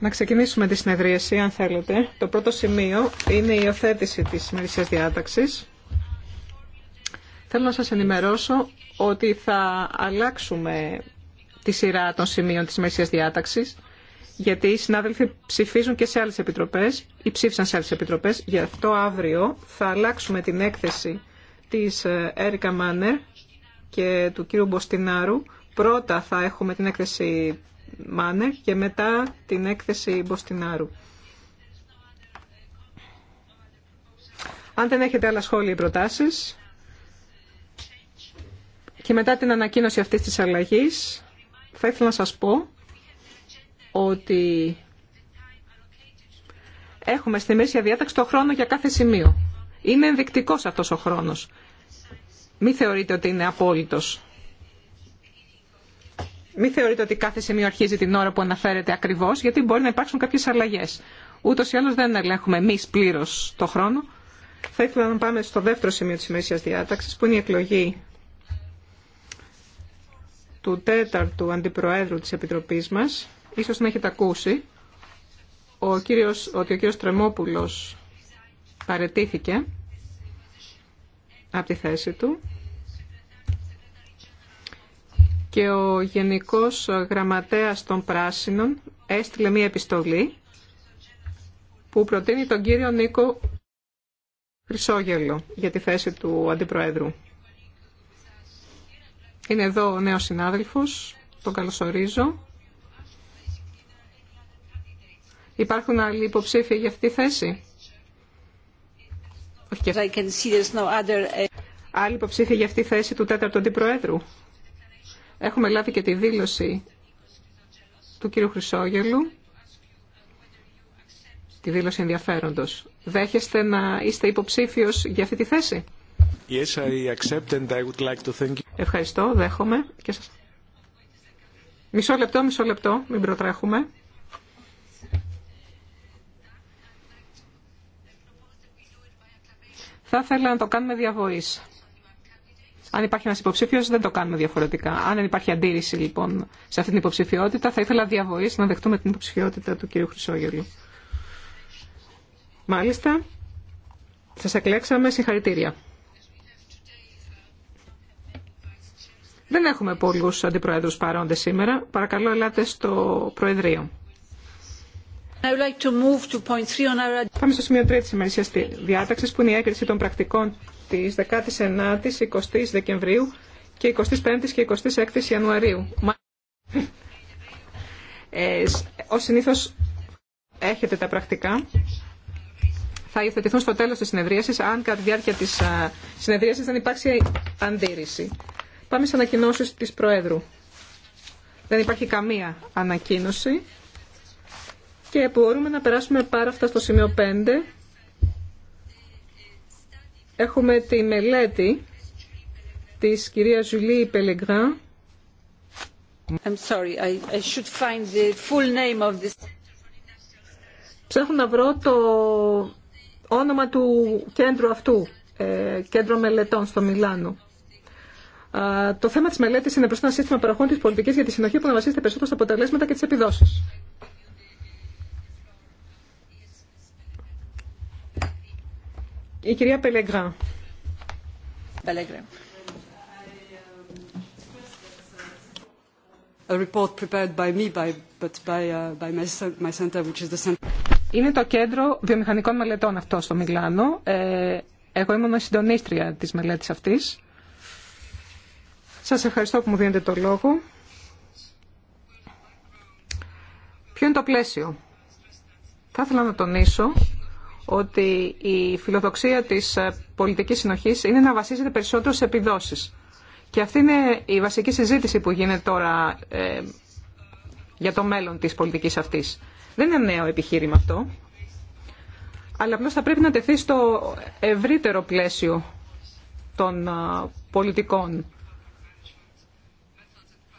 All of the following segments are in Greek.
Να ξεκινήσουμε τη συνεδρίαση, αν θέλετε. Το πρώτο σημείο είναι η υιοθέτηση της σημερισίας διάταξης. Θέλω να σας ενημερώσω ότι θα αλλάξουμε τη σειρά των σημείων της σημερισίας διάταξης γιατί οι συνάδελφοι ψηφίζουν και σε άλλες επιτροπές ή ψήφισαν σε άλλες επιτροπές. Γι' αυτό αύριο θα αλλάξουμε την έκθεση της ε, Έρικα Μάνερ και του κύριου Μποστινάρου. Πρώτα θα έχουμε την έκθεση Μάνερ και μετά την έκθεση Μποστινάρου. Αν δεν έχετε άλλα σχόλια ή προτάσεις και μετά την ανακοίνωση αυτής της αλλαγής θα ήθελα να σας πω ότι έχουμε στη μέση διάταξη το χρόνο για κάθε σημείο. Είναι ενδεικτικός αυτός ο χρόνος. Μην θεωρείτε ότι είναι απόλυτος. Μην θεωρείτε ότι κάθε σημείο αρχίζει την ώρα που αναφέρεται ακριβώς, γιατί μπορεί να υπάρξουν κάποιες αλλαγές. Ούτως ή άλλως δεν ελέγχουμε εμεί πλήρω το χρόνο. Θα ήθελα να πάμε στο δεύτερο σημείο της ημερήσιας διάταξης, που είναι η εκλογή του τέταρτου αντιπροέδρου της Επιτροπής μας. Ίσως να έχετε ακούσει ο κύριος, ότι ο κύριος Τρεμόπουλος παρετήθηκε από τη θέση του και ο Γενικός Γραμματέας των Πράσινων έστειλε μία επιστολή που προτείνει τον κύριο Νίκο Χρυσόγελο για τη θέση του Αντιπροέδρου. Είναι εδώ ο νέος συνάδελφος, τον καλωσορίζω. Υπάρχουν άλλοι υποψήφοι για αυτή τη θέση. Uh, Άλλη υποψήφια για αυτή τη θέση του τέταρτου αντιπροέδρου. Έχουμε λάβει και τη δήλωση του κύριου Χρυσόγελου, τη δήλωση ενδιαφέροντος. Δέχεστε να είστε υποψήφιος για αυτή τη θέση. Yes, I accept and I would like to thank you. Ευχαριστώ, δέχομαι. Και σας... Μισό λεπτό, μισό λεπτό, μην προτρέχουμε. θα ήθελα να το κάνουμε διαβοή. Αν υπάρχει ένα υποψήφιο, δεν το κάνουμε διαφορετικά. Αν δεν υπάρχει αντίρρηση λοιπόν σε αυτή την υποψηφιότητα, θα ήθελα διαβοή να δεχτούμε την υποψηφιότητα του κ. Χρυσόγελου. Μάλιστα, σα εκλέξαμε. Συγχαρητήρια. Δεν έχουμε πολλούς αντιπροέδρους παρόντες σήμερα. Παρακαλώ, ελάτε στο Προεδρείο. Πάμε στο σημείο 3 της τη διάταξης που είναι η έγκριση των πρακτικών της 19 9η, 20 η Δεκεμβρίου και 25 η και 26ης Ιανουαρίου. Ε, Ω έχετε τα πρακτικά. Θα υιοθετηθούν στο τέλος της συνεδρίασης, αν κατά τη διάρκεια της ε, συνεδρίασης δεν υπάρξει αντίρρηση. Πάμε στι ανακοινώσει της Προέδρου. Δεν υπάρχει καμία ανακοίνωση. Και μπορούμε να περάσουμε πάρα αυτά στο σημείο 5. Έχουμε τη μελέτη της κυρίας Ζουλή Πελεγκράν. I'm να βρω το όνομα του κέντρου αυτού, ε, κέντρο μελετών στο Μιλάνο. Το θέμα της μελέτης είναι προς ένα σύστημα παραχών της πολιτικής για τη συνοχή που να βασίζεται περισσότερο στα αποτελέσματα και τις επιδόσεις. Η κυρία Πελεγκρά. Είναι το κέντρο βιομηχανικών μελετών αυτό στο Μιλάνο. Ε, εγώ ήμουν συντονίστρια της μελέτης αυτής. Σας ευχαριστώ που μου δίνετε το λόγο. Ποιο είναι το πλαίσιο. Θα ήθελα να τονίσω ότι η φιλοδοξία της πολιτικής συνοχής είναι να βασίζεται περισσότερο σε επιδόσεις. Και αυτή είναι η βασική συζήτηση που γίνεται τώρα ε, για το μέλλον της πολιτικής αυτής. Δεν είναι νέο επιχείρημα αυτό, αλλά απλώς θα πρέπει να τεθεί στο ευρύτερο πλαίσιο των ε, πολιτικών.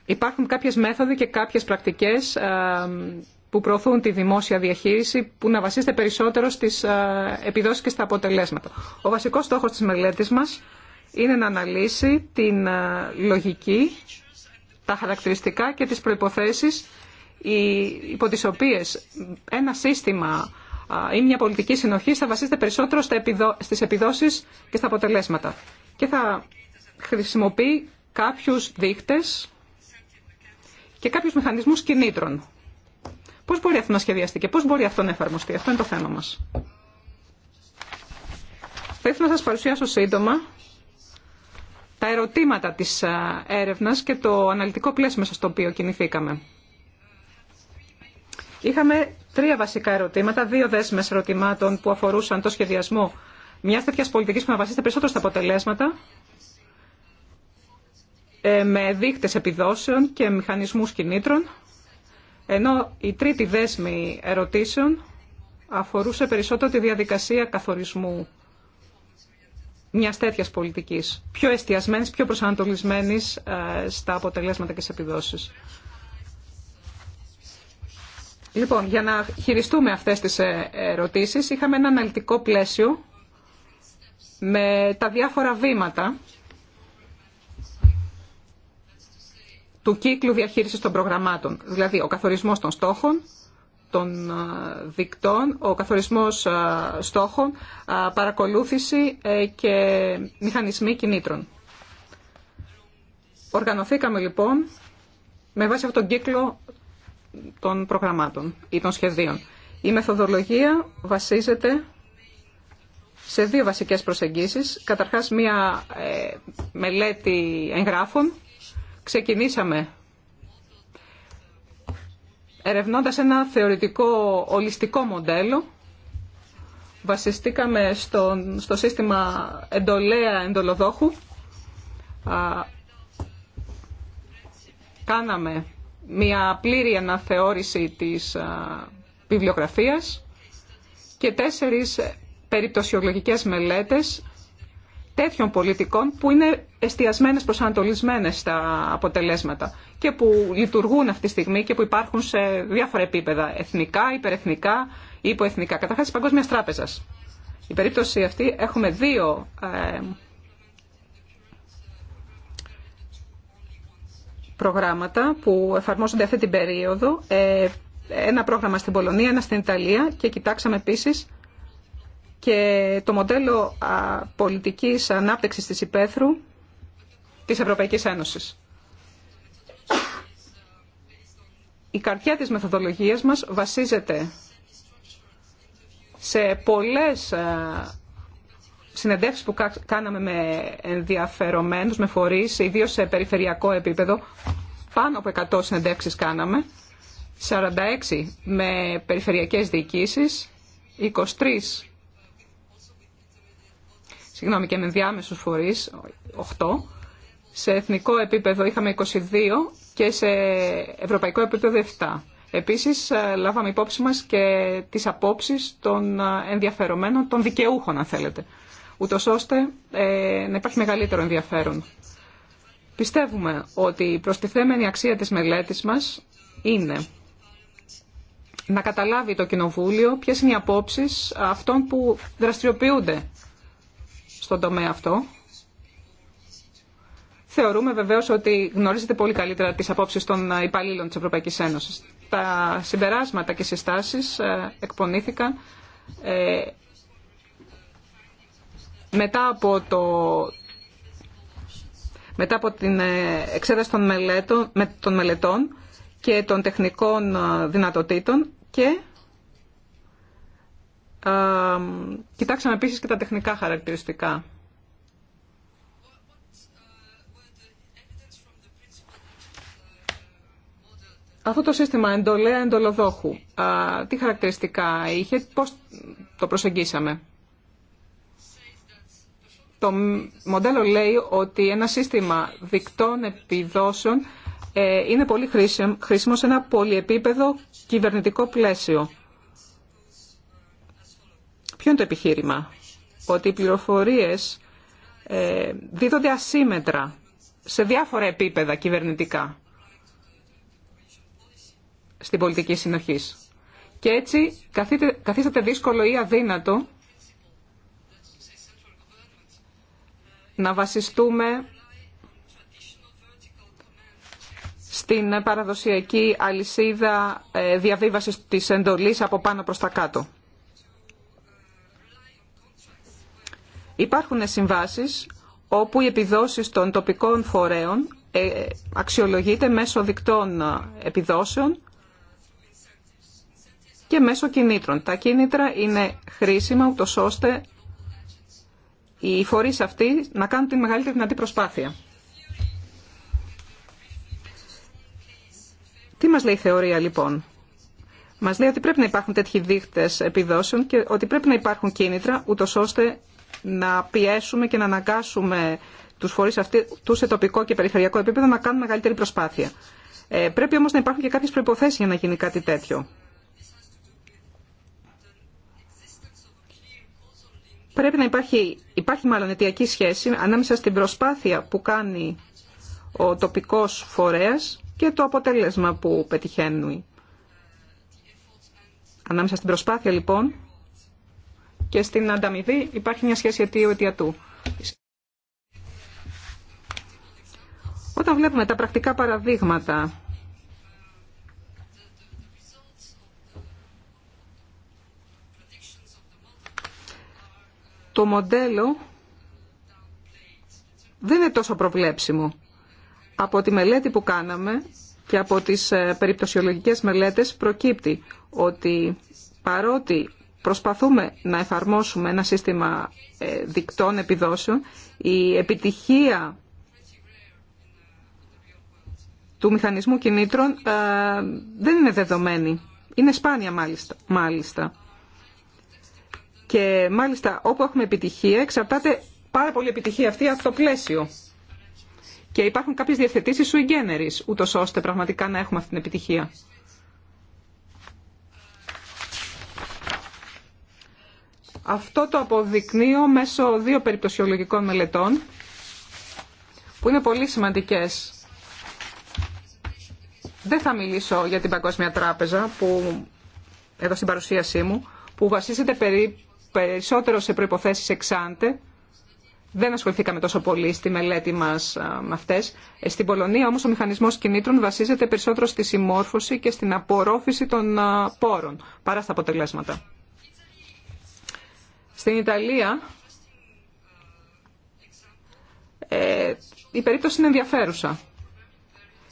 Υπάρχουν κάποιες μέθοδοι και κάποιες πρακτικές ε, που προωθούν τη δημόσια διαχείριση που να βασίζεται περισσότερο στις ε, επιδόσεις και στα αποτελέσματα. Ο βασικός στόχος της μελέτης μας είναι να αναλύσει την ε, λογική, τα χαρακτηριστικά και τις προϋποθέσεις υπό τις οποίες ένα σύστημα ή μια πολιτική συνοχή θα βασίζεται περισσότερο στις επιδόσεις και στα αποτελέσματα. Και θα χρησιμοποιεί κάποιους δείκτες και κάποιους μηχανισμούς κινήτρων Πώς μπορεί αυτό να σχεδιαστεί και πώς μπορεί αυτό να εφαρμοστεί. Αυτό είναι το θέμα μας. Θα ήθελα να σας παρουσιάσω σύντομα τα ερωτήματα της έρευνας και το αναλυτικό πλαίσιο μέσα στο οποίο κινηθήκαμε. Είχαμε τρία βασικά ερωτήματα, δύο δέσμες ερωτημάτων που αφορούσαν το σχεδιασμό μιας τέτοια πολιτική που να βασίζεται περισσότερο στα αποτελέσματα, ε, με δείκτες επιδόσεων και μηχανισμούς κινήτρων ενώ η τρίτη δέσμη ερωτήσεων αφορούσε περισσότερο τη διαδικασία καθορισμού μια τέτοια πολιτική, πιο εστιασμένη, πιο προσανατολισμένη ε, στα αποτελέσματα και στι επιδόσει. Λοιπόν, για να χειριστούμε αυτές τις ε, ερωτήσεις, είχαμε ένα αναλυτικό πλαίσιο με τα διάφορα βήματα του κύκλου διαχείρισης των προγραμμάτων. Δηλαδή, ο καθορισμός των στόχων, των δικτών, ο καθορισμός στόχων, παρακολούθηση ε, και μηχανισμοί κινήτρων. Οργανωθήκαμε λοιπόν με βάση αυτόν τον κύκλο των προγραμμάτων ή των σχεδίων. Η μεθοδολογία βασίζεται σε δύο βασικές προσεγγίσεις. Καταρχάς μία ε, μελέτη εγγράφων ξεκινήσαμε ερευνώντας ένα θεωρητικό ολιστικό μοντέλο βασιστήκαμε στο, σύστημα εντολέα εντολοδόχου κάναμε μια πλήρη αναθεώρηση της βιβλιογραφίας και τέσσερις περιπτωσιολογικές μελέτες τέτοιων πολιτικών που είναι εστιασμένες, προσανατολισμένες στα αποτελέσματα και που λειτουργούν αυτή τη στιγμή και που υπάρχουν σε διάφορα επίπεδα, εθνικά, υπερεθνικά ή υποεθνικά. Καταρχάς της Παγκόσμιας Τράπεζας. περίπτωση αυτή έχουμε δύο ε, προγράμματα που εφαρμόζονται αυτή την περίοδο. Ε, ένα πρόγραμμα στην Πολωνία, ένα στην Ιταλία και κοιτάξαμε επίσης και το μοντέλο πολιτικής ανάπτυξης της υπαίθρου της Ευρωπαϊκής Ένωσης. Η καρδιά της μεθοδολογίας μας βασίζεται σε πολλές συνεντεύξεις που κάναμε με ενδιαφερομένους, με φορείς, ιδίως σε περιφερειακό επίπεδο. Πάνω από 100 συνεντεύξεις κάναμε, 46 με περιφερειακές διοικήσεις, 23 συγγνώμη, και με διάμεσου φορεί 8. Σε εθνικό επίπεδο είχαμε 22 και σε ευρωπαϊκό επίπεδο 7. Επίσης, ε, λάβαμε υπόψη μας και τις απόψεις των ε, ενδιαφερομένων, των δικαιούχων, αν θέλετε, ούτως ώστε ε, να υπάρχει μεγαλύτερο ενδιαφέρον. Πιστεύουμε ότι η προστιθέμενη αξία της μελέτης μας είναι να καταλάβει το Κοινοβούλιο ποιες είναι οι απόψεις αυτών που δραστηριοποιούνται στον τομέα αυτό. Θεωρούμε βεβαίω ότι γνωρίζετε πολύ καλύτερα τι απόψει των υπαλλήλων τη Ευρωπαϊκή Ένωση. Τα συμπεράσματα και συστάσει ε, εκπονήθηκαν ε, μετά από το. Μετά από την ε, εξέταση των μελετών, των μελετών και των τεχνικών δυνατοτήτων και κοιτάξαμε επίση και τα τεχνικά χαρακτηριστικά. Αυτό το σύστημα εντολέα εντολοδόχου, τι χαρακτηριστικά είχε, πώς το προσεγγίσαμε. Το μοντέλο λέει ότι ένα σύστημα δικτών επιδόσεων ε, είναι πολύ χρήσιμο σε ένα πολυεπίπεδο κυβερνητικό πλαίσιο. Ποιο είναι το επιχείρημα. Ότι οι πληροφορίες ε, δίδονται ασύμετρα σε διάφορα επίπεδα κυβερνητικά στην πολιτική συνοχή. Και έτσι καθίσατε δύσκολο ή αδύνατο να βασιστούμε στην παραδοσιακή αλυσίδα ε, διαβίβασης της εντολής από πάνω προς τα κάτω. Υπάρχουν συμβάσεις όπου οι επιδόσεις των τοπικών φορέων ε, αξιολογείται μέσω δικτών ε, επιδόσεων και μέσω κινήτρων. Τα κίνητρα είναι χρήσιμα ούτως ώστε οι φορείς αυτοί να κάνουν την μεγαλύτερη δυνατή προσπάθεια. Τι μας λέει η θεωρία λοιπόν. Μας λέει ότι πρέπει να υπάρχουν τέτοιοι δείχτες επιδόσεων και ότι πρέπει να υπάρχουν κίνητρα ούτως ώστε να πιέσουμε και να αναγκάσουμε τους φορείς αυτούς σε τοπικό και περιφερειακό επίπεδο να κάνουν μεγαλύτερη προσπάθεια. Ε, πρέπει όμως να υπάρχουν και κάποιες προϋποθέσεις για να γίνει κάτι τέτοιο. Πρέπει να υπάρχει, υπάρχει μάλλον αιτιακή σχέση ανάμεσα στην προσπάθεια που κάνει ο τοπικός φορέας και το αποτέλεσμα που πετυχαίνει. Ανάμεσα στην προσπάθεια λοιπόν και στην ανταμοιβή υπάρχει μια σχέση αιτίου αιτιατού. Όταν βλέπουμε τα πρακτικά παραδείγματα το μοντέλο δεν είναι τόσο προβλέψιμο. Από τη μελέτη που κάναμε και από τις ε, περιπτωσιολογικές μελέτες προκύπτει ότι παρότι προσπαθούμε να εφαρμόσουμε ένα σύστημα ε, δικτών επιδόσεων. Η επιτυχία του μηχανισμού κινήτρων ε, δεν είναι δεδομένη. Είναι σπάνια μάλιστα. μάλιστα. Και μάλιστα όπου έχουμε επιτυχία εξαρτάται πάρα πολύ επιτυχία αυτή από το πλαίσιο. Και υπάρχουν κάποιες διευθετήσεις σου εγκαίνερης, ούτως ώστε πραγματικά να έχουμε αυτή την επιτυχία. Αυτό το αποδεικνύω μέσω δύο περιπτωσιολογικών μελετών που είναι πολύ σημαντικές. Δεν θα μιλήσω για την Παγκόσμια Τράπεζα που εδώ στην παρουσίασή μου που βασίζεται περί, περισσότερο σε προϋποθέσεις εξάντε. Δεν ασχοληθήκαμε τόσο πολύ στη μελέτη μας με αυτές. Ε, στην Πολωνία όμως ο μηχανισμός κινήτρων βασίζεται περισσότερο στη συμμόρφωση και στην απορρόφηση των πόρων παρά στα αποτελέσματα. Στην Ιταλία ε, η περίπτωση είναι ενδιαφέρουσα.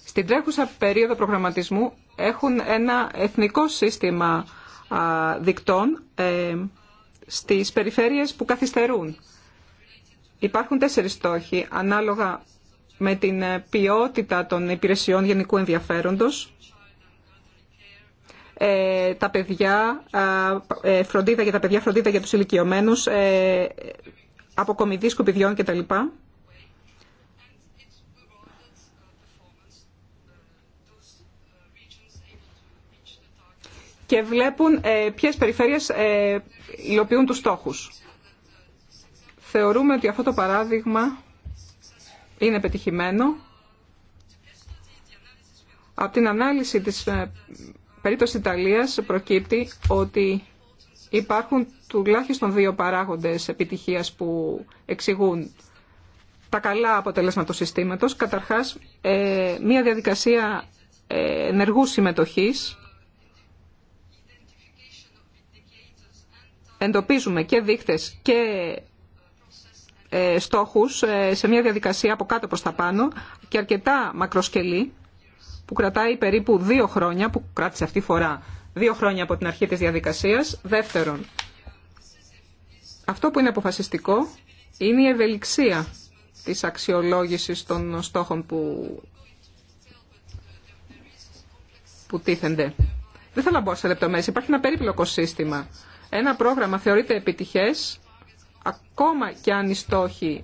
Στην τρέχουσα περίοδο προγραμματισμού έχουν ένα εθνικό σύστημα α, δικτών ε, στις περιφέρειες που καθυστερούν. Υπάρχουν τέσσερις στόχοι ανάλογα με την ε, ποιότητα των υπηρεσιών γενικού ενδιαφέροντος, ε, τα παιδιά, ε, φροντίδα για τα παιδιά, φροντίδα για τους ηλικιωμένους, ε, αποκομιδή σκουπιδιών κτλ. και βλέπουν ε, ποιες περιφέρειες ε, υλοποιούν τους στόχους. Θεωρούμε ότι αυτό το παράδειγμα είναι πετυχημένο. Από την ανάλυση της περίπτωση Ιταλίας προκύπτει ότι υπάρχουν τουλάχιστον δύο παράγοντες επιτυχίας που εξηγούν τα καλά αποτελέσματα του συστήματος. Καταρχάς, ε, μία διαδικασία ε, ενεργού συμμετοχής. Εντοπίζουμε και δείχτες και ε, στόχους σε μια διαδικασία από κάτω προς τα πάνω και αρκετά μακροσκελή που κρατάει περίπου δύο χρόνια, που κράτησε αυτή φορά δύο χρόνια από την αρχή της διαδικασίας. Δεύτερον, αυτό που είναι αποφασιστικό είναι η ευελιξία της αξιολόγησης των στόχων που, που τίθενται. Δεν θέλω να μπω σε λεπτομέρειες. Υπάρχει ένα περίπλοκο σύστημα. Ένα πρόγραμμα θεωρείται επιτυχές ακόμα και αν οι στόχοι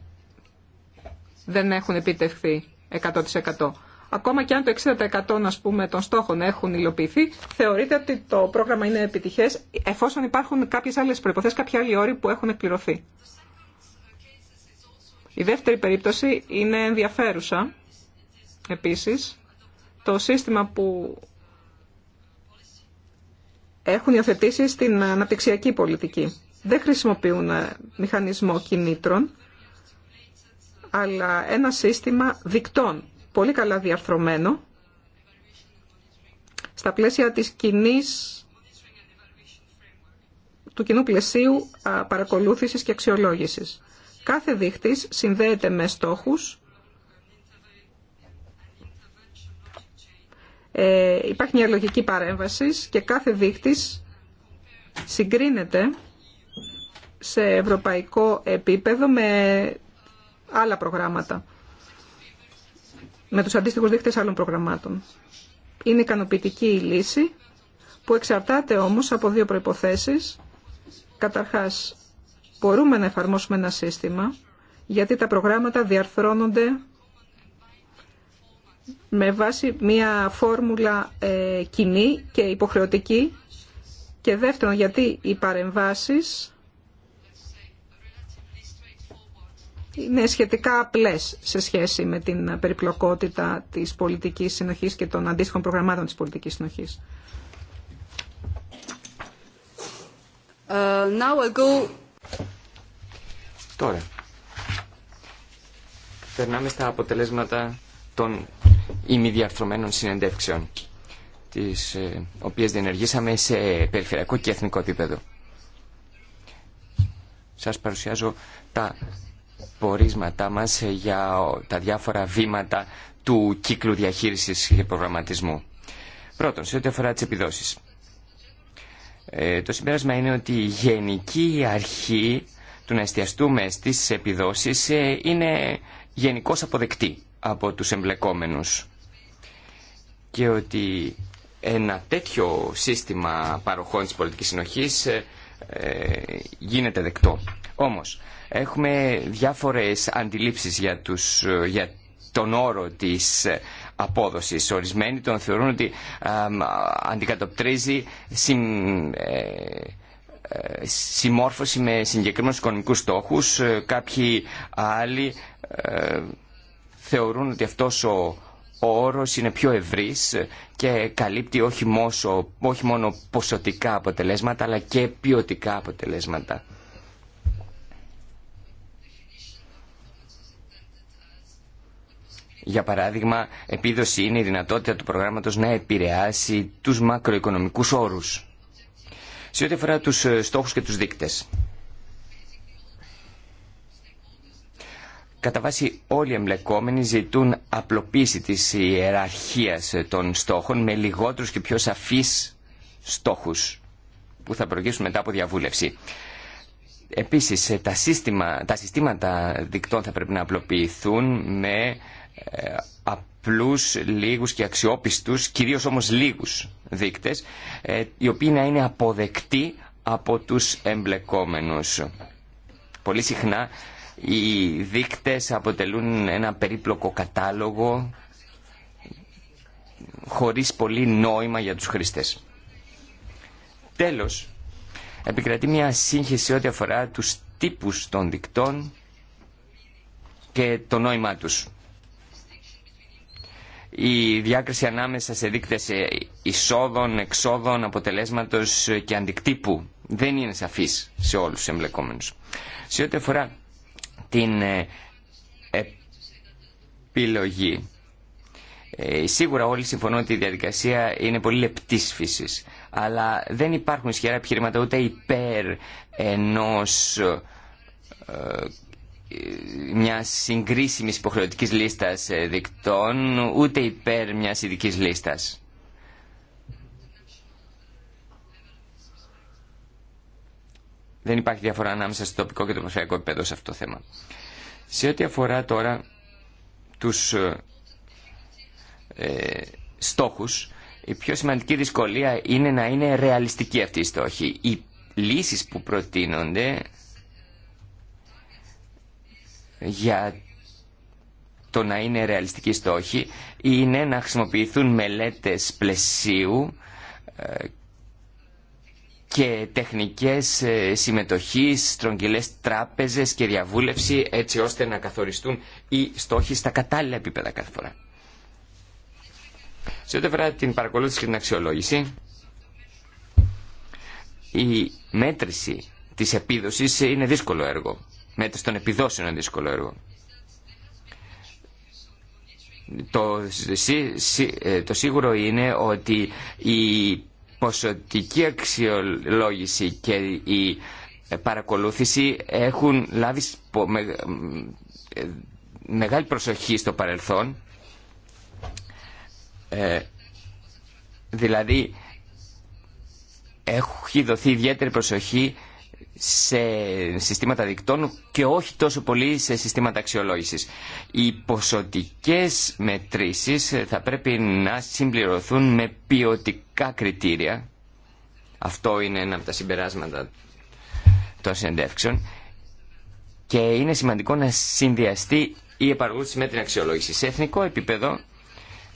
δεν έχουν επιτευχθεί 100% ακόμα και αν το 60% ας πούμε, των στόχων έχουν υλοποιηθεί, θεωρείται ότι το πρόγραμμα είναι επιτυχές εφόσον υπάρχουν κάποιες άλλες προποθέσει, κάποια άλλη όρη που έχουν εκπληρωθεί. Η δεύτερη περίπτωση είναι ενδιαφέρουσα επίσης. Το σύστημα που έχουν υιοθετήσει στην αναπτυξιακή πολιτική. Δεν χρησιμοποιούν ε, μηχανισμό κινήτρων, αλλά ένα σύστημα δικτών πολύ καλά διαρθρωμένο στα πλαίσια της κοινής του κοινού πλαισίου παρακολούθησης και αξιολόγησης. Κάθε δείχτης συνδέεται με στόχους. Ε, υπάρχει μια λογική παρέμβαση και κάθε δείχτης συγκρίνεται σε ευρωπαϊκό επίπεδο με άλλα προγράμματα με τους αντίστοιχους δείχτες άλλων προγραμμάτων. Είναι ικανοποιητική η λύση που εξαρτάται όμως από δύο προϋποθέσεις. Καταρχάς, μπορούμε να εφαρμόσουμε ένα σύστημα γιατί τα προγράμματα διαρθρώνονται με βάση μια φόρμουλα ε, κοινή και υποχρεωτική και δεύτερον γιατί οι παρεμβάσεις είναι σχετικά απλέ σε σχέση με την περιπλοκότητα της πολιτικής συνοχής και των αντίστοιχων προγραμμάτων τη πολιτική συνοχή. Ε, Τώρα, περνάμε στα αποτελέσματα των ημιδιαρθρωμένων συνεντεύξεων, τις ε, οποίες διενεργήσαμε σε περιφερειακό και εθνικό επίπεδο. Σας παρουσιάζω τα πορίσματά μας για τα διάφορα βήματα του κύκλου διαχείρισης και προγραμματισμού. Πρώτον, σε ό,τι αφορά τις επιδόσεις. Ε, το συμπέρασμα είναι ότι η γενική αρχή του να εστιαστούμε στις επιδόσεις ε, είναι γενικώς αποδεκτή από τους εμπλεκόμενους και ότι ένα τέτοιο σύστημα παροχών της πολιτικής συνοχής ε, ε, γίνεται δεκτό. Όμως, Έχουμε διάφορες αντιλήψεις για, τους, για τον όρο της απόδοσης. Ορισμένοι τον θεωρούν ότι αντικατοπτρίζει συμ, ε, ε, συμμόρφωση με συγκεκριμένους οικονομικούς στόχους. Ε, κάποιοι άλλοι θεωρούν ότι αυτός ο, ο είναι πιο ευρύς και καλύπτει όχι, όχι μόνο ποσοτικά αποτελέσματα αλλά και ποιοτικά αποτελέσματα. Για παράδειγμα, επίδοση είναι η δυνατότητα του προγράμματος να επηρεάσει τους μακροοικονομικούς όρους. Σε ό,τι αφορά τους ε, στόχους και τους δείκτες. Κατά βάση όλοι οι εμπλεκόμενοι ζητούν απλοποίηση της ιεραρχίας ε, των στόχων με λιγότερους και πιο σαφείς στόχους που θα προηγήσουν μετά από διαβούλευση. Επίσης, ε, τα, σύστημα, τα συστήματα δικτών θα πρέπει να απλοποιηθούν με ε, απλούς, λίγους και αξιόπιστους, κυρίως όμως λίγους δείκτες, ε, οι οποίοι να είναι αποδεκτοί από τους εμπλεκόμενους. Πολύ συχνά οι δείκτες αποτελούν ένα περίπλοκο κατάλογο χωρίς πολύ νόημα για τους χρήστες. Τέλος, επικρατεί μια σύγχυση ό,τι αφορά τους τύπους των δικτών και το νόημά τους η διάκριση ανάμεσα σε δείκτες ε, εισόδων, εξόδων, αποτελέσματος και αντικτύπου δεν είναι σαφής σε όλους τους εμπλεκόμενους. Σε ό,τι αφορά την ε, επιλογή, ε, σίγουρα όλοι συμφωνούν ότι η διαδικασία είναι πολύ λεπτής φύσης, αλλά δεν υπάρχουν ισχυρά επιχειρήματα ούτε υπέρ ενός μια συγκρίσιμης υποχρεωτικής λίστας δικτών, ούτε υπέρ μιας ειδική λίστας. Δεν υπάρχει διαφορά ανάμεσα στο τοπικό και το προσφυγικό επίπεδο σε αυτό το θέμα. Σε ό,τι αφορά τώρα τους ε, ε, στόχους, η πιο σημαντική δυσκολία είναι να είναι ρεαλιστική αυτή η στόχη. Οι λύσεις που προτείνονται για το να είναι ρεαλιστικοί στόχη είναι να χρησιμοποιηθούν μελέτες πλαισίου ε, και τεχνικές ε, συμμετοχής, στρογγυλές τράπεζες και διαβούλευση έτσι ώστε να καθοριστούν οι στόχοι στα κατάλληλα επίπεδα κάθε φορά. Σε ό,τι αφορά την παρακολούθηση και την αξιολόγηση, η μέτρηση της επίδοσης είναι δύσκολο έργο μέτρηση των επιδόσεων είναι δύσκολο έργο. Το, ε, το σίγουρο είναι ότι η ποσοτική αξιολόγηση και η παρακολούθηση έχουν λάβει ε, μεγάλη προσοχή στο παρελθόν. Ε, δηλαδή, έχει δοθεί ιδιαίτερη προσοχή σε συστήματα δικτών και όχι τόσο πολύ σε συστήματα αξιολόγησης. Οι ποσοτικές μετρήσεις θα πρέπει να συμπληρωθούν με ποιοτικά κριτήρια. Αυτό είναι ένα από τα συμπεράσματα των συνεντεύξεων. Και είναι σημαντικό να συνδυαστεί η επαργούση με την αξιολόγηση. Σε εθνικό επίπεδο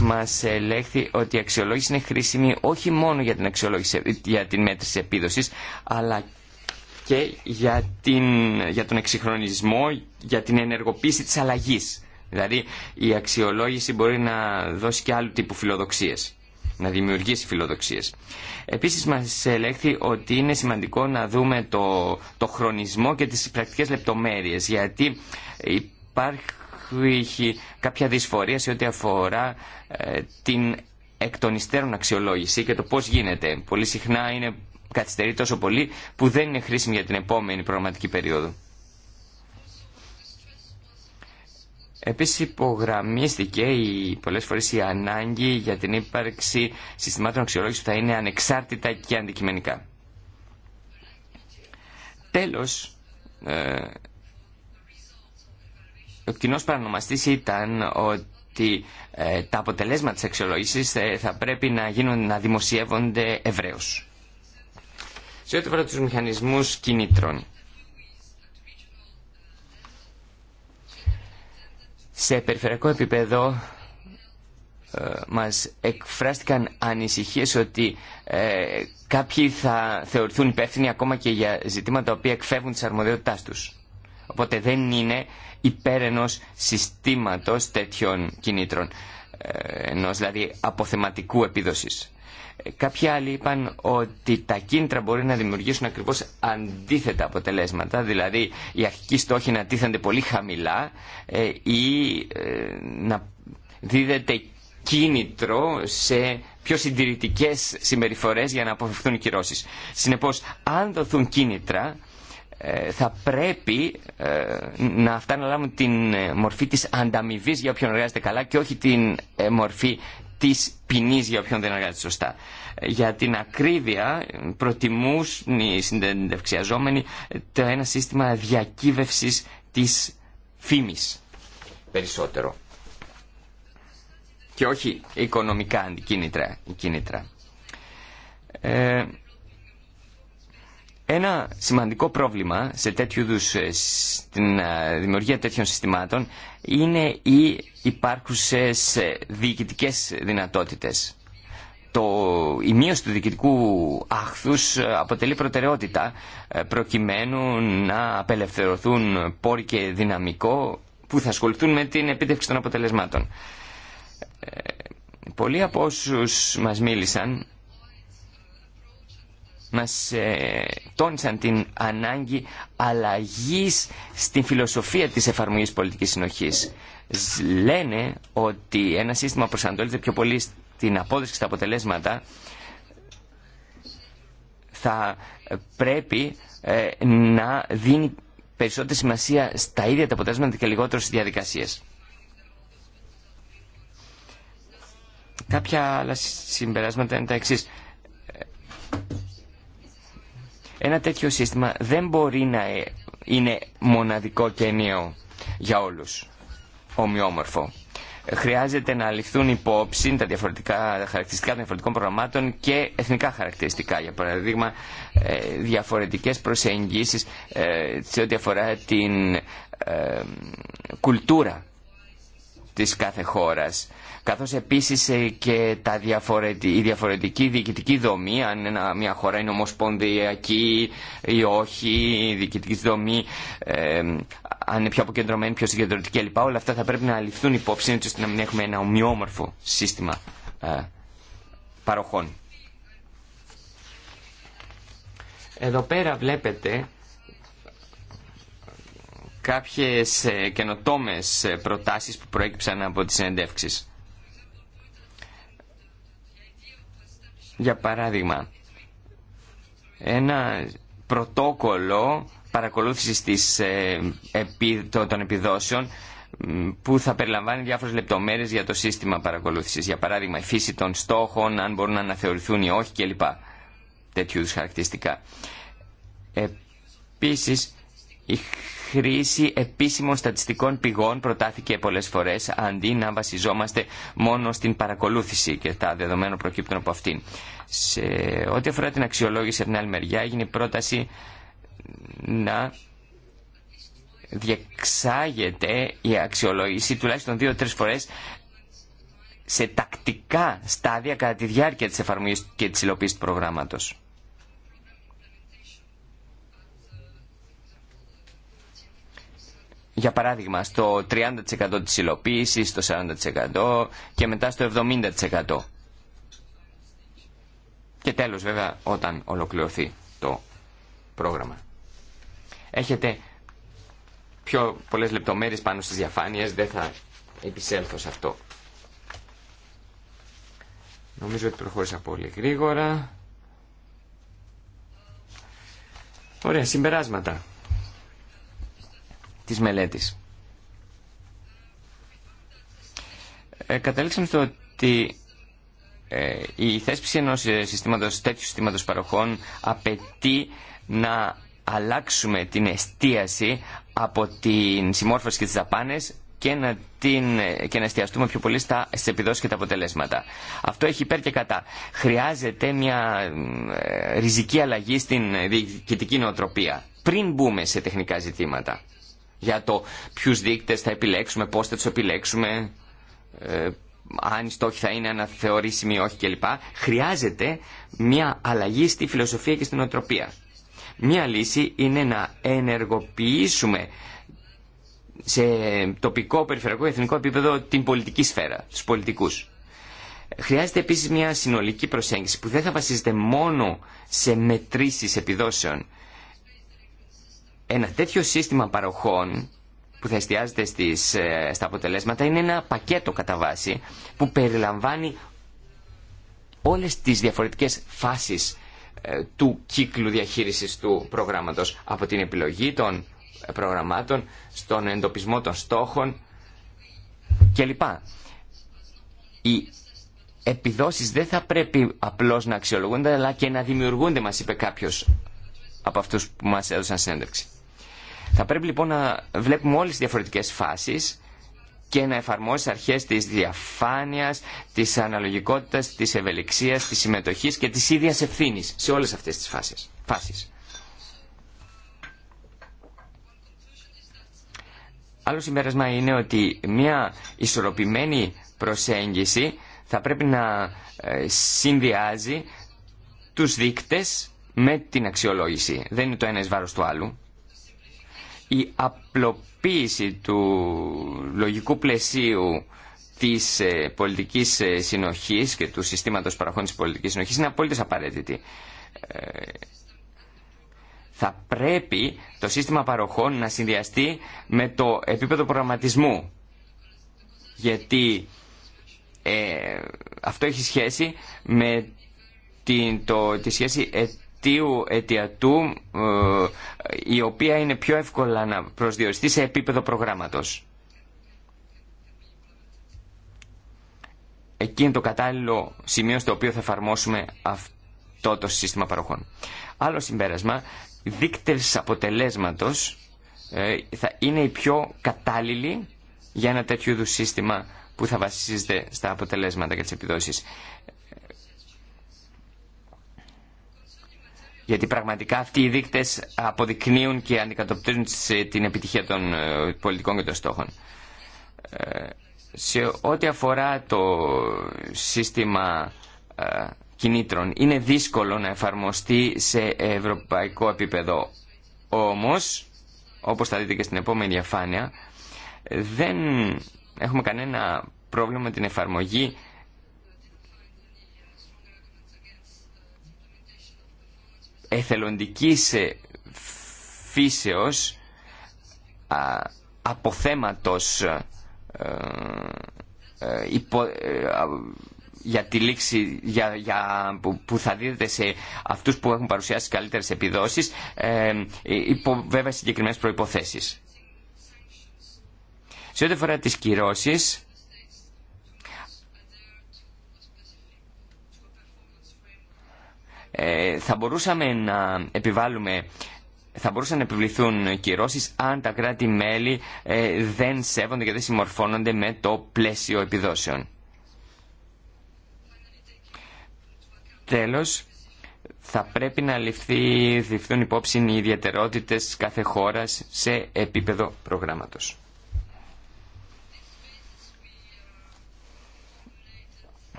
μας ελέγχθη ότι η αξιολόγηση είναι χρήσιμη όχι μόνο για την, αξιολόγηση, για την μέτρηση επίδοσης, αλλά και για, την, για τον εξυγχρονισμό, για την ενεργοποίηση της αλλαγής. Δηλαδή η αξιολόγηση μπορεί να δώσει και άλλου τύπου φιλοδοξίες, να δημιουργήσει φιλοδοξίες. Επίσης μας ελέγχθη ότι είναι σημαντικό να δούμε το, το χρονισμό και τις πρακτικές λεπτομέρειες, γιατί υπάρχει κάποια δυσφορία σε ό,τι αφορά ε, την εκ αξιολόγηση και το πώς γίνεται. Πολύ συχνά είναι καθυστερεί τόσο πολύ που δεν είναι χρήσιμη για την επόμενη προγραμματική περίοδο. Επίσης υπογραμμίστηκε η, πολλές φορές η ανάγκη για την ύπαρξη συστημάτων αξιολόγησης που θα είναι ανεξάρτητα και αντικειμενικά. Τέλος, ε, ο κοινός παρανομαστής ήταν ότι ε, τα αποτελέσματα της αξιολόγησης ε, θα πρέπει να, γίνουν, να δημοσιεύονται ευρέως. Σε ό,τι αφορά τους μηχανισμούς κινήτρων. Σε περιφερειακό επίπεδο ε, μας εκφράστηκαν ανησυχίες ότι ε, κάποιοι θα θεωρηθούν υπεύθυνοι ακόμα και για ζητήματα οποία εκφεύγουν της αρμοδιότητάς τους. Οπότε δεν είναι υπέρ ενός συστήματος τέτοιων κινήτρων, ε, ενό δηλαδή αποθεματικού επίδοσης. Κάποιοι άλλοι είπαν ότι τα κίνητρα μπορεί να δημιουργήσουν ακριβώς αντίθετα αποτελέσματα, δηλαδή οι αρχικοί στόχοι να τίθενται πολύ χαμηλά ε, ή ε, να δίδεται κίνητρο σε πιο συντηρητικές συμπεριφορές για να αποφευθούν οι κυρώσεις. Συνεπώς, αν δοθούν κίνητρα, ε, θα πρέπει να αυτά να λάβουν την μορφή της ανταμοιβή για όποιον εργάζεται καλά και όχι την μορφή Τη ποινή για όποιον δεν εργάζεται σωστά. Για την ακρίβεια προτιμούν οι συντεντευξιαζόμενοι το ένα σύστημα διακύβευση της φήμη περισσότερο και όχι οικονομικά αντικίνητρα. Κίνητρα. Ε, ένα σημαντικό πρόβλημα σε τέτοιου είδους, ε, στην ε, δημιουργία τέτοιων συστημάτων είναι οι υπάρχουσες διοικητικές δυνατότητες. Το, η μείωση του διοικητικού άχθους αποτελεί προτεραιότητα ε, προκειμένου να απελευθερωθούν πόροι και δυναμικό που θα ασχοληθούν με την επίτευξη των αποτελεσμάτων. Ε, πολλοί από όσους μας μίλησαν μας ε, τόνισαν την ανάγκη αλλαγής στην φιλοσοφία της εφαρμογής πολιτικής συνοχής. Λένε ότι ένα σύστημα προσανατολίζεται πιο πολύ στην απόδοση και στα αποτελέσματα θα πρέπει ε, να δίνει περισσότερη σημασία στα ίδια τα αποτελέσματα και λιγότερο στις διαδικασίες. Κάποια άλλα συμπεράσματα είναι τα εξής. Ένα τέτοιο σύστημα δεν μπορεί να ε, είναι μοναδικό και ενιαίο για όλους, ομοιόμορφο. Χρειάζεται να ληφθούν υπόψη τα διαφορετικά χαρακτηριστικά των διαφορετικών προγραμμάτων και εθνικά χαρακτηριστικά. Για παραδείγμα, ε, διαφορετικές προσεγγίσεις ε, σε ό,τι αφορά την κουλτούρα της κάθε χώρας καθώς επίσης ε, και τα διαφορετι... η διαφορετική διοικητική δομή, αν μια χώρα είναι ομοσπονδιακή ή όχι, η διοικητική δομή, αν είναι πιο αποκεντρωμένη, πιο συγκεντρωτική κλπ. Όλα αυτά θα πρέπει να ληφθούν υπόψη, έτσι ώστε να μην έχουμε ένα ομοιόμορφο σύστημα ε, παροχών. Εδώ πέρα βλέπετε κάποιες ε, καινοτόμες προτάσεις που προέκυψαν από τις συνεντεύξεις. Για παράδειγμα, ένα πρωτόκολλο παρακολούθησης της, ε, των επιδόσεων που θα περιλαμβάνει διάφορες λεπτομέρειες για το σύστημα παρακολούθησης. Για παράδειγμα, η φύση των στόχων, αν μπορούν να αναθεωρηθούν ή όχι κλπ. Τέτοιου είδους χαρακτηριστικά. Επίσης, η χρήση επίσημων στατιστικών πηγών προτάθηκε πολλές φορές αντί να βασιζόμαστε μόνο στην παρακολούθηση και τα δεδομένα προκύπτουν από αυτήν. Σε ό,τι αφορά την αξιολόγηση από την άλλη μεριά έγινε η πρόταση να διεξάγεται η αξιολόγηση τουλάχιστον δύο-τρεις φορές σε τακτικά στάδια κατά τη διάρκεια της εφαρμογής και της υλοποίησης του προγράμματος. για παράδειγμα στο 30% της υλοποίησης, στο 40% και μετά στο 70%. Και τέλος βέβαια όταν ολοκληρωθεί το πρόγραμμα. Έχετε πιο πολλές λεπτομέρειες πάνω στις διαφάνειες, δεν θα επισέλθω σε αυτό. Νομίζω ότι προχώρησα πολύ γρήγορα. Ωραία, συμπεράσματα της μελέτης. Ε, καταλήξαμε στο ότι ε, η θέσπιση ενός ε, συστήματος, τέτοιου συστήματος παροχών απαιτεί να αλλάξουμε την εστίαση από την συμμόρφωση και τις δαπάνες και να, την, ε, και να εστιαστούμε πιο πολύ στα, στις και τα αποτελέσματα. Αυτό έχει υπέρ και κατά. Χρειάζεται μια ε, ριζική αλλαγή στην ε, διοικητική νοοτροπία πριν μπούμε σε τεχνικά ζητήματα για το ποιους δείκτες θα επιλέξουμε, πώς θα τους επιλέξουμε, ε, αν οι στόχοι θα είναι αναθεωρήσιμοι ή όχι κλπ. Χρειάζεται μια αλλαγή στη φιλοσοφία και στην οτροπία. Μια λύση είναι να ενεργοποιήσουμε σε τοπικό, περιφερειακό, και εθνικό επίπεδο την πολιτική σφαίρα, τους πολιτικούς. Χρειάζεται επίσης μια συνολική προσέγγιση που δεν θα βασίζεται μόνο σε μετρήσεις επιδόσεων ένα τέτοιο σύστημα παροχών που θα εστιάζεται στις, ε, στα αποτελέσματα είναι ένα πακέτο κατά βάση που περιλαμβάνει όλες τις διαφορετικές φάσεις ε, του κύκλου διαχείρισης του προγράμματος από την επιλογή των προγραμμάτων στον εντοπισμό των στόχων κλπ. Οι επιδόσεις δεν θα πρέπει απλώς να αξιολογούνται αλλά και να δημιουργούνται μας είπε κάποιος από αυτούς που μας έδωσαν συνέντευξη. Θα πρέπει λοιπόν να βλέπουμε όλες τις διαφορετικές φάσεις και να εφαρμόσει αρχές της διαφάνειας, της αναλογικότητας, της ευελιξίας, της συμμετοχής και της ίδιας ευθύνης σε όλες αυτές τις φάσεις. Άλλο συμπέρασμα είναι ότι μια ισορροπημένη προσέγγιση θα πρέπει να ε, συνδυάζει τους δείκτες με την αξιολόγηση. Δεν είναι το ένα εις βάρος του άλλου η απλοποίηση του λογικού πλαισίου της ε, πολιτικής ε, συνοχής και του συστήματος παραχών της πολιτικής συνοχής είναι απόλυτα απαραίτητη. Ε, θα πρέπει το σύστημα παροχών να συνδυαστεί με το επίπεδο προγραμματισμού. Γιατί αυτό έχει σχέση με την, το, τη σχέση δικτύου αιτιατού ε, η οποία είναι πιο εύκολα να προσδιοριστεί σε επίπεδο προγράμματος. Εκεί το κατάλληλο σημείο στο οποίο θα εφαρμόσουμε αυτό το σύστημα παροχών. Άλλο συμπέρασμα, δείκτες αποτελέσματος ε, θα είναι η πιο κατάλληλοι για ένα τέτοιο είδου σύστημα που θα βασίζεται στα αποτελέσματα και τις επιδόσεις. γιατί πραγματικά αυτοί οι δείκτες αποδεικνύουν και αντικατοπτρίζουν ε, την επιτυχία των ε, πολιτικών και των στόχων. Ε, σε ό,τι αφορά το σύστημα κινήτρων, είναι δύσκολο να εφαρμοστεί σε ευρωπαϊκό επίπεδο. Όμως, όπως θα δείτε και στην επόμενη διαφάνεια, δεν έχουμε κανένα πρόβλημα με την εφαρμογή εθελοντικής ε, φύσεως αποθέματος ε, ε, για τη για, που, θα δίδεται σε αυτούς που έχουν παρουσιάσει καλύτερες επιδόσεις ε, υπό βέβαια συγκεκριμένες προϋποθέσεις. Σε ό,τι αφορά τις κυρώσεις Ε, θα μπορούσαμε να επιβάλλουμε θα μπορούσαν να επιβληθούν κυρώσει αν τα κράτη-μέλη ε, δεν σέβονται και δεν συμμορφώνονται με το πλαίσιο επιδόσεων. Τέλος, θα πρέπει να ληφθεί, ληφθούν υπόψη οι ιδιαιτερότητες κάθε χώρας σε επίπεδο προγράμματος.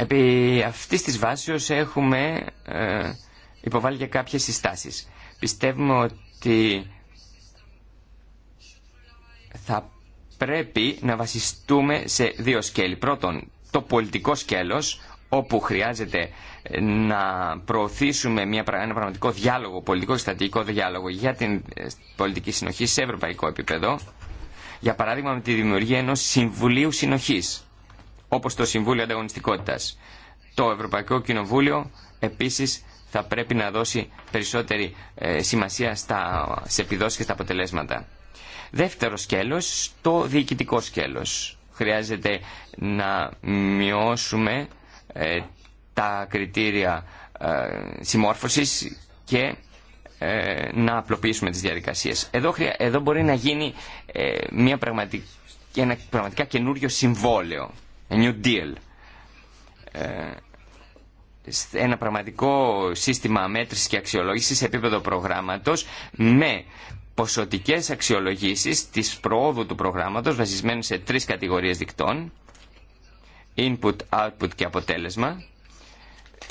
Επί αυτής της βάσης έχουμε ε, υποβάλει και κάποιες συστάσεις. Πιστεύουμε ότι θα πρέπει να βασιστούμε σε δύο σκέλη. Πρώτον, το πολιτικό σκέλος, όπου χρειάζεται ε, να προωθήσουμε μια, ένα πραγματικό διάλογο, πολιτικό στατικό διάλογο για την ε, πολιτική συνοχή σε ευρωπαϊκό επίπεδο. Για παράδειγμα, με τη δημιουργία ενός Συμβουλίου Συνοχής όπως το Συμβούλιο Ανταγωνιστικότητας. Το Ευρωπαϊκό Κοινοβούλιο επίσης θα πρέπει να δώσει περισσότερη ε, σημασία στα, σε επιδόσεις και στα αποτελέσματα. Δεύτερο σκέλος, το διοικητικό σκέλος. Χρειάζεται να μειώσουμε ε, τα κριτήρια ε, συμμόρφωσης και ε, να απλοποιήσουμε τις διαδικασίες. Εδώ, εδώ μπορεί να γίνει μια ένα πραγματικά καινούριο συμβόλαιο New Deal. Ε, ένα πραγματικό σύστημα μέτρησης και αξιολόγησης σε επίπεδο προγράμματος με ποσοτικές αξιολογήσεις της προόδου του προγράμματος βασισμένες σε τρεις κατηγορίες δικτών input, output και αποτέλεσμα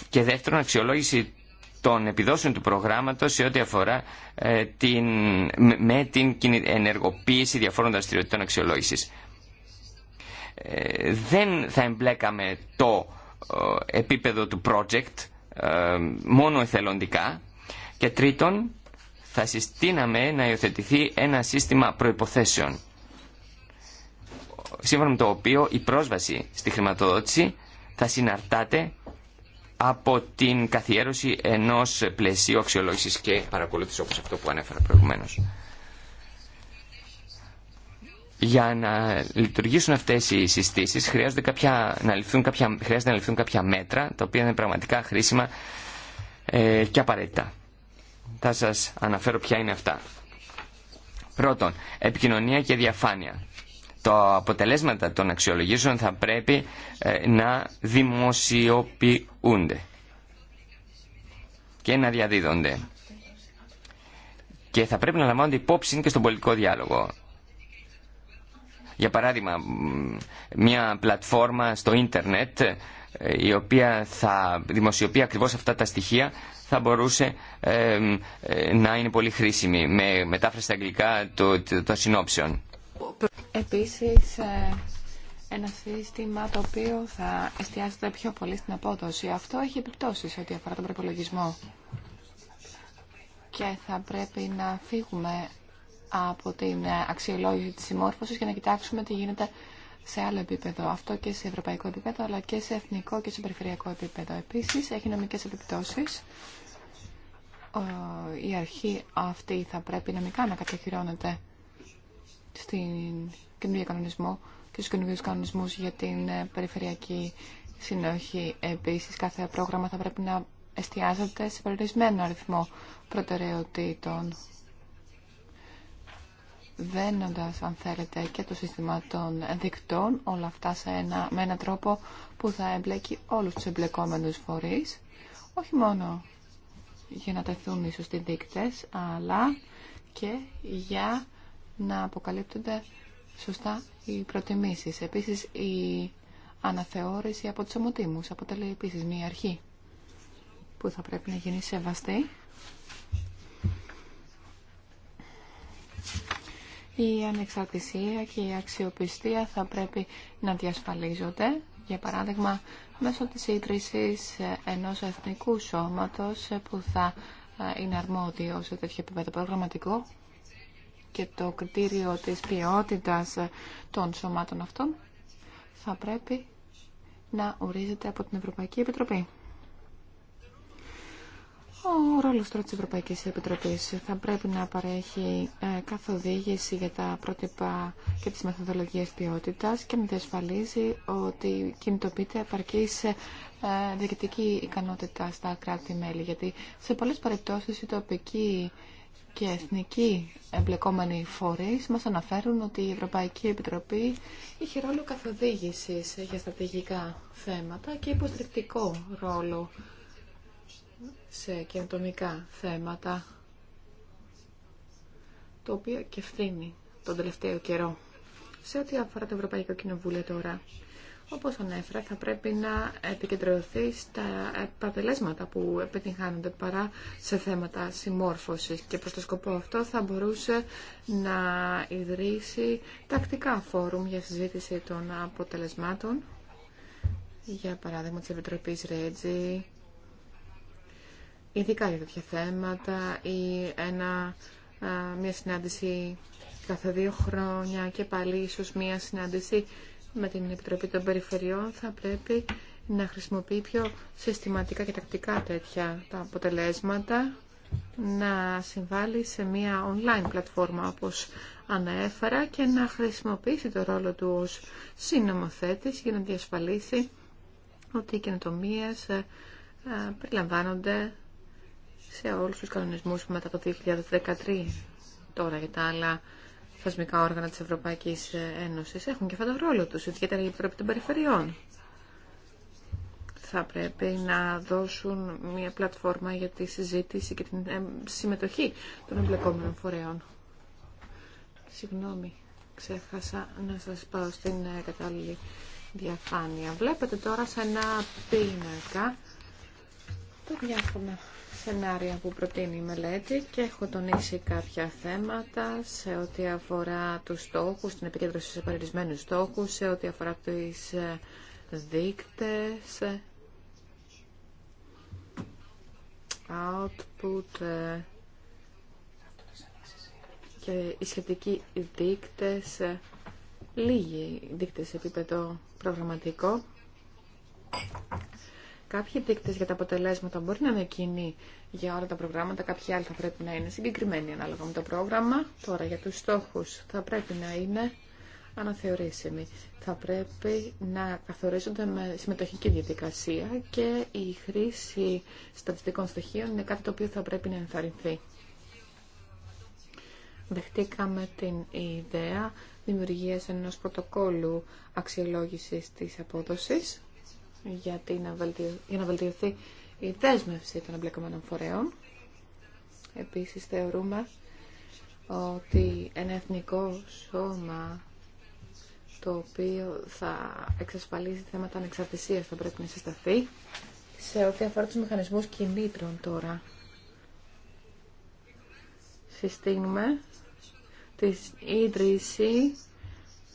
και δεύτερον αξιολόγηση των επιδόσεων του προγράμματος σε ό,τι αφορά ε, την, με την ενεργοποίηση διαφόρων δραστηριοτήτων αξιολόγησης δεν θα εμπλέκαμε το ε, επίπεδο του project ε, μόνο εθελοντικά και τρίτον θα συστήναμε να υιοθετηθεί ένα σύστημα προϋποθέσεων σύμφωνα με το οποίο η πρόσβαση στη χρηματοδότηση θα συναρτάται από την καθιέρωση ενός πλαισίου αξιολόγησης και παρακολούθησης όπως αυτό που ανέφερα προηγουμένως για να λειτουργήσουν αυτές οι συστήσεις χρειάζονται κάποια, να ληφθούν κάποια, χρειάζεται να ληφθούν κάποια μέτρα τα οποία είναι πραγματικά χρήσιμα ε, και απαραίτητα. Θα σα αναφέρω ποια είναι αυτά. Πρώτον, επικοινωνία και διαφάνεια. Το αποτελέσματα των αξιολογήσεων θα πρέπει ε, να δημοσιοποιούνται και να διαδίδονται. Και θα πρέπει να λαμβάνονται υπόψη και στον πολιτικό διάλογο. Για παράδειγμα, μια πλατφόρμα στο ίντερνετ η οποία θα δημοσιοποιεί ακριβώς αυτά τα στοιχεία θα μπορούσε ε, ε, να είναι πολύ χρήσιμη με μετάφραση στα αγγλικά των το, το, συνόψεων. Επίσης, ε, ένα σύστημα το οποίο θα εστιάζεται πιο πολύ στην απόδοση. Αυτό έχει επιπτώσεις ό,τι αφορά τον προπολογισμό. Και θα πρέπει να φύγουμε από την αξιολόγηση της συμμόρφωσης για να κοιτάξουμε τι γίνεται σε άλλο επίπεδο. Αυτό και σε ευρωπαϊκό επίπεδο, αλλά και σε εθνικό και σε περιφερειακό επίπεδο. Επίσης, έχει νομικές επιπτώσεις. Η αρχή αυτή θα πρέπει νομικά να κατοχυρώνεται στην καινούργια κανονισμό και στους καινούργιους κανονισμούς για την ε, περιφερειακή συνοχή. Επίσης, κάθε πρόγραμμα θα πρέπει να εστιάζεται σε περιορισμένο αριθμό προτεραιοτήτων δένοντας αν θέλετε και το σύστημα των δικτών όλα αυτά σε ένα, με έναν τρόπο που θα εμπλέκει όλους τους εμπλεκόμενους φορείς όχι μόνο για να τεθούν οι σωστοί δείκτες αλλά και για να αποκαλύπτονται σωστά οι προτιμήσεις. Επίσης η αναθεώρηση από τους ομοτήμους αποτελεί επίσης μια αρχή που θα πρέπει να γίνει σεβαστή η ανεξαρτησία και η αξιοπιστία θα πρέπει να διασφαλίζονται, για παράδειγμα μέσω της ίδρυσης ενός εθνικού σώματος που θα ε, είναι αρμόδιο σε τέτοιο επίπεδο προγραμματικό και το κριτήριο της ποιότητας ε, των σωμάτων αυτών θα πρέπει να ορίζεται από την Ευρωπαϊκή Επιτροπή. Ο ρόλος τώρα της Ευρωπαϊκής Επιτροπής θα πρέπει να παρέχει ε, καθοδήγηση για τα πρότυπα και τις μεθοδολογίες ποιότητας και να διασφαλίζει ότι κινητοποιείται επαρκής ε, διοικητική ικανότητα στα κράτη-μέλη. Γιατί σε πολλές περιπτώσεις οι τοπική και εθνικοί εμπλεκόμενοι φορείς μας αναφέρουν ότι η Ευρωπαϊκή Επιτροπή είχε ρόλο καθοδήγησης για στρατηγικά θέματα και υποστηρικτικό ρόλο σε καινοτομικά θέματα, το οποίο και φθήνει τον τελευταίο καιρό. Σε ό,τι αφορά το Ευρωπαϊκό Κοινοβούλιο τώρα, όπως ανέφερα, θα πρέπει να επικεντρωθεί στα αποτελέσματα που επιτυγχάνονται παρά σε θέματα συμμόρφωσης και προς το σκοπό αυτό θα μπορούσε να ιδρύσει τακτικά φόρουμ για συζήτηση των αποτελεσμάτων, για παράδειγμα της Επιτροπής Ρέτζη, ειδικά για τέτοια θέματα ή ένα, μια συνάντηση κάθε δύο χρόνια και πάλι ίσως μια συνάντηση με την Επιτροπή των Περιφερειών θα πρέπει να χρησιμοποιεί πιο συστηματικά και τακτικά τέτοια τα αποτελέσματα να συμβάλλει σε μια online πλατφόρμα όπως ανέφερα και να χρησιμοποιήσει το ρόλο του ως συνομοθέτης για να διασφαλίσει ότι οι καινοτομίες ε, ε, περιλαμβάνονται σε όλους τους κανονισμούς μετά το 2013 τώρα για τα άλλα θεσμικά όργανα της Ευρωπαϊκής Ένωσης έχουν και αυτό το ρόλο τους, ιδιαίτερα η την των Περιφερειών. Θα πρέπει να δώσουν μια πλατφόρμα για τη συζήτηση και τη ε, συμμετοχή των εμπλεκόμενων φορέων. Συγγνώμη, ξέχασα να σας πάω στην ε, κατάλληλη διαφάνεια. Βλέπετε τώρα σε ένα πίνακα το διάφορο σενάρια που προτείνει η μελέτη και έχω τονίσει κάποια θέματα σε ό,τι αφορά τους στόχους, την επικέντρωση σε περιορισμένους στόχους, σε ό,τι αφορά τις ε, δείκτες, ε, output ε, και οι σχετικοί δείκτες, λίγοι δείκτες σε επίπεδο προγραμματικό. Κάποιοι δείκτε για τα αποτελέσματα μπορεί να είναι κοινοί για όλα τα προγράμματα, κάποιοι άλλοι θα πρέπει να είναι συγκεκριμένοι ανάλογα με το πρόγραμμα. Τώρα για του στόχου θα πρέπει να είναι αναθεωρήσιμοι. Θα πρέπει να καθορίζονται με συμμετοχική διαδικασία και η χρήση στατιστικών στοιχείων είναι κάτι το οποίο θα πρέπει να ενθαρρυνθεί. Δεχτήκαμε την ιδέα δημιουργίας ενός πρωτοκόλου αξιολόγησης της απόδοσης για, για να βελτιωθεί η δέσμευση των εμπλεκομένων φορέων. Επίσης θεωρούμε ότι ένα εθνικό σώμα το οποίο θα εξασφαλίζει θέματα ανεξαρτησίας θα πρέπει να συσταθεί σε ό,τι αφορά τους μηχανισμούς κινήτρων τώρα. Συστήνουμε τη ίδρυση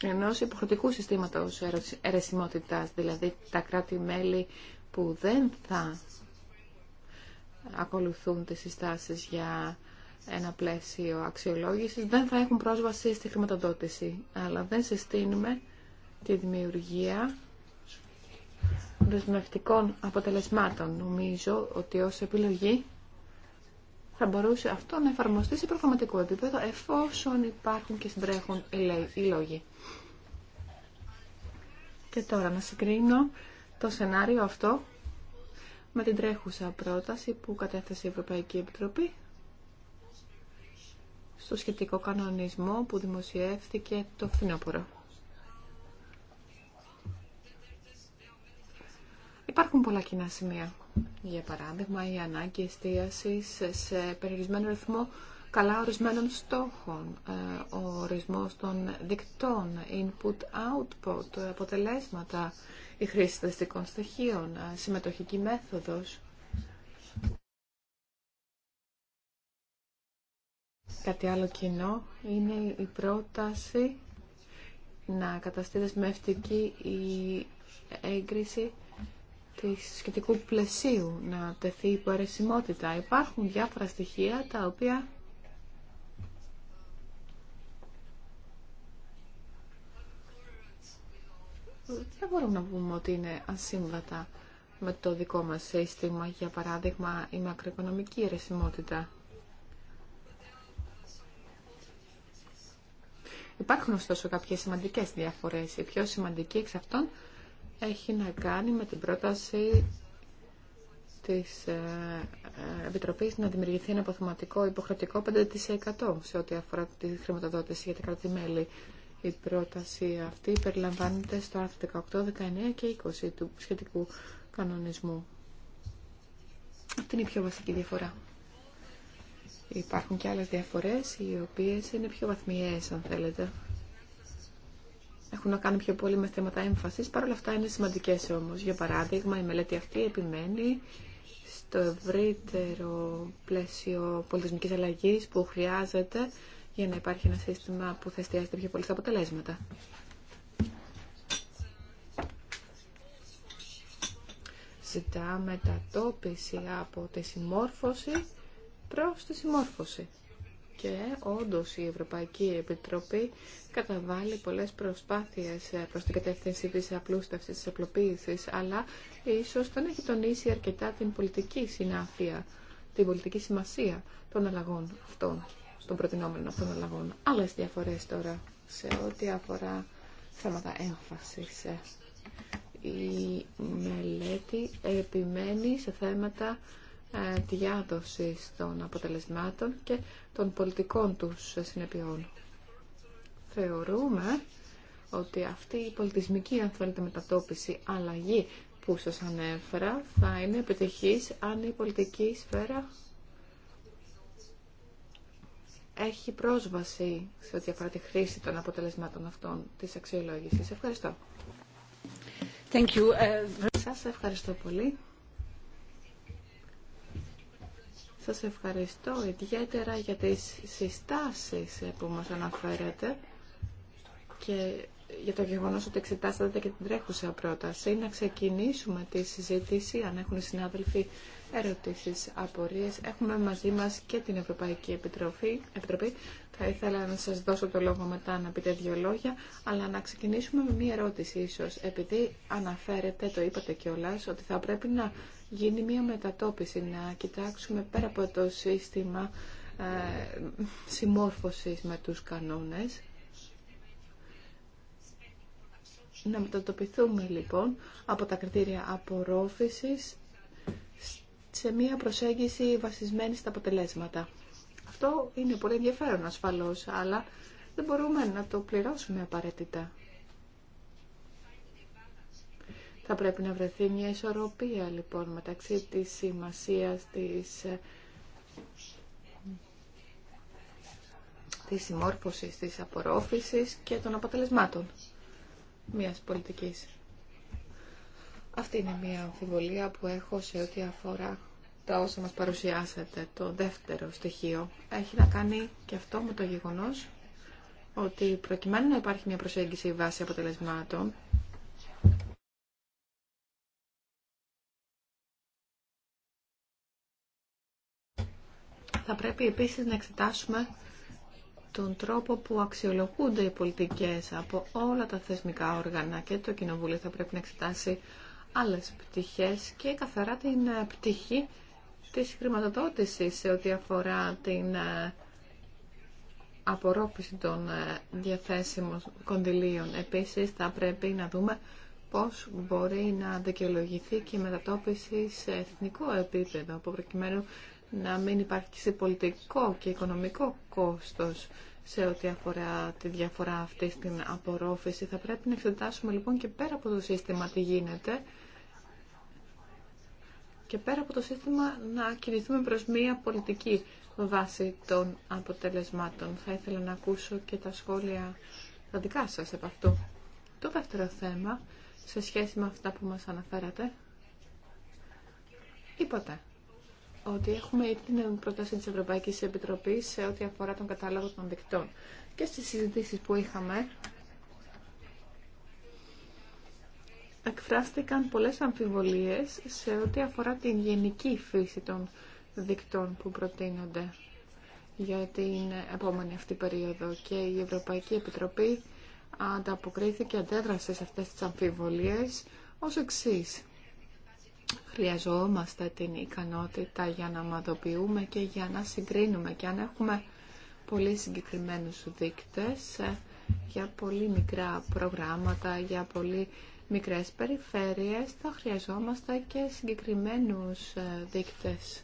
ενός υποχρεωτικού συστήματος ερεσιμότητας, δηλαδή τα κράτη-μέλη που δεν θα ακολουθούν τις συστάσεις για ένα πλαίσιο αξιολόγησης, δεν θα έχουν πρόσβαση στη χρηματοδότηση. Αλλά δεν συστήνουμε τη δημιουργία δεσμευτικών αποτελεσμάτων. Νομίζω ότι ως επιλογή θα μπορούσε αυτό να εφαρμοστεί σε προγραμματικό επίπεδο εφόσον υπάρχουν και συντρέχουν οι λόγοι. Και τώρα να συγκρίνω το σενάριο αυτό με την τρέχουσα πρόταση που κατέθεσε η Ευρωπαϊκή Επιτροπή στο σχετικό κανονισμό που δημοσιεύθηκε το φθινόπωρο. Υπάρχουν πολλά κοινά σημεία. Για παράδειγμα, η ανάγκη εστίαση σε περιορισμένο ρυθμό καλά ορισμένων στόχων, ε, ο ορισμός των δικτών, input-output, αποτελέσματα, η χρήση δεστικών στοιχείων, ε, συμμετοχική μέθοδος. Κάτι άλλο κοινό είναι η πρόταση να καταστεί δεσμευτική η έγκριση της σχετικού πλαισίου να τεθεί η Υπάρχουν διάφορα στοιχεία τα οποία δεν μπορούμε να πούμε ότι είναι ασύμβατα με το δικό μας σύστημα, για παράδειγμα η μακροοικονομική ρεσιμότητα. Υπάρχουν ωστόσο κάποιες σημαντικές διαφορές. Η πιο σημαντική εξ αυτών έχει να κάνει με την πρόταση της ε, ε, Επιτροπής να δημιουργηθεί ένα αποθεματικό υποχρεωτικό 5% σε ό,τι αφορά τη χρηματοδότηση για τα κράτη-μέλη. Η πρόταση αυτή περιλαμβάνεται στο άρθρο 18, 19 και 20 του σχετικού κανονισμού. Αυτή είναι η πιο βασική διαφορά. Υπάρχουν και άλλες διαφορές οι οποίες είναι πιο βαθμιαίες αν θέλετε έχουν να κάνουν πιο πολύ με θέματα έμφασης, παρόλα αυτά είναι σημαντικές όμως. Για παράδειγμα, η μελέτη αυτή επιμένει στο ευρύτερο πλαίσιο πολιτισμικής αλλαγής που χρειάζεται για να υπάρχει ένα σύστημα που θα εστιάζεται πιο πολύ στα αποτελέσματα. Ζητά μετατόπιση από τη συμμόρφωση προς τη συμμόρφωση και όντως η Ευρωπαϊκή Επιτροπή καταβάλει πολλές προσπάθειες προς την κατεύθυνση της απλούστευσης, της απλοποίησης, αλλά ίσως δεν έχει τονίσει αρκετά την πολιτική συνάφεια, την πολιτική σημασία των αλλαγών αυτών, των προτινόμενων αυτών αλλαγών. Άλλες διαφορές τώρα σε ό,τι αφορά θέματα έμφασης. Η μελέτη επιμένει σε θέματα ε, διάδοση των αποτελεσμάτων και των πολιτικών τους συνεπειών. Θεωρούμε ότι αυτή η πολιτισμική, αν μετατόπιση, αλλαγή που σας ανέφερα, θα είναι επιτυχής αν η πολιτική σφαίρα έχει πρόσβαση σε ό,τι αφορά τη χρήση των αποτελεσμάτων αυτών της αξιολόγησης. Ευχαριστώ. Thank you. Ε, σας ευχαριστώ πολύ. Σας ευχαριστώ ιδιαίτερα για τις συστάσεις ε, που μας αναφέρετε και για το γεγονός ότι εξετάσατε και την τρέχουσα πρόταση. Να ξεκινήσουμε τη συζήτηση, αν έχουν οι συνάδελφοι ερωτήσεις, απορίες. Έχουμε μαζί μας και την Ευρωπαϊκή Επιτροπή. Επιτροπή. Θα ήθελα να σας δώσω το λόγο μετά να πείτε δύο λόγια, αλλά να ξεκινήσουμε με μία ερώτηση ίσως, επειδή αναφέρετε, το είπατε κιόλα, ότι θα πρέπει να γίνει μια μετατόπιση, να κοιτάξουμε πέρα από το σύστημα ε, συμμόρφωσης με τους κανόνες. Να μετατοπιθούμε λοιπόν από τα κριτήρια απορρόφησης σε μια προσέγγιση βασισμένη στα αποτελέσματα. Αυτό είναι πολύ ενδιαφέρον ασφαλώς, αλλά δεν μπορούμε να το πληρώσουμε απαραίτητα. Θα πρέπει να βρεθεί μια ισορροπία λοιπόν μεταξύ της σημασίας της ε, της συμμόρφωσης, της απορρόφησης και των αποτελεσμάτων μιας πολιτικής. Αυτή είναι μια αμφιβολία που έχω σε ό,τι αφορά τα όσα μας παρουσιάσατε. Το δεύτερο στοιχείο έχει να κάνει και αυτό με το γεγονός ότι προκειμένου να υπάρχει μια προσέγγιση βάση αποτελεσμάτων, Θα πρέπει επίσης να εξετάσουμε τον τρόπο που αξιολογούνται οι πολιτικές από όλα τα θεσμικά όργανα και το Κοινοβούλιο θα πρέπει να εξετάσει άλλες πτυχές και καθαρά την ε, πτυχή της χρηματοδότησης σε ό,τι αφορά την ε, απορρόπηση των ε, διαθέσιμων κονδυλίων. Επίσης θα πρέπει να δούμε πώς μπορεί να δικαιολογηθεί και η μετατόπιση σε εθνικό επίπεδο, να μην υπάρχει πολιτικό και οικονομικό κόστος σε ό,τι αφορά τη διαφορά αυτή στην απορρόφηση. Θα πρέπει να εξετάσουμε λοιπόν και πέρα από το σύστημα τι γίνεται και πέρα από το σύστημα να κινηθούμε προς μία πολιτική βάση των αποτελεσμάτων. Θα ήθελα να ακούσω και τα σχόλια τα δικά σας από αυτό. Το δεύτερο θέμα, σε σχέση με αυτά που μας αναφέρατε, είπατε ότι έχουμε την πρόταση της Ευρωπαϊκής Επιτροπής σε ό,τι αφορά τον κατάλογο των δικτών. Και στις συζητήσεις που είχαμε, εκφράστηκαν πολλές αμφιβολίες σε ό,τι αφορά την γενική φύση των δικτών που προτείνονται για την επόμενη αυτή περίοδο και η Ευρωπαϊκή Επιτροπή ανταποκρίθηκε, αντέδρασε σε αυτές τις αμφιβολίες ως εξής. Χρειαζόμαστε την ικανότητα για να ομαδοποιούμε και για να συγκρίνουμε και αν έχουμε πολύ συγκεκριμένους δείκτες ε, για πολύ μικρά προγράμματα, για πολύ μικρές περιφέρειες θα χρειαζόμαστε και συγκεκριμένους ε, δείκτες.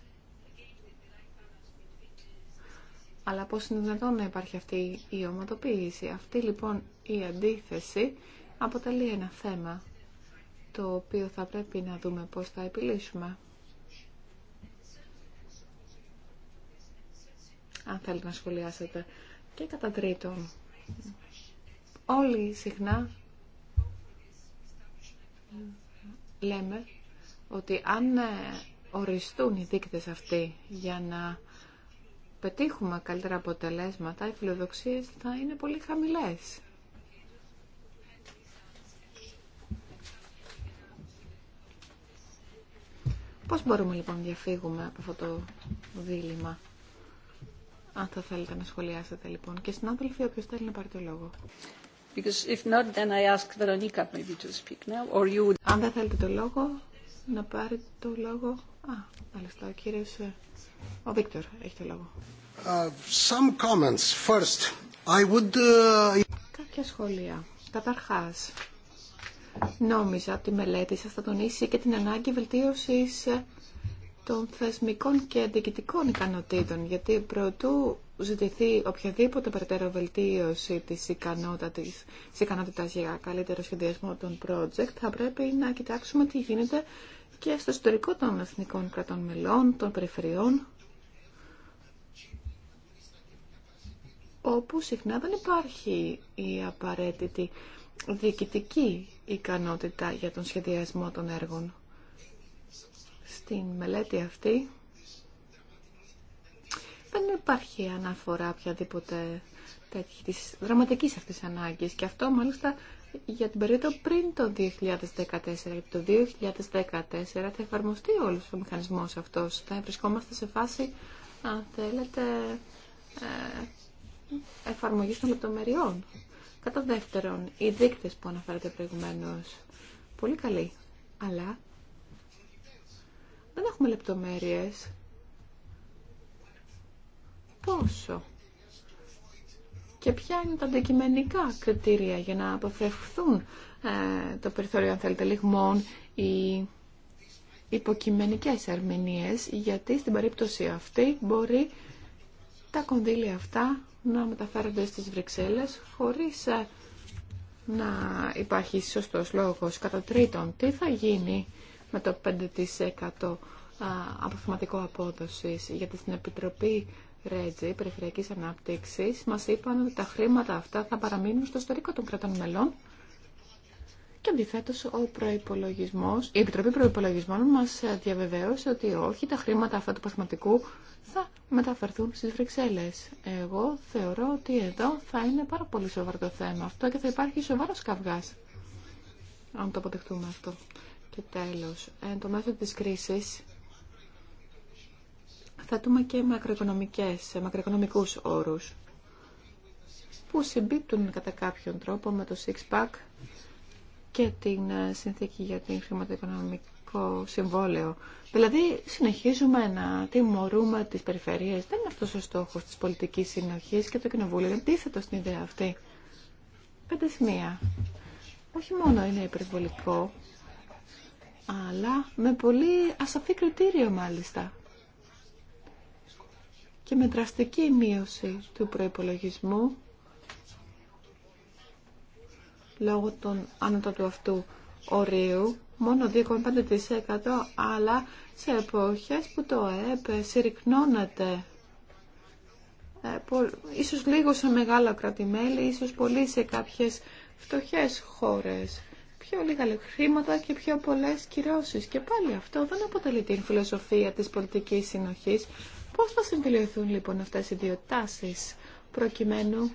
Αλλά πώς είναι δυνατόν να υπάρχει αυτή η ομαδοποίηση. Αυτή λοιπόν η αντίθεση αποτελεί ένα θέμα το οποίο θα πρέπει να δούμε πώς θα επιλύσουμε. Αν θέλετε να σχολιάσετε. Και κατά τρίτον, όλοι συχνά λέμε ότι αν ε, οριστούν οι δείκτες αυτοί για να πετύχουμε καλύτερα αποτελέσματα, οι φιλοδοξίες θα είναι πολύ χαμηλές. Πώς μπορούμε λοιπόν να διαφύγουμε από αυτό το δίλημα. Αν θα θέλετε να σχολιάσετε λοιπόν. Και συνάδελφοι, όποιος θέλει να πάρει το λόγο. Αν δεν θέλετε το λόγο, να πάρει το λόγο. Α, μάλιστα, ο κύριος, ε, ο Βίκτορ έχει το λόγο. Ε, some comments. First, I would... Ε, Κάποια σχόλια. Καταρχάς, Νόμιζα ότι η μελέτη σας θα τονίσει και την ανάγκη βελτίωσης των θεσμικών και αντικειτικών ικανοτήτων, γιατί προτού ζητηθεί οποιαδήποτε περαιτέρω βελτίωση της ικανότητας, της ικανότητας για καλύτερο σχεδιασμό των project, θα πρέπει να κοιτάξουμε τι γίνεται και στο ιστορικό των εθνικών κρατών μελών, των περιφερειών, όπου συχνά δεν υπάρχει η απαραίτητη διοικητική ικανότητα για τον σχεδιασμό των έργων. Στην μελέτη αυτή δεν υπάρχει αναφορά οποιαδήποτε τέτοια της δραματικής αυτής ανάγκης και αυτό μάλιστα για την περίοδο πριν το 2014. και το 2014 θα εφαρμοστεί όλος ο μηχανισμός αυτός. Θα βρισκόμαστε σε φάση, αν θέλετε, ε, εφαρμογής των λεπτομεριών Κατά δεύτερον, οι δείκτες που αναφέρατε προηγουμένως, πολύ καλοί, αλλά δεν έχουμε λεπτομέρειες. Πόσο και ποια είναι τα αντικειμενικά κριτήρια για να αποφευχθούν ε, το περιθώριο, αν θέλετε, λιγμών ή υποκειμενικές ερμηνείες, γιατί στην περίπτωση αυτή μπορεί τα κονδύλια αυτά να μεταφέρονται στις Βρυξέλλες χωρίς ε, να υπάρχει σωστός λόγος. Κατά τρίτον, τι θα γίνει με το 5% αποθεματικό απόδοσης, γιατί στην Επιτροπή Ρέτζη Περιφερειακής Ανάπτυξης μας είπαν ότι τα χρήματα αυτά θα παραμείνουν στο ιστορικό των κρατών μελών και αντιθέτω, ο προπολογισμό, η Επιτροπή Προπολογισμών μα διαβεβαίωσε ότι όχι, τα χρήματα αυτού του παθηματικού θα μεταφερθούν στι Βρυξέλλε. Εγώ θεωρώ ότι εδώ θα είναι πάρα πολύ σοβαρό το θέμα αυτό και θα υπάρχει σοβαρό καυγά. Αν το αποδεχτούμε αυτό. Και τέλο, ε, το μέθο τη κρίση θα δούμε και μακροοικονομικές, μακροοικονομικούς όρους που συμπίπτουν κατά κάποιον τρόπο με το six-pack και την ε, συνθήκη για την χρηματοοικονομικό συμβόλαιο. Δηλαδή συνεχίζουμε να τιμωρούμε τις περιφερειές. Δεν είναι αυτός ο στόχος της πολιτικής συνοχής και το κοινοβούλιο. Αντίθετο στην ιδέα αυτή. Πέντε σημεία. Όχι μόνο είναι υπερβολικό, αλλά με πολύ ασαφή κριτήριο μάλιστα και με δραστική μείωση του προϋπολογισμού λόγω των του αυτού ορίου μόνο 2,5% αλλά σε εποχές που το ΕΕΠ συρρυκνώνεται ε, ίσως λίγο σε μεγάλα κρατημέλη, ίσως πολύ σε κάποιες φτωχές χώρες. Πιο λίγα χρήματα και πιο πολλές κυρώσεις. Και πάλι αυτό δεν αποτελεί την φιλοσοφία της πολιτικής συνοχής. Πώς θα συμπληρωθούν λοιπόν αυτές οι δύο τάσεις προκειμένου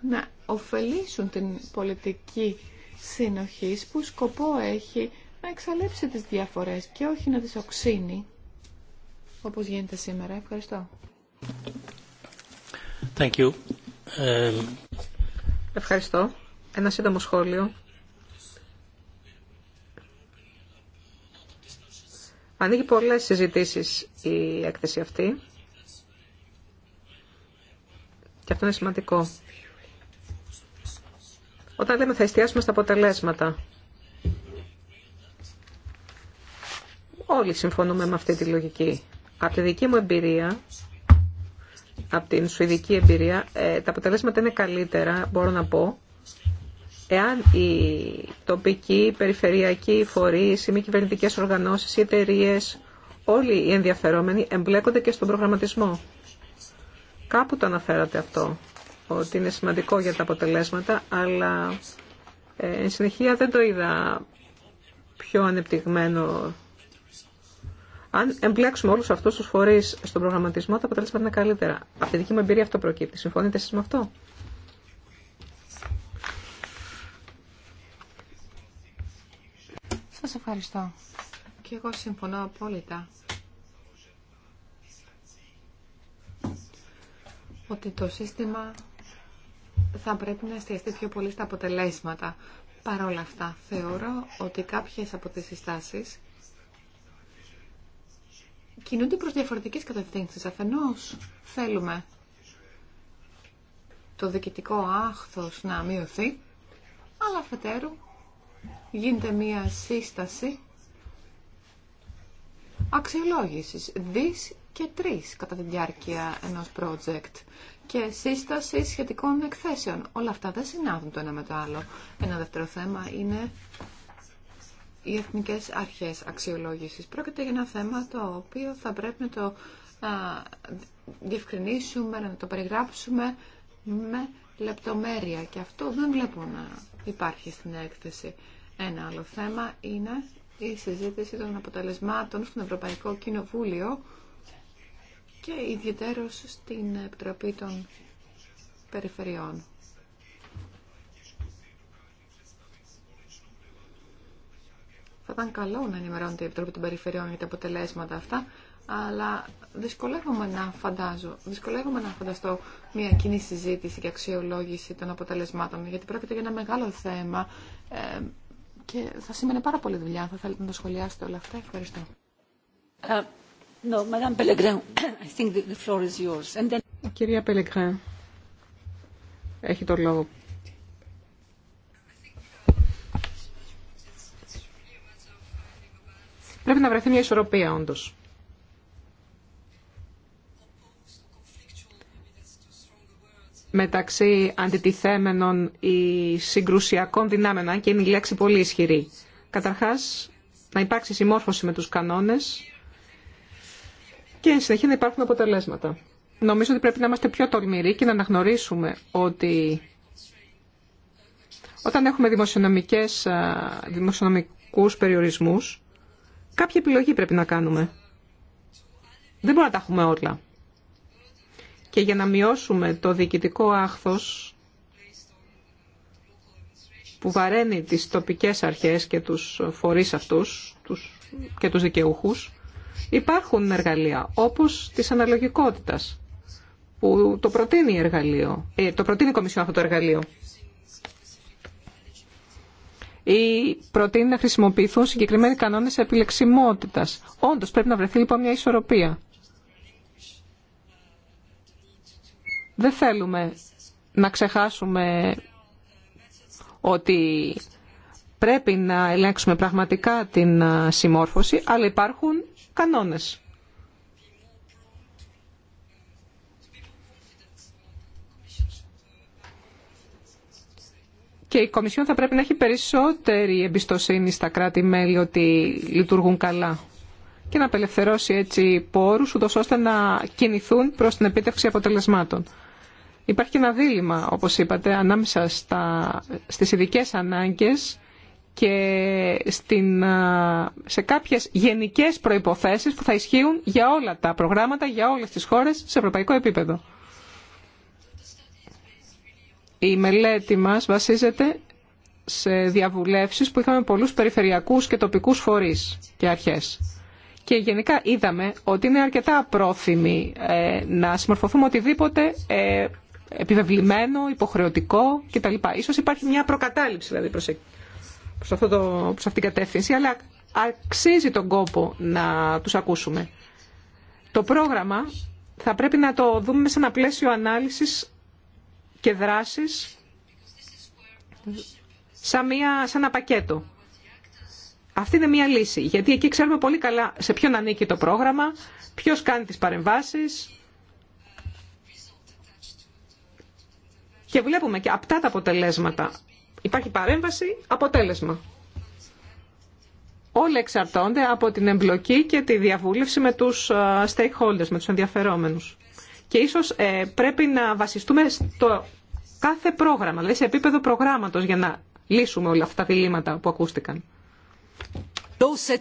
να ωφελήσουν την πολιτική συνοχής που σκοπό έχει να εξαλείψει τις διαφορές και όχι να τις οξύνει όπως γίνεται σήμερα. Ευχαριστώ. Thank you. Um, Ευχαριστώ. Ένα σύντομο σχόλιο. Ανοίγει πολλές συζητήσεις η έκθεση αυτή και αυτό είναι σημαντικό. Όταν λέμε θα εστιάσουμε στα αποτελέσματα. Όλοι συμφωνούμε με αυτή τη λογική. Από τη δική μου εμπειρία, από την σουηδική εμπειρία, ε, τα αποτελέσματα είναι καλύτερα, μπορώ να πω, εάν οι τοπικοί, περιφερειακοί φορείς, οι μη κυβερνητικές οργανώσεις, οι εταιρείε, όλοι οι ενδιαφερόμενοι εμπλέκονται και στον προγραμματισμό. Κάπου το αναφέρατε αυτό ότι είναι σημαντικό για τα αποτελέσματα, αλλά ε, εν συνεχεία δεν το είδα πιο ανεπτυγμένο. Αν εμπλέξουμε όλους αυτούς τους φορείς στον προγραμματισμό, τα αποτελέσματα είναι καλύτερα. Από τη δική μου εμπειρία αυτό προκύπτει. Συμφωνείτε εσείς με αυτό? Σας ευχαριστώ. Και εγώ συμφωνώ απόλυτα. Ότι το σύστημα θα πρέπει να εστιαστεί πιο πολύ στα αποτελέσματα. Παρ' όλα αυτά, θεωρώ ότι κάποιες από τις συστάσεις κινούνται προς διαφορετικές κατευθύνσεις. Αφενός, θέλουμε το διοικητικό άχθος να μειωθεί, αλλά αφετέρου γίνεται μία σύσταση αξιολόγησης, δις και τρεις κατά τη διάρκεια ενός project και σύσταση σχετικών εκθέσεων. Όλα αυτά δεν συνάδουν το ένα με το άλλο. Ένα δεύτερο θέμα είναι οι εθνικές αρχές αξιολόγησης. Πρόκειται για ένα θέμα το οποίο θα πρέπει να το α, διευκρινίσουμε, να το περιγράψουμε με λεπτομέρεια και αυτό δεν βλέπω να υπάρχει στην έκθεση. Ένα άλλο θέμα είναι η συζήτηση των αποτελεσμάτων στον Ευρωπαϊκό Κοινοβούλιο και ιδιαίτερο στην Επιτροπή των Περιφερειών. Θα ήταν καλό να ενημερώνεται η Επιτροπή των Περιφερειών για τα αποτελέσματα αυτά, αλλά δυσκολεύομαι να, φαντάζω, δυσκολεύομαι να φανταστώ μια κοινή συζήτηση και αξιολόγηση των αποτελεσμάτων, γιατί πρόκειται για ένα μεγάλο θέμα ε, και θα σήμαινε πάρα πολύ δουλειά. Θα θέλετε να το σχολιάσετε όλα αυτά. Ευχαριστώ. Ε, Κυρία Πελεγκρέν, έχει το λόγο. Πρέπει να βρεθεί μια ισορροπία, όντως. μεταξύ αντιτιθέμενων ή συγκρουσιακών δυνάμεων, και είναι η λέξη πολύ ισχυρή. Καταρχάς, να υπάρξει συμμόρφωση με τους κανόνες και συνεχεία να υπάρχουν αποτελέσματα. Νομίζω ότι πρέπει να είμαστε πιο τολμηροί και να αναγνωρίσουμε ότι όταν έχουμε δημοσιονομικές, δημοσιονομικούς περιορισμούς, κάποια επιλογή πρέπει να κάνουμε. Δεν μπορούμε να τα έχουμε όλα. Και για να μειώσουμε το διοικητικό άχθος που βαραίνει τις τοπικές αρχές και τους φορείς αυτούς και τους δικαιούχους, Υπάρχουν εργαλεία όπως της αναλογικότητας που το προτείνει, εργαλείο, ε, το προτείνει η Κομισιόν αυτό το εργαλείο. Ή προτείνει να χρησιμοποιηθούν συγκεκριμένοι κανόνες επιλεξιμότητας. Όντως πρέπει να βρεθεί λοιπόν μια ισορροπία. Δεν θέλουμε να ξεχάσουμε ότι πρέπει να ελέγξουμε πραγματικά την συμμόρφωση, αλλά υπάρχουν κανόνες. Και η Κομισιόν θα πρέπει να έχει περισσότερη εμπιστοσύνη στα κράτη-μέλη ότι λειτουργούν καλά και να απελευθερώσει έτσι πόρους, ούτως ώστε να κινηθούν προς την επίτευξη αποτελεσμάτων. Υπάρχει ένα δίλημα, όπως είπατε, ανάμεσα στα, στις ειδικές ανάγκες και στην, σε κάποιες γενικές προϋποθέσεις που θα ισχύουν για όλα τα προγράμματα, για όλες τις χώρες σε ευρωπαϊκό επίπεδο. Η μελέτη μας βασίζεται σε διαβουλεύσεις που είχαμε πολλούς περιφερειακούς και τοπικούς φορείς και αρχές. Και γενικά είδαμε ότι είναι αρκετά απρόθυμοι ε, να συμμορφωθούμε οτιδήποτε ε, επιβεβλημένο, υποχρεωτικό κτλ. Ίσως υπάρχει μια προκατάληψη δηλαδή προς σε αυτό το, αυτήν την κατεύθυνση, αλλά αξίζει τον κόπο να τους ακούσουμε. Το πρόγραμμα θα πρέπει να το δούμε σε ένα πλαίσιο ανάλυσης και δράσης σαν, μια, σαν ένα πακέτο. Αυτή είναι μια λύση, γιατί εκεί ξέρουμε πολύ καλά σε ποιον ανήκει το πρόγραμμα, ποιος κάνει τις παρεμβάσεις και βλέπουμε και αυτά τα αποτελέσματα Υπάρχει παρέμβαση, αποτέλεσμα. Όλοι εξαρτώνται από την εμπλοκή και τη διαβούλευση με τους ε, stakeholders, με τους ενδιαφερόμενους. Και ίσως ε, πρέπει να βασιστούμε στο κάθε πρόγραμμα, δηλαδή σε επίπεδο προγράμματος για να λύσουμε όλα αυτά τα διλήμματα που ακούστηκαν. Uh,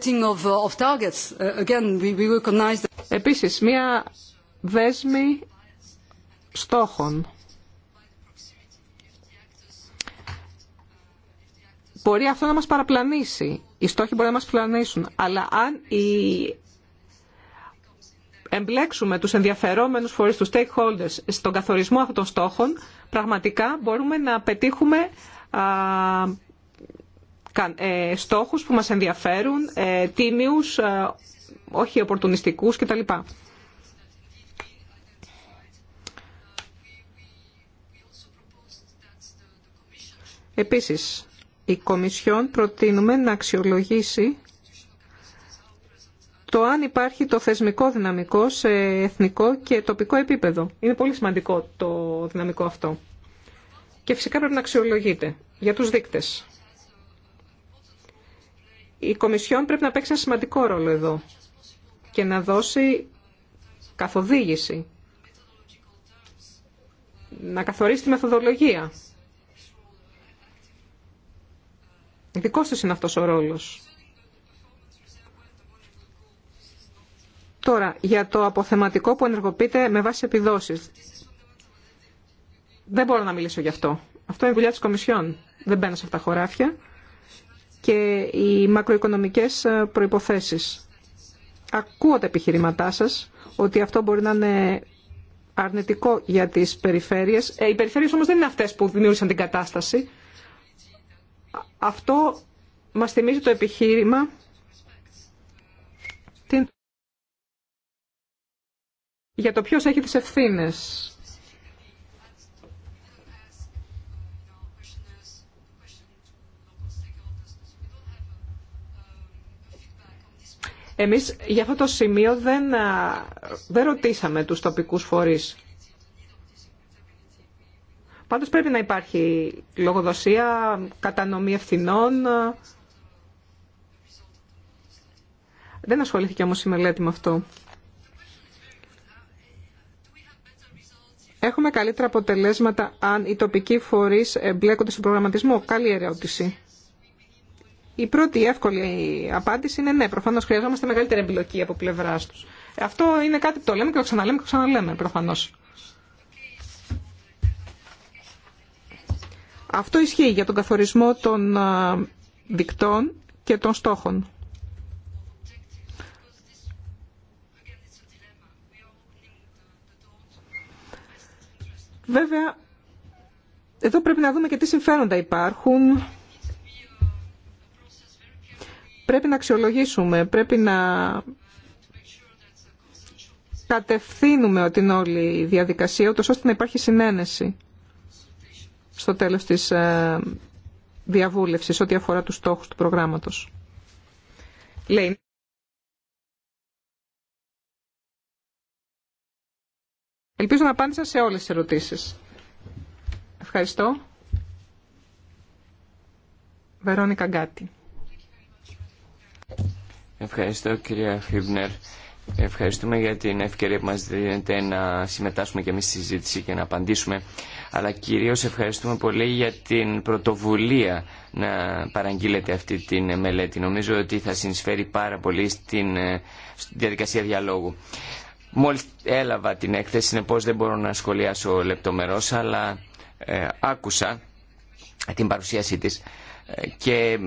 uh, Επίσης, μία δέσμη στόχων Μπορεί αυτό να μας παραπλανήσει. Οι στόχοι μπορεί να μας πλανήσουν. Αλλά αν εμπλέξουμε τους ενδιαφερόμενους φορείς, τους stakeholders, στον καθορισμό αυτών των στόχων, πραγματικά μπορούμε να πετύχουμε ε, στόχους που μας ενδιαφέρουν, ε, τίμιους, ε, όχι οπορτουνιστικούς κτλ. Επίσης, η Κομισιόν προτείνουμε να αξιολογήσει το αν υπάρχει το θεσμικό δυναμικό σε εθνικό και τοπικό επίπεδο. Είναι πολύ σημαντικό το δυναμικό αυτό. Και φυσικά πρέπει να αξιολογείται για τους δείκτες. Η Κομισιόν πρέπει να παίξει ένα σημαντικό ρόλο εδώ και να δώσει καθοδήγηση, να καθορίσει τη μεθοδολογία Δικός τους είναι αυτός ο ρόλος. Τώρα, για το αποθεματικό που ενεργοποιείται με βάση επιδόσεις. Δεν μπορώ να μιλήσω γι' αυτό. Αυτό είναι η δουλειά της Κομισιόν. Δεν μπαίνω σε αυτά τα χωράφια. Και οι μακροοικονομικές ε, προϋποθέσεις. Ακούω τα επιχειρήματά σας ότι αυτό μπορεί να είναι αρνητικό για τις περιφέρειες. Ε, οι περιφέρειες όμως δεν είναι αυτές που δημιούργησαν την κατάσταση. Αυτό μας θυμίζει το επιχείρημα για το ποιος έχει τις ευθύνες. Εμείς για αυτό το σημείο δεν, δεν ρωτήσαμε τους τοπικούς φορείς. Πάντως πρέπει να υπάρχει λογοδοσία, κατανομή ευθυνών. Δεν ασχολήθηκε όμως η μελέτη με αυτό. Έχουμε καλύτερα αποτελέσματα αν οι τοπικοί φορείς εμπλέκονται στον προγραμματισμό. Καλή ερώτηση. Η πρώτη εύκολη απάντηση είναι ναι, προφανώ χρειαζόμαστε μεγαλύτερη εμπλοκή από πλευρά του. Αυτό είναι κάτι που το λέμε και το ξαναλέμε και το ξαναλέμε προφανώ. Αυτό ισχύει για τον καθορισμό των δικτών και των στόχων. Βέβαια, εδώ πρέπει να δούμε και τι συμφέροντα υπάρχουν. Πρέπει να αξιολογήσουμε, πρέπει να κατευθύνουμε την όλη διαδικασία, ώστε να υπάρχει συνένεση στο τέλος της ε, διαβούλευσης ό,τι αφορά τους στόχους του προγράμματος. Λέει... Ελπίζω να απάντησα σε όλες τις ερωτήσεις. Ευχαριστώ. Βερόνικα Γκάτι. Ευχαριστώ κυρία Φίμπνερ. Ευχαριστούμε για την ευκαιρία που μας δίνετε να συμμετάσχουμε και εμείς στη συζήτηση και να απαντήσουμε αλλά κυρίως ευχαριστούμε πολύ για την πρωτοβουλία να παραγγείλετε αυτή τη μελέτη. Νομίζω ότι θα συνεισφέρει πάρα πολύ στην, ε, διαδικασία διαλόγου. Μόλις έλαβα την έκθεση, συνεπώς δεν μπορώ να σχολιάσω λεπτομερώς, αλλά ε, άκουσα την παρουσίασή της ε, και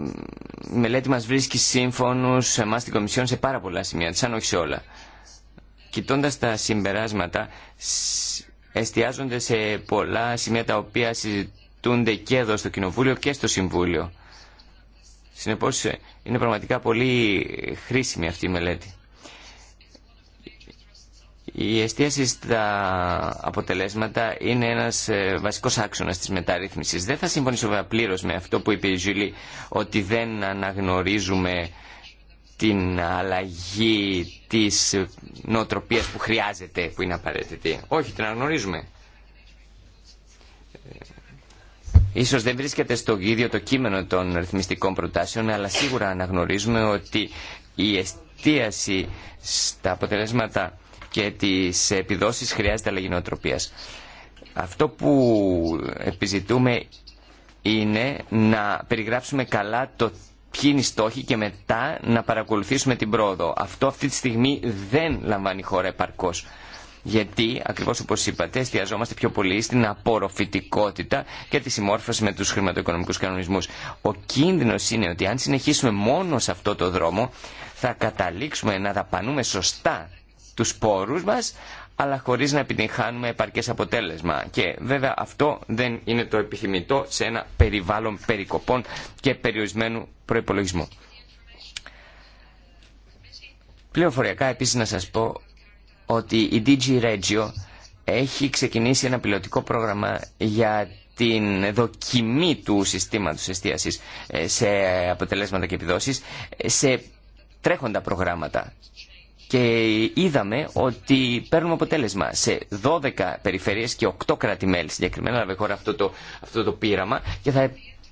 η μελέτη μας βρίσκει σύμφωνους εμάς την Κομισιόν σε πάρα πολλά σημεία, σαν όχι σε όλα. Κοιτώντας τα συμπεράσματα, εστιάζονται σε πολλά σημεία τα οποία συζητούνται και εδώ στο Κοινοβούλιο και στο Συμβούλιο. Συνεπώς είναι πραγματικά πολύ χρήσιμη αυτή η μελέτη. Η εστίαση στα αποτελέσματα είναι ένας ε, βασικός άξονας της μεταρρύθμισης. Δεν θα συμφωνήσω πλήρω με αυτό που είπε η Ζουλή, ότι δεν αναγνωρίζουμε την αλλαγή της νοοτροπίας που χρειάζεται, που είναι απαραίτητη. Όχι, την αναγνωρίζουμε. Ε, ίσως δεν βρίσκεται στο ίδιο το κείμενο των ρυθμιστικών προτάσεων, αλλά σίγουρα αναγνωρίζουμε ότι η εστίαση στα αποτελέσματα και τις επιδόσεις χρειάζεται αλλαγή νοοτροπίας. Αυτό που επιζητούμε είναι να περιγράψουμε καλά το ποιοι είναι στόχοι και μετά να παρακολουθήσουμε την πρόοδο. Αυτό αυτή τη στιγμή δεν λαμβάνει χώρα επαρκώς. Γιατί, ακριβώς όπω είπατε, εστιαζόμαστε πιο πολύ στην απορροφητικότητα και τη συμμόρφωση με τους χρηματοοικονομικούς κανονισμούς. Ο κίνδυνος είναι ότι αν συνεχίσουμε μόνο σε αυτό το δρόμο, θα καταλήξουμε να δαπανούμε σωστά του πόρου μα αλλά χωρίς να επιτυγχάνουμε επαρκές αποτέλεσμα. Και βέβαια αυτό δεν είναι το επιθυμητό σε ένα περιβάλλον περικοπών και περιορισμένου προϋπολογισμού. Πληροφοριακά επίσης να σας πω ότι η DG Regio έχει ξεκινήσει ένα πιλωτικό πρόγραμμα για την δοκιμή του συστήματος εστίασης ε, σε αποτελέσματα και επιδόσεις ε, σε τρέχοντα προγράμματα και είδαμε ότι παίρνουμε αποτέλεσμα σε 12 περιφερειές και 8 κράτη-μέλη συγκεκριμένα να χώρα αυτό το, αυτό το πείραμα και θα,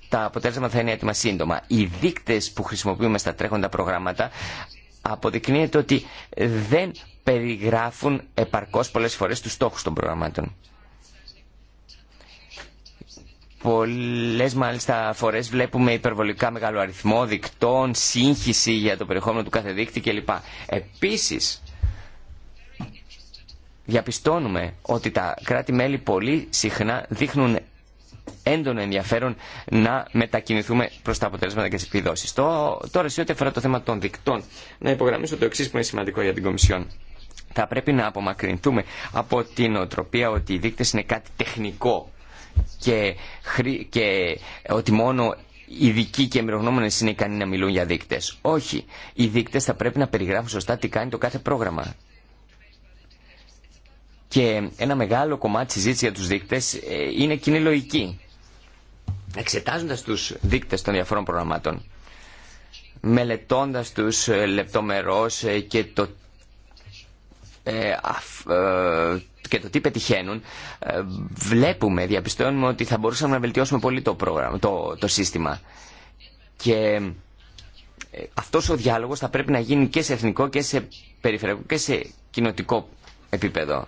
τα αποτέλεσμα θα είναι έτοιμα σύντομα. Οι δείκτες που χρησιμοποιούμε στα τρέχοντα προγράμματα αποδεικνύεται ότι δεν περιγράφουν επαρκώς πολλές φορές τους στόχους των προγραμμάτων. Πολλές μάλιστα φορές βλέπουμε υπερβολικά μεγάλο αριθμό δικτών, σύγχυση για το περιεχόμενο του κάθε δίκτυ κλπ. Επίσης, διαπιστώνουμε ότι τα κράτη-μέλη πολύ συχνά δείχνουν έντονο ενδιαφέρον να μετακινηθούμε προ τα αποτελέσματα και τι επιδόσει. Τώρα, σε ό,τι αφορά το θέμα των δικτών, να υπογραμμίσω το εξή που είναι σημαντικό για την Κομισιόν. Θα πρέπει να απομακρυνθούμε από την οτροπία ότι οι δείκτε είναι κάτι τεχνικό και, και ότι μόνο ειδικοί και εμπειρογνώμονε είναι ικανοί να μιλούν για δείκτε. Όχι. Οι δείκτε θα πρέπει να περιγράφουν σωστά τι κάνει το κάθε πρόγραμμα. Και ένα μεγάλο κομμάτι συζήτηση για του δείκτε ε, είναι κοινή λογική. Εξετάζοντα του δείκτε των διαφορών προγραμμάτων, μελετώντας τους ε, λεπτομερώς ε, και το, και το τι πετυχαίνουν, ε, βλέπουμε, διαπιστώνουμε ότι θα μπορούσαμε να βελτιώσουμε πολύ το, πρόγραμμα, το, το σύστημα. Και ε, αυτός ο διάλογος θα πρέπει να γίνει και σε εθνικό και σε περιφερειακό και σε κοινοτικό επίπεδο.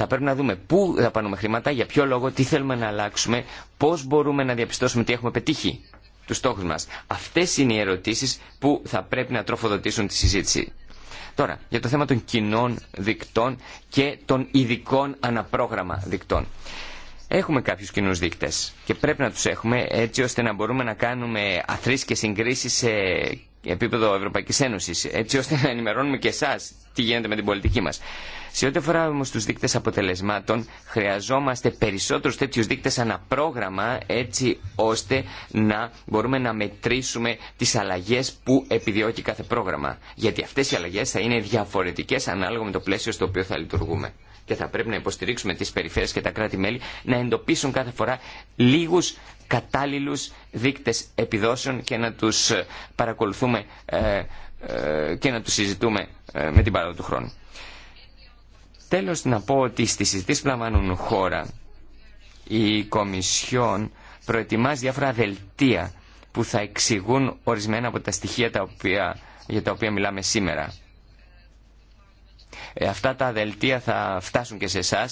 Θα πρέπει να δούμε πού θα δαπανούμε χρήματα, για ποιο λόγο, τι θέλουμε να αλλάξουμε, πώς μπορούμε να διαπιστώσουμε τι έχουμε πετύχει τους στόχους μας. Αυτές είναι οι ερωτήσεις που θα πρέπει να τροφοδοτήσουν τη συζήτηση. Τώρα, για το θέμα των κοινών δικτών και των ειδικών αναπρόγραμμα δικτών. Έχουμε κάποιους κοινού δείκτες και πρέπει να τους έχουμε έτσι ώστε να μπορούμε να κάνουμε αθροίς και συγκρίσεις σε επίπεδο Ευρωπαϊκή Ένωση, έτσι ώστε να ενημερώνουμε και εσά τι γίνεται με την πολιτική μα. Σε ό,τι αφορά όμω του δείκτε αποτελεσμάτων, χρειαζόμαστε περισσότερου τέτοιου δείκτε ανά πρόγραμμα, έτσι ώστε να μπορούμε να μετρήσουμε τι αλλαγέ που επιδιώκει κάθε πρόγραμμα. Γιατί αυτέ οι αλλαγέ θα είναι διαφορετικέ ανάλογα με το πλαίσιο στο οποίο θα λειτουργούμε και θα πρέπει να υποστηρίξουμε τις περιφέρειες και τα κράτη-μέλη να εντοπίσουν κάθε φορά λίγους κατάλληλους δείκτες επιδόσεων και να τους ε, παρακολουθούμε ε, ε, και να τους συζητούμε με την παράδοση του χρόνου. Τέλος να πω ότι στις συζήτηση που λαμβάνουν χώρα η Κομισιόν προετοιμάζει διάφορα δελτία που θα εξηγούν ορισμένα από τα στοιχεία για τα οποία μιλάμε σήμερα. Ε, αυτά τα δελτία θα φτάσουν και σε εσά.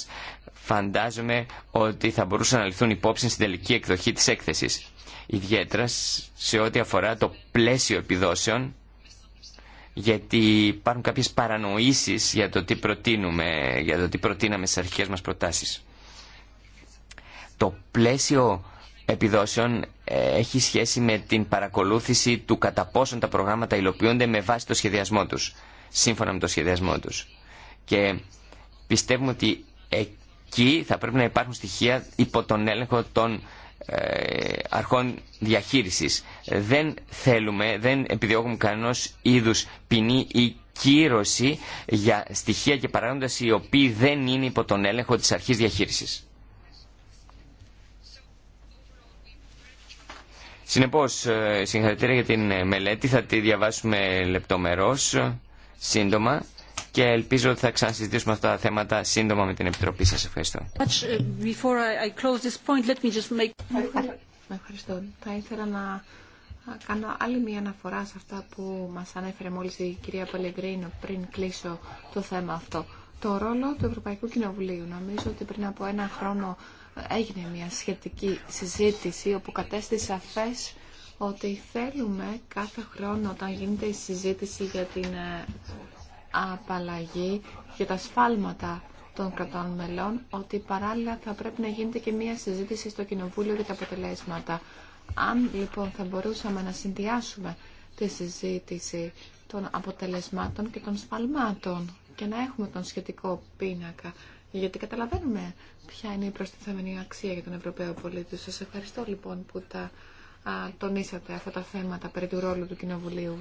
Φαντάζομαι ότι θα μπορούσαν να ληφθούν υπόψη στην τελική εκδοχή της έκθεσης. Ιδιαίτερα σε ό,τι αφορά το πλαίσιο επιδόσεων, γιατί υπάρχουν κάποιες παρανοήσεις για το τι, προτείνουμε, για το τι προτείναμε στις αρχικές μας προτάσεις. Το πλαίσιο επιδόσεων ε, έχει σχέση με την παρακολούθηση του κατά πόσον τα προγράμματα υλοποιούνται με βάση το σχεδιασμό τους, σύμφωνα με το σχεδιασμό τους και πιστεύουμε ότι εκεί θα πρέπει να υπάρχουν στοιχεία υπό τον έλεγχο των ε, αρχών διαχείρισης. Δεν θέλουμε, δεν επιδιώκουμε κανένας είδους ποινή ή κύρωση για στοιχεία και παράγοντες οι οποίοι δεν είναι υπό τον έλεγχο της αρχής διαχείρισης. Συνεπώς, ε, συγχαρητήρια για την μελέτη, θα τη διαβάσουμε λεπτομερώς, σύντομα και ελπίζω ότι θα ξανασυζητήσουμε αυτά τα θέματα σύντομα με την Επιτροπή. Σας ευχαριστώ. Ευχαριστώ. Θα ήθελα να κάνω άλλη μία αναφορά σε αυτά που μας ανέφερε μόλις η κυρία Πελεγκρίνο πριν κλείσω το θέμα αυτό. Το ρόλο του Ευρωπαϊκού Κοινοβουλίου. Νομίζω ότι πριν από ένα χρόνο έγινε μια σχετική συζήτηση όπου κατέστησε σαφές ότι θέλουμε κάθε χρόνο όταν γίνεται η συζήτηση για την ε, απαλλαγή για τα σφάλματα των κρατών μελών, ότι παράλληλα θα πρέπει να γίνεται και μία συζήτηση στο Κοινοβούλιο για τα αποτελέσματα. Αν λοιπόν θα μπορούσαμε να συνδυάσουμε τη συζήτηση των αποτελεσμάτων και των σφαλμάτων και να έχουμε τον σχετικό πίνακα, γιατί καταλαβαίνουμε ποια είναι η προστιθέμενη αξία για τον Ευρωπαίο πολίτη. Σας ευχαριστώ λοιπόν που τα τονίσατε αυτά τα θέματα περί του ρόλου του Κοινοβουλίου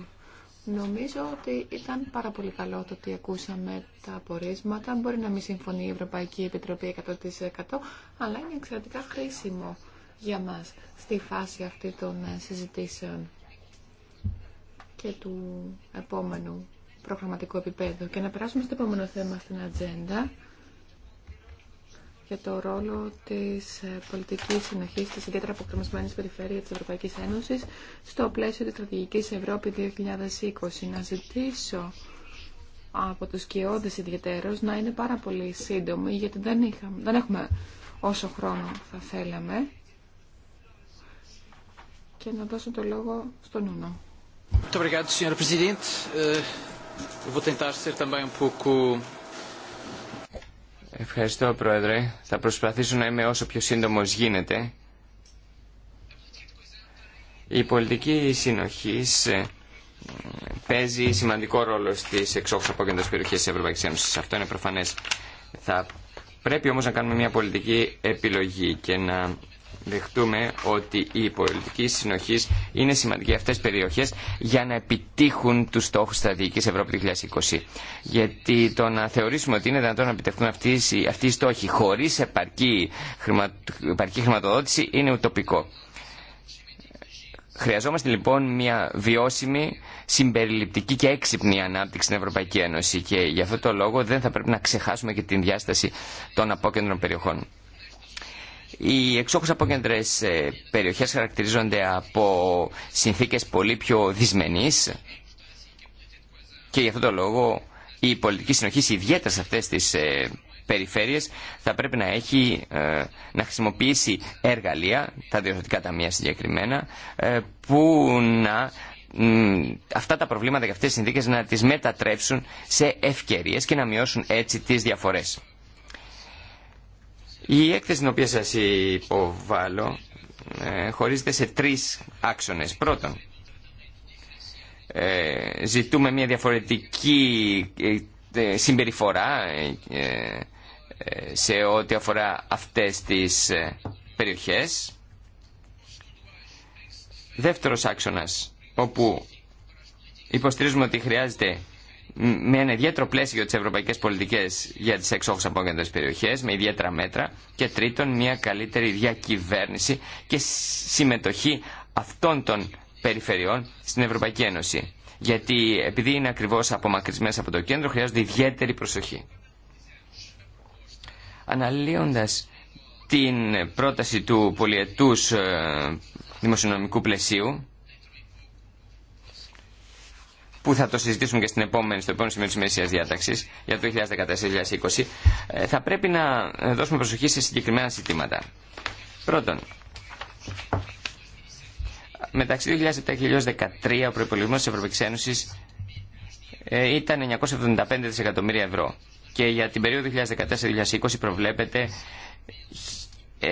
Νομίζω ότι ήταν πάρα πολύ καλό το ότι ακούσαμε τα απορίσματα. Μπορεί να μην συμφωνεί η Ευρωπαϊκή Επιτροπή 100% αλλά είναι εξαιρετικά χρήσιμο για μας στη φάση αυτή των ε, συζητήσεων και του επόμενου προγραμματικού επίπεδου. Και να περάσουμε στο επόμενο θέμα στην ατζέντα για το ρόλο της ε, πολιτικής συνοχής της ιδιαίτερα αποκρομισμένης περιφέρεια της Ευρωπαϊκής Ένωσης στο πλαίσιο της στρατηγικής Ευρώπη 2020. Να ζητήσω από τους κοιόδες ιδιαίτερος να είναι πάρα πολύ σύντομοι γιατί δεν, δεν έχουμε όσο χρόνο θα θέλαμε και να δώσω το λόγο στον Νουνό. Ευχαριστώ, Πρόεδρε. Θα προσπαθήσω να είμαι όσο πιο σύντομος γίνεται. Η πολιτική συνοχής ε, παίζει σημαντικό ρόλο στις εξόχους απόγεντες περιοχές της Ευρωπαϊκής Ένωσης. Αυτό είναι προφανές. Θα πρέπει όμως να κάνουμε μια πολιτική επιλογή και να δεχτούμε ότι η πολιτική συνοχή είναι σημαντική για αυτέ τι περιοχέ για να επιτύχουν του στόχου στρατηγική Ευρώπη 2020. Γιατί το να θεωρήσουμε ότι είναι δυνατόν να επιτευχθούν αυτοί, αυτοί οι στόχοι χωρί επαρκή, επαρκή χρηματοδότηση είναι ουτοπικό. Χρειαζόμαστε λοιπόν μια βιώσιμη, συμπεριληπτική και έξυπνη ανάπτυξη στην Ευρωπαϊκή Ένωση και γι' αυτό το λόγο δεν θα πρέπει να ξεχάσουμε και την διάσταση των απόκεντρων περιοχών. Οι από απόκεντρες ε, περιοχές χαρακτηρίζονται από συνθήκες πολύ πιο δυσμενείς και γι' αυτόν τον λόγο η πολιτική συνοχή ιδιαίτερα σε αυτές τις ε, περιφέρειες θα πρέπει να έχει ε, να χρησιμοποιήσει εργαλεία, τα διορθωτικά ταμεία συγκεκριμένα, που να αυτά τα προβλήματα και αυτές τις συνθήκες να τις μετατρέψουν σε ευκαιρίες και να μειώσουν έτσι τις διαφορές. Η έκθεση την οποία σας υποβάλλω ε, χωρίζεται σε τρεις άξονες. Πρώτον, ε, ζητούμε μια διαφορετική ε, συμπεριφορά σε ό,τι αφορά αυτές τις περιοχές. Δεύτερος άξονας, όπου υποστηρίζουμε ότι χρειάζεται με ένα ιδιαίτερο πλαίσιο για τι ευρωπαϊκέ πολιτικέ για τι εξόχου απόγεντε περιοχέ, με ιδιαίτερα μέτρα. Και τρίτον, μια καλύτερη διακυβέρνηση και συμμετοχή αυτών των περιφερειών στην Ευρωπαϊκή Ένωση. Γιατί επειδή είναι ακριβώ απομακρυσμένε από το κέντρο, χρειάζονται ιδιαίτερη προσοχή. Αναλύοντα την πρόταση του πολιετούς ε, δημοσιονομικού πλαισίου, που θα το συζητήσουμε και στην επόμενη, στο επόμενο σημείο της ημερησίας διάταξης για το 2014-2020, ε, θα πρέπει να δώσουμε προσοχή σε συγκεκριμένα ζητήματα. Πρώτον, μεταξύ 2007-2013 ο προϋπολογισμός τη Ευρωπαϊκή Ένωση ε, ήταν 975 δισεκατομμύρια ευρώ και για την περίοδο 2014-2020 προβλέπεται 1025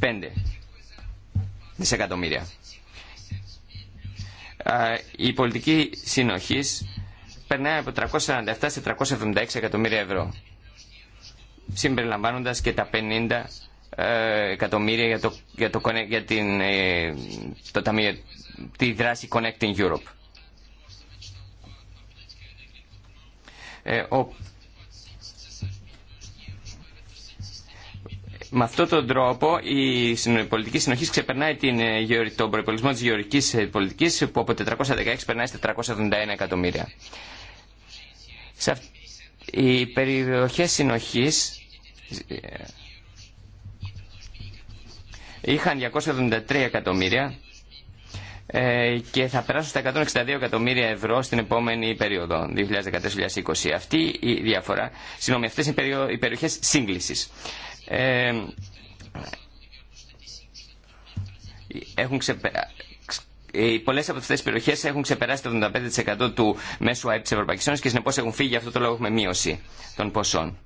ε, δισεκατομμύρια. Ε, η πολιτική συνοχής περνάει από 347 σε 376 εκατομμύρια ευρώ συμπεριλαμβάνοντας και τα 50 ε, εκατομμύρια για, το, για, το, για την, ε, το ταμείο, τη δράση Connecting Europe. ο Με αυτόν τον τρόπο η πολιτική συνοχή ξεπερνάει την, ε, τον προπολογισμό τη γεωργική ε, πολιτική που από 416 περνάει στα 471 εκατομμύρια. Σε αυ... Οι περιοχέ συνοχή ε, είχαν 273 εκατομμύρια και θα περάσουν στα 162 εκατομμύρια ευρώ στην επόμενη περίοδο, 2014-2020. Αυτή η διαφορά, συγγνώμη, αυτές είναι οι περιοχές σύγκλησης ε, έχουν ξεπε... Ε, πολλές από αυτές τις περιοχές έχουν ξεπεράσει το 75% του μέσου ΑΕΠ της Ευρωπαϊκής Ένωσης και συνεπώς έχουν φύγει, γι' αυτό το λόγο έχουμε μείωση των ποσών.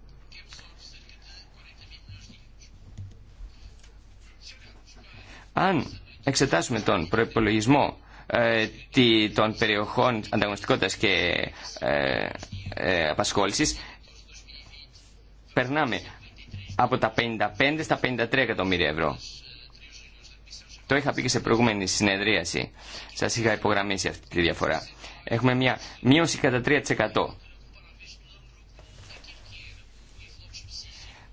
Αν εξετάσουμε τον προπολογισμό ε, των περιοχών ανταγωνιστικότητας και ε, ε απασχόλησης, περνάμε από τα 55 στα 53 εκατομμύρια ευρώ. Το είχα πει και σε προηγούμενη συνεδρίαση. Σας είχα υπογραμμίσει αυτή τη διαφορά. Έχουμε μια μείωση κατά 3%.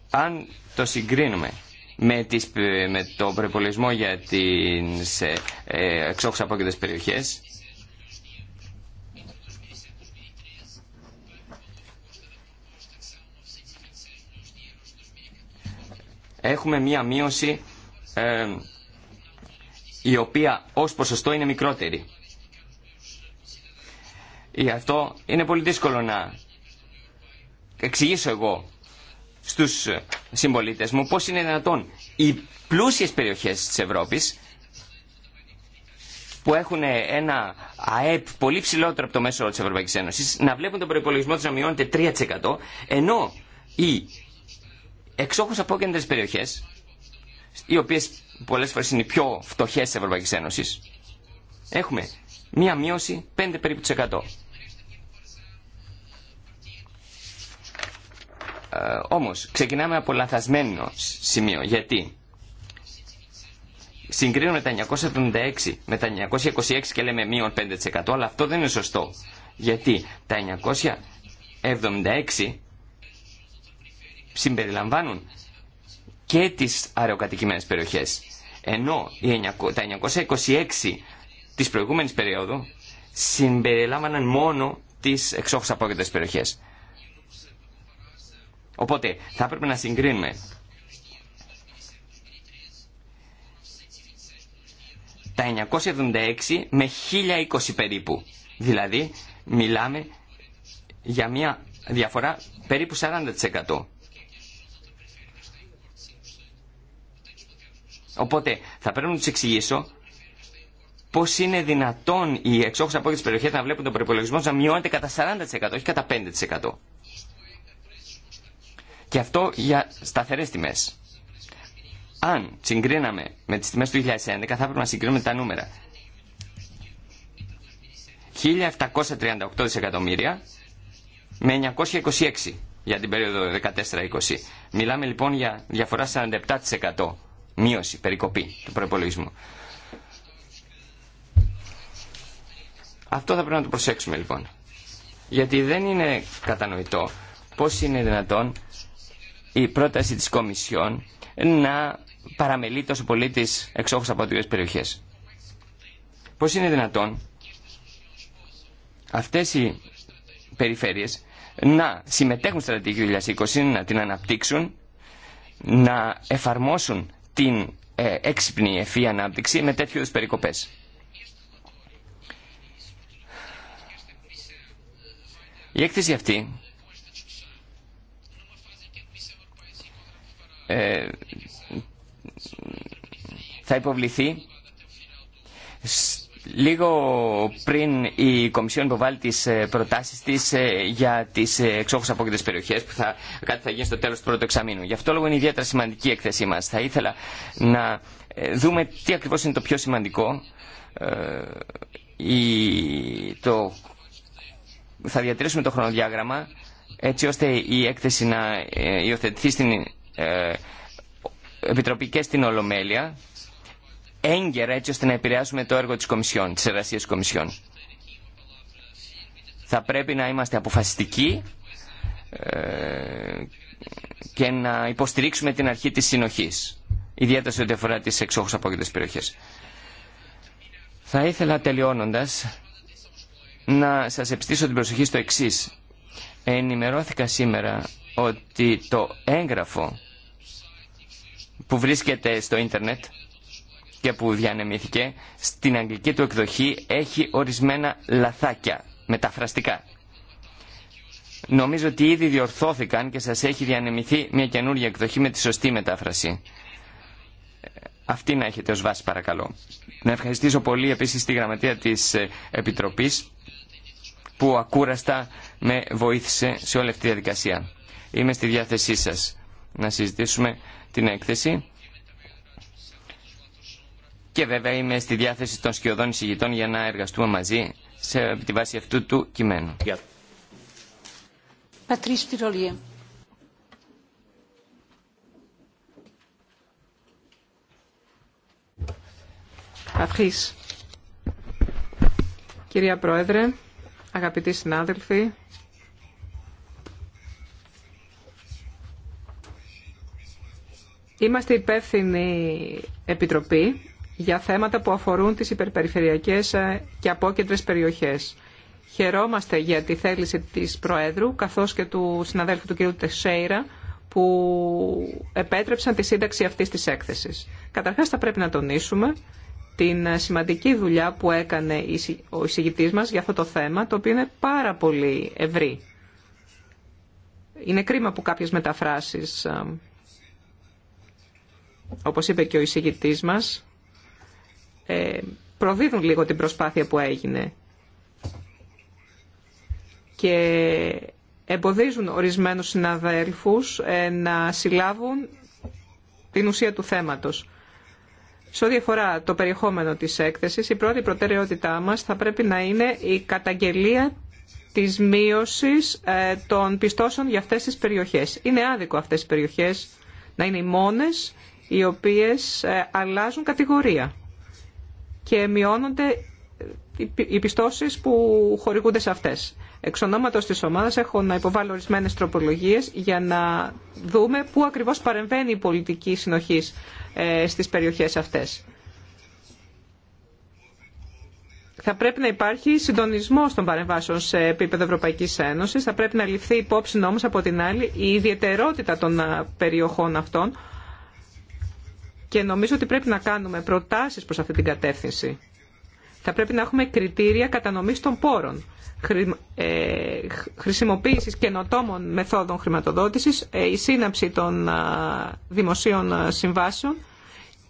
Αν το συγκρίνουμε με, τις, με το προπολισμό για τις ε, ε, εξόχους απόκειτες περιοχές, έχουμε μία μείωση ε, η οποία ως ποσοστό είναι μικρότερη. Γι' αυτό είναι πολύ δύσκολο να εξηγήσω εγώ στους συμπολίτε μου πώς είναι δυνατόν οι πλούσιες περιοχές της Ευρώπης που έχουν ένα ΑΕΠ πολύ ψηλότερο από το μέσο της Ευρωπαϊκής Ένωσης να βλέπουν τον προπολογισμό τους να μειώνεται 3% ενώ οι εξόχως κέντρες περιοχές, οι οποίες πολλές φορές είναι οι πιο φτωχές της Ευρωπαϊκής Ένωσης, έχουμε μία μείωση 5 περίπου της Ε, όμως, ξεκινάμε από λαθασμένο σημείο. Γιατί συγκρίνουμε τα 976 με τα 926 και λέμε μείον 5%, αλλά αυτό δεν είναι σωστό. Γιατί τα 976 συμπεριλαμβάνουν και τις αεροκατοικημένες περιοχές. Ενώ τα 926 της προηγούμενης περίοδου συμπεριλάμβαναν μόνο τις εξόχως απόγευτες περιοχές. Οπότε θα έπρεπε να συγκρίνουμε τα 976 με 1020 περίπου. Δηλαδή μιλάμε για μια διαφορά περίπου 40%. Οπότε θα πρέπει να του εξηγήσω πώ είναι δυνατόν οι εξόχου από τι περιοχέ να βλέπουν τον προπολογισμό να μειώνεται κατά 40% όχι κατά 5%. Και αυτό για σταθερέ τιμέ. Αν συγκρίναμε με τι τιμέ του 2011, θα έπρεπε να συγκρίνουμε τα νούμερα. 1.738 δισεκατομμύρια με 926 για την περίοδο 14-20. Μιλάμε λοιπόν για διαφορά 47% μείωση, περικοπή του προπολογισμού. Αυτό θα πρέπει να το προσέξουμε λοιπόν. Γιατί δεν είναι κατανοητό πώς είναι δυνατόν η πρόταση της Κομισιόν να παραμελεί τόσο πολύ τις εξόχους τις περιοχές. Πώς είναι δυνατόν αυτές οι περιφέρειες να συμμετέχουν στη στρατηγική 2020, να την αναπτύξουν, να εφαρμόσουν την ε, έξυπνη ευφύ ανάπτυξη με τέτοιου είδους περικοπές. Η έκθεση αυτή ε, θα υποβληθεί Λίγο πριν η Κομισιόν υποβάλει τι ε, προτάσει τη ε, για τι ε, εξόχου απόκριτε περιοχέ, που θα, κάτι θα γίνει στο τέλο του πρώτου εξαμήνου. Γι' αυτό λόγο είναι ιδιαίτερα σημαντική η έκθεσή μα. Θα ήθελα να δούμε τι ακριβώ είναι το πιο σημαντικό. θα διατηρήσουμε το χρονοδιάγραμμα έτσι ώστε η έκθεση να υιοθετηθεί στην Επιτροπή και στην Ολομέλεια έγκαιρα έτσι ώστε να επηρεάσουμε το έργο της Κομισιόν, της εργασίας της Κομισιόν. Θα πρέπει να είμαστε αποφασιστικοί ε, και να υποστηρίξουμε την αρχή της συνοχής, ιδιαίτερα σε ό,τι αφορά τις εξόχους απόγευτες περιοχές. Θα ήθελα τελειώνοντας να σας επιστήσω την προσοχή στο εξή. Ενημερώθηκα σήμερα ότι το έγγραφο που βρίσκεται στο ίντερνετ και που διανεμήθηκε στην αγγλική του εκδοχή έχει ορισμένα λαθάκια μεταφραστικά. Νομίζω ότι ήδη διορθώθηκαν και σας έχει διανεμηθεί μια καινούργια εκδοχή με τη σωστή μετάφραση. Αυτή να έχετε ως βάση παρακαλώ. Να ευχαριστήσω πολύ επίσης τη γραμματεία της ε, Επιτροπής που ακούραστα με βοήθησε σε όλη αυτή τη διαδικασία. Είμαι στη διάθεσή σας να συζητήσουμε την έκθεση και βέβαια είμαι στη διάθεση των σκιωδών εισηγητών για να εργαστούμε μαζί σε τη βάση αυτού του κειμένου. Κυρία Πρόεδρε, αγαπητοί συνάδελφοι, είμαστε υπεύθυνοι επιτροπή για θέματα που αφορούν τις υπερπεριφερειακές ε, και απόκεντρες περιοχές. Χαιρόμαστε για τη θέληση της Προέδρου, καθώς και του συναδέλφου του κ. Τεσέιρα, που επέτρεψαν τη σύνταξη αυτής της έκθεσης. Καταρχάς θα πρέπει να τονίσουμε την σημαντική δουλειά που έκανε ο εισηγητής μας για αυτό το θέμα, το οποίο είναι πάρα πολύ ευρύ. Είναι κρίμα που κάποιες μεταφράσεις, ε, όπως είπε και ο εισηγητής μας, ε, προδίδουν λίγο την προσπάθεια που έγινε και εμποδίζουν ορισμένους συναδέλφους ε, να συλλάβουν την ουσία του θέματος. Σε ό,τι αφορά το περιεχόμενο της έκθεσης, η πρώτη προτεραιότητά μας θα πρέπει να είναι η καταγγελία της μείωσης ε, των πιστώσεων για αυτές τις περιοχές. Είναι άδικο αυτές τις περιοχές να είναι οι μόνες οι οποίες αλλάζουν κατηγορία και μειώνονται οι που χορηγούνται σε αυτές. Εξ ονόματος της ομάδας έχω να υποβάλω ορισμένες τροπολογίες για να δούμε πού ακριβώς παρεμβαίνει η πολιτική συνοχής ε, στις περιοχές αυτές. Θα πρέπει να υπάρχει συντονισμό των παρεμβάσεων σε επίπεδο Ευρωπαϊκή Ένωση. Θα πρέπει να ληφθεί υπόψη όμω από την άλλη η ιδιαιτερότητα των ε, περιοχών αυτών, και νομίζω ότι πρέπει να κάνουμε προτάσεις προς αυτή την κατεύθυνση. Θα πρέπει να έχουμε κριτήρια κατανομής των πόρων, ε, χρησιμοποίησης καινοτόμων μεθόδων χρηματοδότησης, ε, η σύναψη των ε, δημοσίων συμβάσεων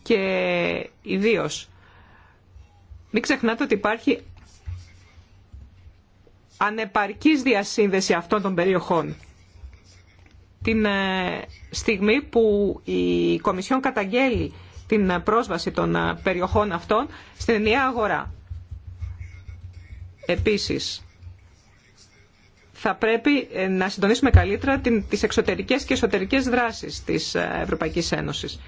και ιδίω. Μην ξεχνάτε ότι υπάρχει ανεπαρκής διασύνδεση αυτών των περιοχών. Την στιγμή που η Κομισιόν καταγγέλει την πρόσβαση των περιοχών αυτών στην ενιαία αγορά. Επίσης, θα πρέπει να συντονίσουμε καλύτερα τις εξωτερικές και εσωτερικές δράσεις της Ευρωπαϊκής Ένωσης.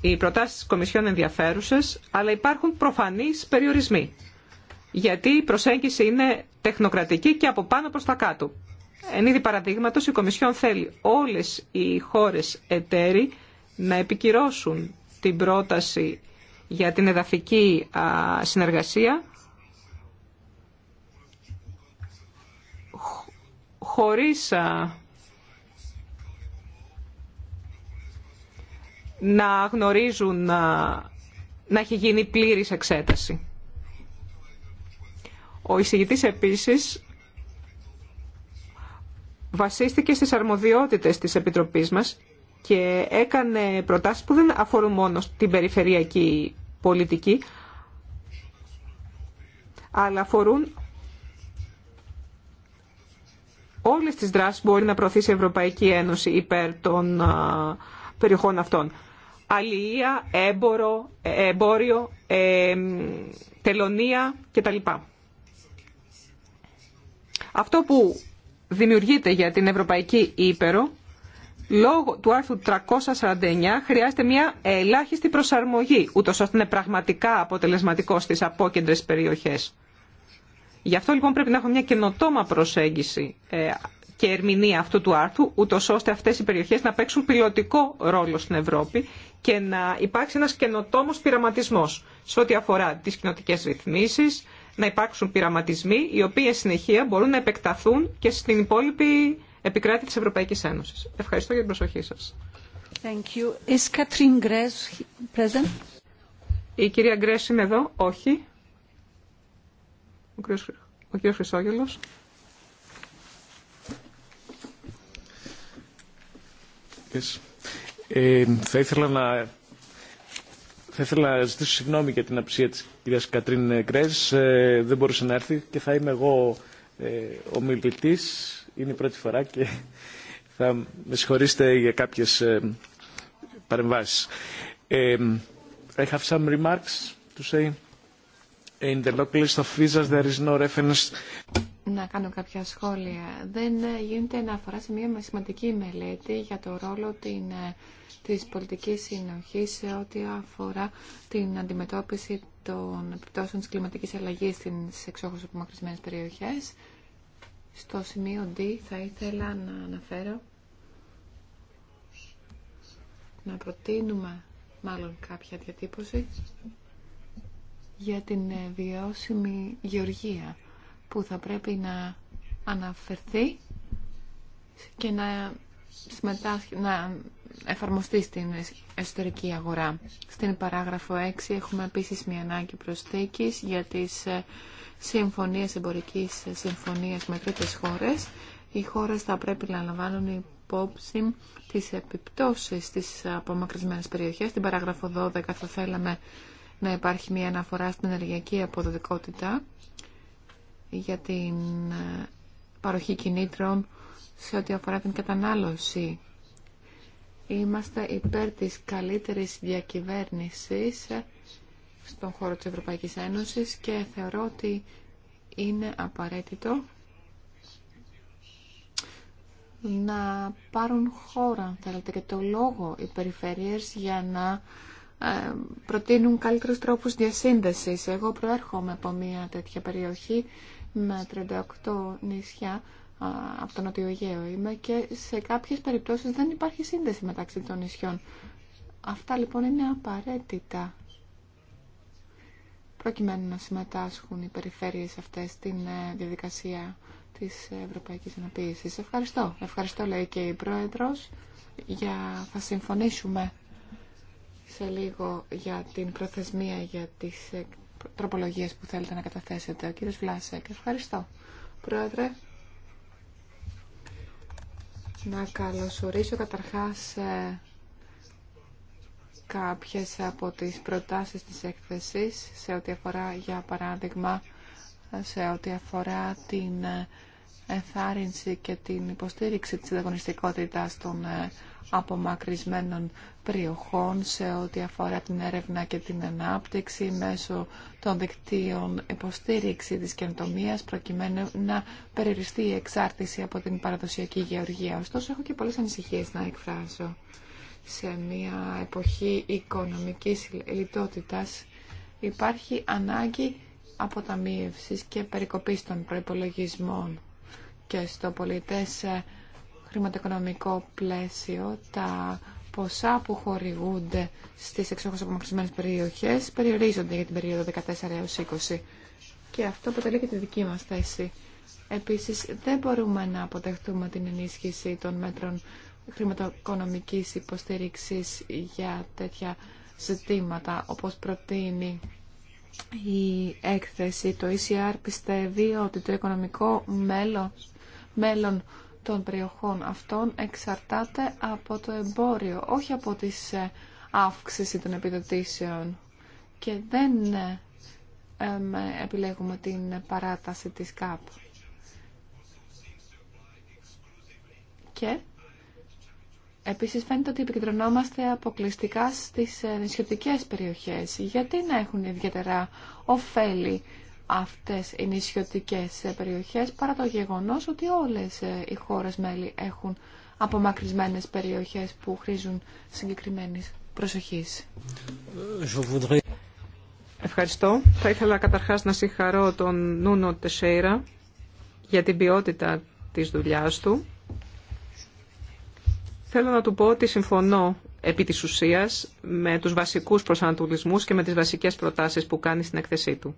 Οι προτάσεις της Κομισιόν ενδιαφέρουσες, αλλά υπάρχουν προφανείς περιορισμοί. Γιατί η προσέγγιση είναι τεχνοκρατική και από πάνω προς τα κάτω. Εν είδη παραδείγματος, η Κομισιόν θέλει όλες οι χώρες εταίροι να επικυρώσουν την πρόταση για την εδαφική συνεργασία χωρίς να γνωρίζουν να έχει γίνει πλήρης εξέταση. Ο εισηγητής επίσης βασίστηκε στις αρμοδιότητες της Επιτροπής μας και έκανε προτάσεις που δεν αφορούν μόνο την περιφερειακή πολιτική, αλλά αφορούν όλες τις δράσεις που μπορεί να προωθήσει η Ευρωπαϊκή Ένωση υπέρ των περιοχών αυτών. Αλληλεία, έμπορο, ε, εμπόριο, ε, τελωνία κτλ. Αυτό που δημιουργείται για την Ευρωπαϊκή Ήπερο, λόγω του άρθρου 349 χρειάζεται μια ελάχιστη προσαρμογή, ούτως ώστε να είναι πραγματικά αποτελεσματικό στις απόκεντρες περιοχές. Γι' αυτό λοιπόν πρέπει να έχουμε μια καινοτόμα προσέγγιση ε, και ερμηνεία αυτού του άρθρου, ούτω ώστε αυτέ οι περιοχέ να παίξουν πιλωτικό ρόλο στην Ευρώπη και να υπάρξει ένα καινοτόμο πειραματισμό σε ό,τι αφορά τι κοινοτικέ ρυθμίσει, να υπάρξουν πειραματισμοί οι οποίοι συνεχεία μπορούν να επεκταθούν και στην υπόλοιπη επικράτη της Ευρωπαϊκής Ένωσης. Ευχαριστώ για την προσοχή σας. Thank you. Is Η κυρία Γκρέσ είναι εδώ. Όχι. Ο κύριος, ο κύριος Χρυσόγελος. Yes. Ε, θα, ήθελα να... θα ήθελα να ζητήσω συγγνώμη για την αψία της κυρία Κατρίν ε, δεν μπορούσε να έρθει και θα είμαι εγώ ε, ο μιλητής. Είναι η πρώτη φορά και θα με συγχωρήσετε για κάποιες ε, παρεμβάσεις. Ε, I have some remarks to say. In the local list of visas there is no reference να κάνω κάποια σχόλια. Δεν γίνεται αφορά σε μια σημαντική μελέτη για το ρόλο την, της πολιτικής συνοχής σε ό,τι αφορά την αντιμετώπιση των επιπτώσεων της κλιματικής αλλαγής στις εξόχως απομακρυσμένες περιοχές. Στο σημείο D θα ήθελα να αναφέρω να προτείνουμε μάλλον κάποια διατύπωση για την βιώσιμη γεωργία που θα πρέπει να αναφερθεί και να, να εφαρμοστεί στην εσωτερική αγορά. Στην παράγραφο 6 έχουμε επίσης μια ανάγκη προσθήκης για τις ε, συμφωνίες εμπορικής συμφωνίες με τρίτες χώρες. Οι χώρες θα πρέπει να λαμβάνουν υπόψη τις επιπτώσεις στις απομακρυσμένες περιοχές. Στην παράγραφο 12 θα θέλαμε να υπάρχει μια αναφορά στην ενεργειακή αποδοτικότητα για την ε, παροχή κινήτρων σε ό,τι αφορά την κατανάλωση. Είμαστε υπέρ της καλύτερης διακυβέρνησης ε, στον χώρο της Ευρωπαϊκής Ένωσης και θεωρώ ότι είναι απαραίτητο να πάρουν χώρα, αν θέλετε, και το λόγο οι περιφέρειες για να ε, προτείνουν καλύτερους τρόπους διασύνδεσης. Εγώ προέρχομαι από μια τέτοια περιοχή με 38 νησιά από το Αιγαίο είμαι και σε κάποιες περιπτώσεις δεν υπάρχει σύνδεση μεταξύ των νησιών. Αυτά λοιπόν είναι απαραίτητα προκειμένου να συμμετάσχουν οι περιφέρειες αυτές στην ε, διαδικασία της Ευρωπαϊκής αναποίησης. Ευχαριστώ. Ευχαριστώ λέει και η Πρόεδρος. Για... Θα συμφωνήσουμε σε λίγο για την προθεσμία για τις τροπολογίες που θέλετε να καταθέσετε. Ο κύριο Βλάσεκ. Ευχαριστώ. Πρόεδρε, να καλωσορίσω καταρχάς ε, κάποιες από τις προτάσεις της έκθεσης σε ό,τι αφορά, για παράδειγμα, σε ό,τι αφορά την ε, ενθάρρυνση και την υποστήριξη της ανταγωνιστικότητας των ε, απομακρυσμένων περιοχών σε ό,τι αφορά την έρευνα και την ανάπτυξη μέσω των δικτύων υποστήριξη της καινοτομίας προκειμένου να περιοριστεί η εξάρτηση από την παραδοσιακή γεωργία. Ωστόσο, έχω και πολλές ανησυχίες να εκφράσω σε μια εποχή οικονομικής λιτότητας υπάρχει ανάγκη αποταμίευσης και περικοπής των προϋπολογισμών και στο πολιτές ε, χρηματοοικονομικό πλαίσιο τα ποσά που χορηγούνται στις εξόχως απομακρυσμένες περιοχές περιορίζονται για την περίοδο 14 έως 20. Και αυτό αποτελεί και τη δική μας θέση. Επίσης, δεν μπορούμε να αποτεχτούμε την ενίσχυση των μέτρων χρηματοοικονομικής υποστήριξης για τέτοια ζητήματα, όπως προτείνει η έκθεση. Το ECR πιστεύει ότι το οικονομικό μέλλον, μέλλον των περιοχών αυτών εξαρτάται από το εμπόριο, όχι από τις ε, αύξηση των επιδοτήσεων και δεν ε, επιλέγουμε την παράταση της ΚΑΠ. Και επίσης φαίνεται ότι επικεντρωνόμαστε αποκλειστικά στις ε, νησιωτικές περιοχές. Γιατί να έχουν ιδιαίτερα ωφέλη αυτές οι νησιωτικές ε, περιοχές παρά το γεγονός ότι όλες ε, οι χώρες μέλη έχουν απομακρυσμένες περιοχές που χρήζουν συγκεκριμένης προσοχής. Ευχαριστώ. Θα ήθελα καταρχάς να συγχαρώ τον Νούνο Τεσέιρα για την ποιότητα της δουλειάς του. Θέλω να του πω ότι συμφωνώ επί της ουσίας με τους βασικούς προσανατολισμούς και με τις βασικές προτάσεις που κάνει στην εκθεσή του.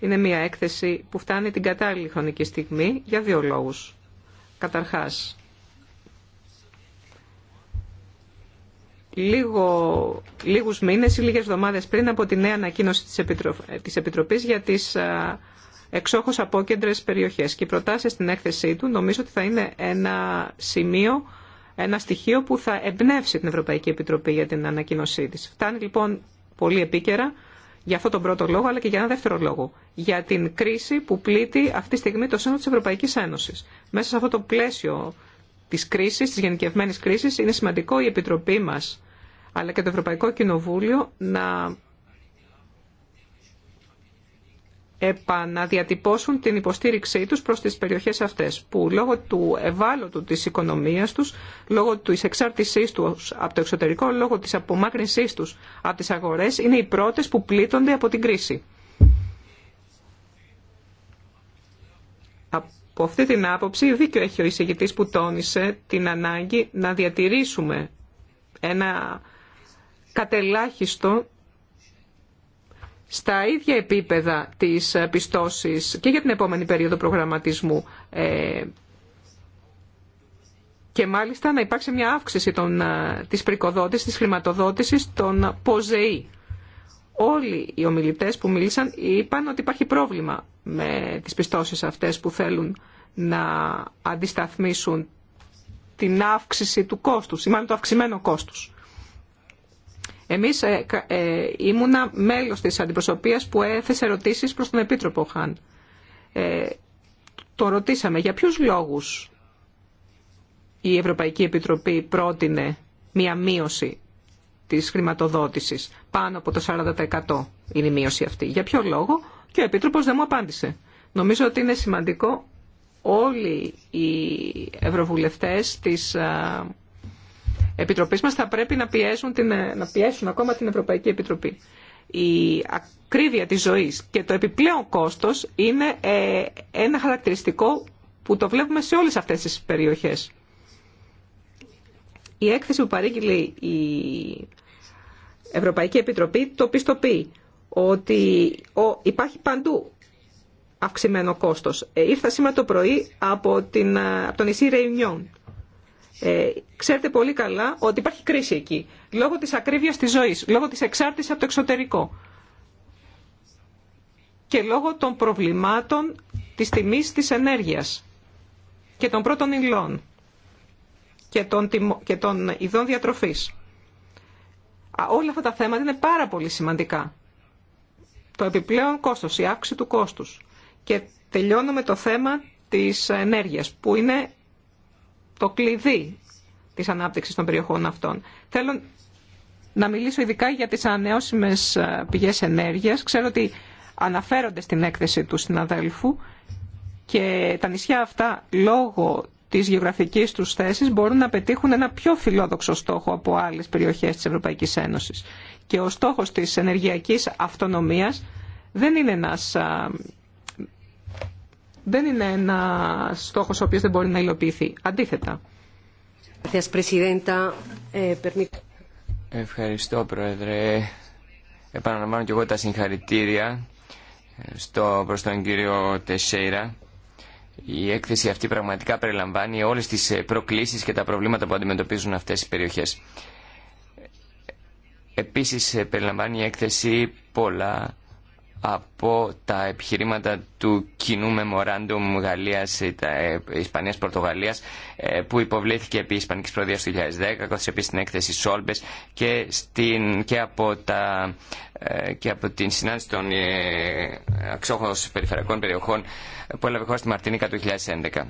Είναι μια έκθεση που φτάνει την κατάλληλη χρονική στιγμή για δύο λόγους. Καταρχάς, λίγο, λίγους μήνες ή λίγες εβδομάδες πριν από τη νέα ανακοίνωση της, Επιτροπής για τις α, εξόχως απόκεντρες περιοχές. Και οι προτάσεις στην έκθεσή του νομίζω ότι θα είναι ένα σημείο, ένα στοιχείο που θα εμπνεύσει την Ευρωπαϊκή Επιτροπή για την ανακοίνωσή της. Φτάνει λοιπόν πολύ επίκαιρα για αυτόν τον πρώτο λόγο, αλλά και για ένα δεύτερο λόγο. Για την κρίση που πλήττει αυτή τη στιγμή το σύνολο τη Ευρωπαϊκή Ένωση. Μέσα σε αυτό το πλαίσιο τη κρίση, τη γενικευμένη κρίση, είναι σημαντικό η Επιτροπή μα, αλλά και το Ευρωπαϊκό Κοινοβούλιο να επαναδιατυπώσουν την υποστήριξή τους προς τις περιοχές αυτές που λόγω του ευάλωτου της οικονομίας τους, λόγω της εξάρτησής του, από το εξωτερικό, λόγω της απομάκρυνσής τους από τις αγορές είναι οι πρώτες που πλήττονται από την κρίση. Από αυτή την άποψη δίκιο έχει ο εισηγητής που τόνισε την ανάγκη να διατηρήσουμε ένα κατελάχιστο στα ίδια επίπεδα της πιστώσης και για την επόμενη περίοδο προγραμματισμού ε, και μάλιστα να υπάρξει μια αύξηση των, ε, της πρικοδότησης, της χρηματοδότησης των ΠΟΖΕΗ. Όλοι οι ομιλητές που μίλησαν είπαν ότι υπάρχει πρόβλημα με τις πιστώσεις αυτές που θέλουν να αντισταθμίσουν την αύξηση του κόστους, ή μάλλον το αυξημένο κόστος. Εμεί ε, ε, ήμουνα μέλος της αντιπροσωπείας που έθεσε ερωτήσει προς τον Επίτροπο Χαν. Ε, το ρωτήσαμε για ποιους λόγους η Ευρωπαϊκή Επιτροπή πρότεινε μία μείωση της χρηματοδότησης πάνω από το 40% είναι η μείωση αυτή. Για ποιο λόγο και ο Επίτροπος δεν μου απάντησε. Νομίζω ότι είναι σημαντικό όλοι οι ευρωβουλευτές της Επιτροπή μας θα πρέπει να πιέσουν, την, να πιέσουν ακόμα την Ευρωπαϊκή Επιτροπή. Η ακρίβεια της ζωής και το επιπλέον κόστος είναι ε, ένα χαρακτηριστικό που το βλέπουμε σε όλες αυτές τις περιοχές. Η έκθεση που παρήγγειλε η Ευρωπαϊκή Επιτροπή το πιστοποιεί ότι υπάρχει παντού αυξημένο κόστος. Ε, ήρθα σήμερα το πρωί από, την, ε, από το νησί Ρεϊνιόν ε, ξέρετε πολύ καλά ότι υπάρχει κρίση εκεί, λόγω της ακρίβειας της ζωής, λόγω της εξάρτησης από το εξωτερικό και λόγω των προβλημάτων της τιμής της ενέργειας και των πρώτων υλών και των, και των ειδών διατροφής. Όλα αυτά τα θέματα είναι πάρα πολύ σημαντικά. Το επιπλέον κόστος, η αύξηση του κόστους. Και τελειώνω με το θέμα της ενέργειας, που είναι το κλειδί της ανάπτυξης των περιοχών αυτών. Θέλω να μιλήσω ειδικά για τις ανανεώσιμες ε, πηγές ενέργειας. Ξέρω ότι αναφέρονται στην έκθεση του συναδέλφου και τα νησιά αυτά λόγω της γεωγραφικής τους θέσης μπορούν να πετύχουν ένα πιο φιλόδοξο στόχο από άλλες περιοχές της Ευρωπαϊκής Ένωσης. Και ο στόχος της ενεργειακής αυτονομίας δεν είναι ένας ε, δεν είναι ένα στόχο ο οποίο δεν μπορεί να υλοποιηθεί. Αντίθετα. Ε, Ευχαριστώ, Πρόεδρε. Επαναλαμβάνω και εγώ τα συγχαρητήρια ε, στο, προς τον κύριο Τεσέιρα. Η έκθεση αυτή πραγματικά περιλαμβάνει όλες τις ε, προκλήσεις και τα προβλήματα που αντιμετωπίζουν αυτές οι περιοχές. Επίσης περιλαμβάνει η έκθεση πολλά από τα επιχειρήματα του κοινού Memorandum Γαλλίας-Ισπανίας-Πορτογαλίας ε, ε, που υποβλήθηκε επί Ισπανικής Προδίας του 2010 καθώς επίσης στην έκθεση Σόλμπες και, στην, και, από, τα, ε, και από την συνάντηση των αξόχων περιφερειακών περιοχών που έλαβε χώρα στη Μαρτίνικα του 2011.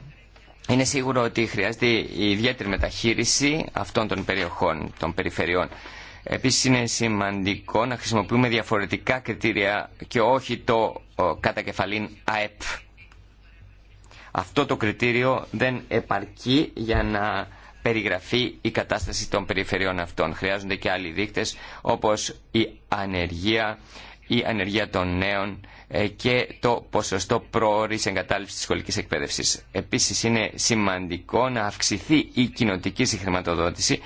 Είναι σίγουρο ότι χρειάζεται ιδιαίτερη μεταχείριση αυτών των περιοχών, των περιφερειών. Επίσης είναι σημαντικό να χρησιμοποιούμε διαφορετικά κριτήρια και όχι το κατακεφαλήν ΑΕΠ. Αυτό το κριτήριο δεν επαρκεί για να περιγραφεί η κατάσταση των περιφερειών αυτών. Χρειάζονται και άλλοι δείκτες όπως η ανεργία, η ανεργία των νέων ε, και το ποσοστό προώρης εγκατάλειψης της σχολικής εκπαίδευσης. Επίσης είναι σημαντικό να αυξηθεί η κοινοτική συγχρηματοδότηση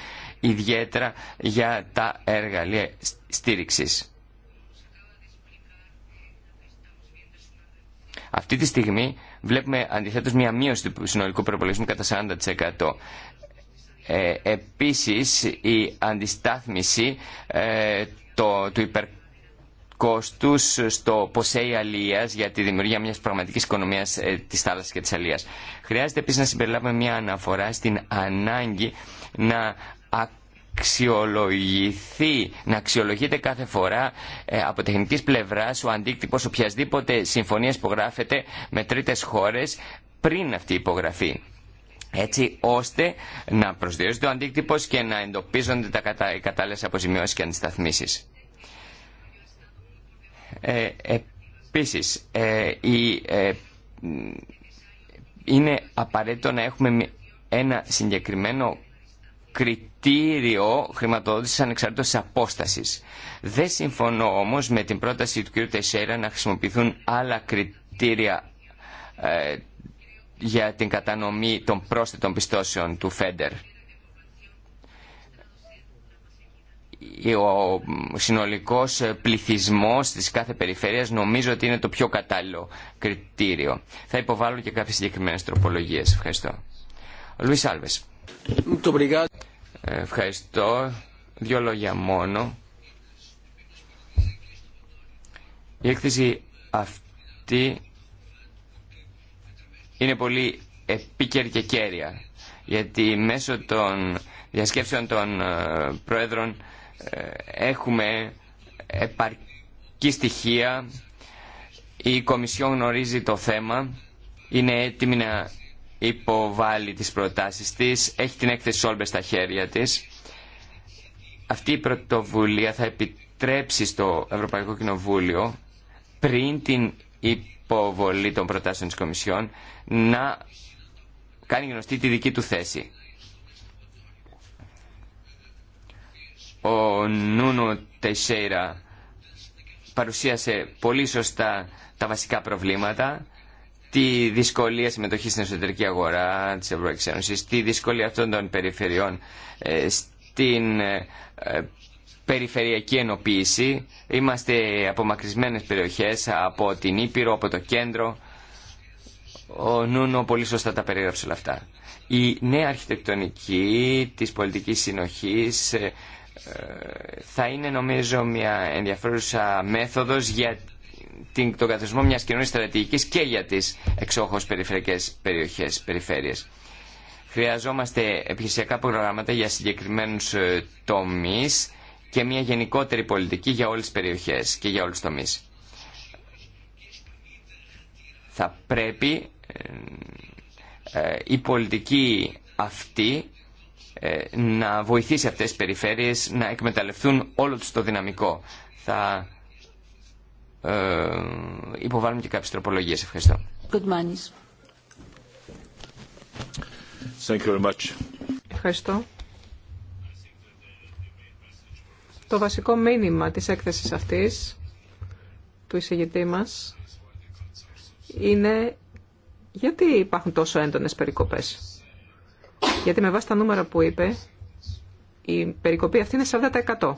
ιδιαίτερα για τα εργαλεία στήριξης. Αυτή τη στιγμή βλέπουμε αντιθέτως μια μείωση του συνολικού προπολογισμού κατά 40%. Ε, επίσης η αντιστάθμιση ε, το, του υπερκόστους στο ποσέι αλίας για τη δημιουργία μιας πραγματικής οικονομίας ε, της θάλασσας και της αλίας. Χρειάζεται επίσης να συμπεριλάβουμε μια αναφορά στην ανάγκη να αξιολογηθεί, να αξιολογείται κάθε φορά ε, από τεχνικής πλευράς ο αντίκτυπος οποιασδήποτε συμφωνίας που γράφεται με τρίτες χώρες πριν αυτή η υπογραφή. Έτσι ώστε να προσδιορίζεται ο αντίκτυπος και να εντοπίζονται τα κατα... οι κατάλληλες αποζημιώσεις και αντισταθμίσεις. Ε, επίσης, ε, η, ε, είναι απαραίτητο να έχουμε ένα συγκεκριμένο κριτήριο χρηματοδότηση ανεξαρτήτως της απόστασης. Δεν συμφωνώ όμως με την πρόταση του κ. Τεσέρα να χρησιμοποιηθούν άλλα κριτήρια ε, για την κατανομή των πρόσθετων πιστώσεων του ΦΕΝΤΕΡ. Ο συνολικός πληθυσμός της κάθε περιφέρειας νομίζω ότι είναι το πιο κατάλληλο κριτήριο. Θα υποβάλω και κάποιες συγκεκριμένες τροπολογίες. Ευχαριστώ. Λουίς Ευχαριστώ. Δύο λόγια μόνο. Η έκθεση αυτή είναι πολύ επίκαιρη και κέρια γιατί μέσω των διασκέψεων των ε, Πρόεδρων ε, έχουμε επαρκή στοιχεία η Κομισιόν γνωρίζει το θέμα είναι έτοιμη να υποβάλει τις προτάσεις της, έχει την έκθεση Σόλμπε στα χέρια της. Αυτή η πρωτοβουλία θα επιτρέψει στο Ευρωπαϊκό Κοινοβούλιο πριν την υποβολή των προτάσεων της Κομισιόν να κάνει γνωστή τη δική του θέση. Ο Νούνο Τεσέιρα παρουσίασε πολύ σωστά τα βασικά προβλήματα τη δυσκολία συμμετοχή στην εσωτερική αγορά της Ευρωπαϊκή τη δυσκολία αυτών των περιφερειών ε, στην ε, περιφερειακή ενοποίηση. Είμαστε απομακρυσμένες περιοχές από την Ήπειρο, από το κέντρο. Ο Νούνο πολύ σωστά τα περιγράψε όλα αυτά. Η νέα αρχιτεκτονική της πολιτικής συνοχής ε, θα είναι νομίζω μια ενδιαφέρουσα μέθοδος για την, τον καθορισμό μια κοινωνικής στρατηγική και για τις εξόχω περιφερειακές περιοχές, περιφέρειες. Χρειαζόμαστε επιχειρησιακά προγράμματα για συγκεκριμένους ε, τομεί και μια γενικότερη πολιτική για όλες τις περιοχές και για όλους του τομείς. Θα πρέπει ε, ε, η πολιτική αυτή να βοηθήσει αυτές τις περιφέρειες να εκμεταλλευτούν όλο τους το δυναμικό. Θα ε, υποβάλλουμε και κάποιες τροπολογίες. Ευχαριστώ. Good Thank you very much. Ευχαριστώ. Το βασικό μήνυμα της έκθεσης αυτής του εισηγητή μας είναι γιατί υπάρχουν τόσο έντονες περικοπές. Γιατί με βάση τα νούμερα που είπε η περικοπή αυτή είναι 40%.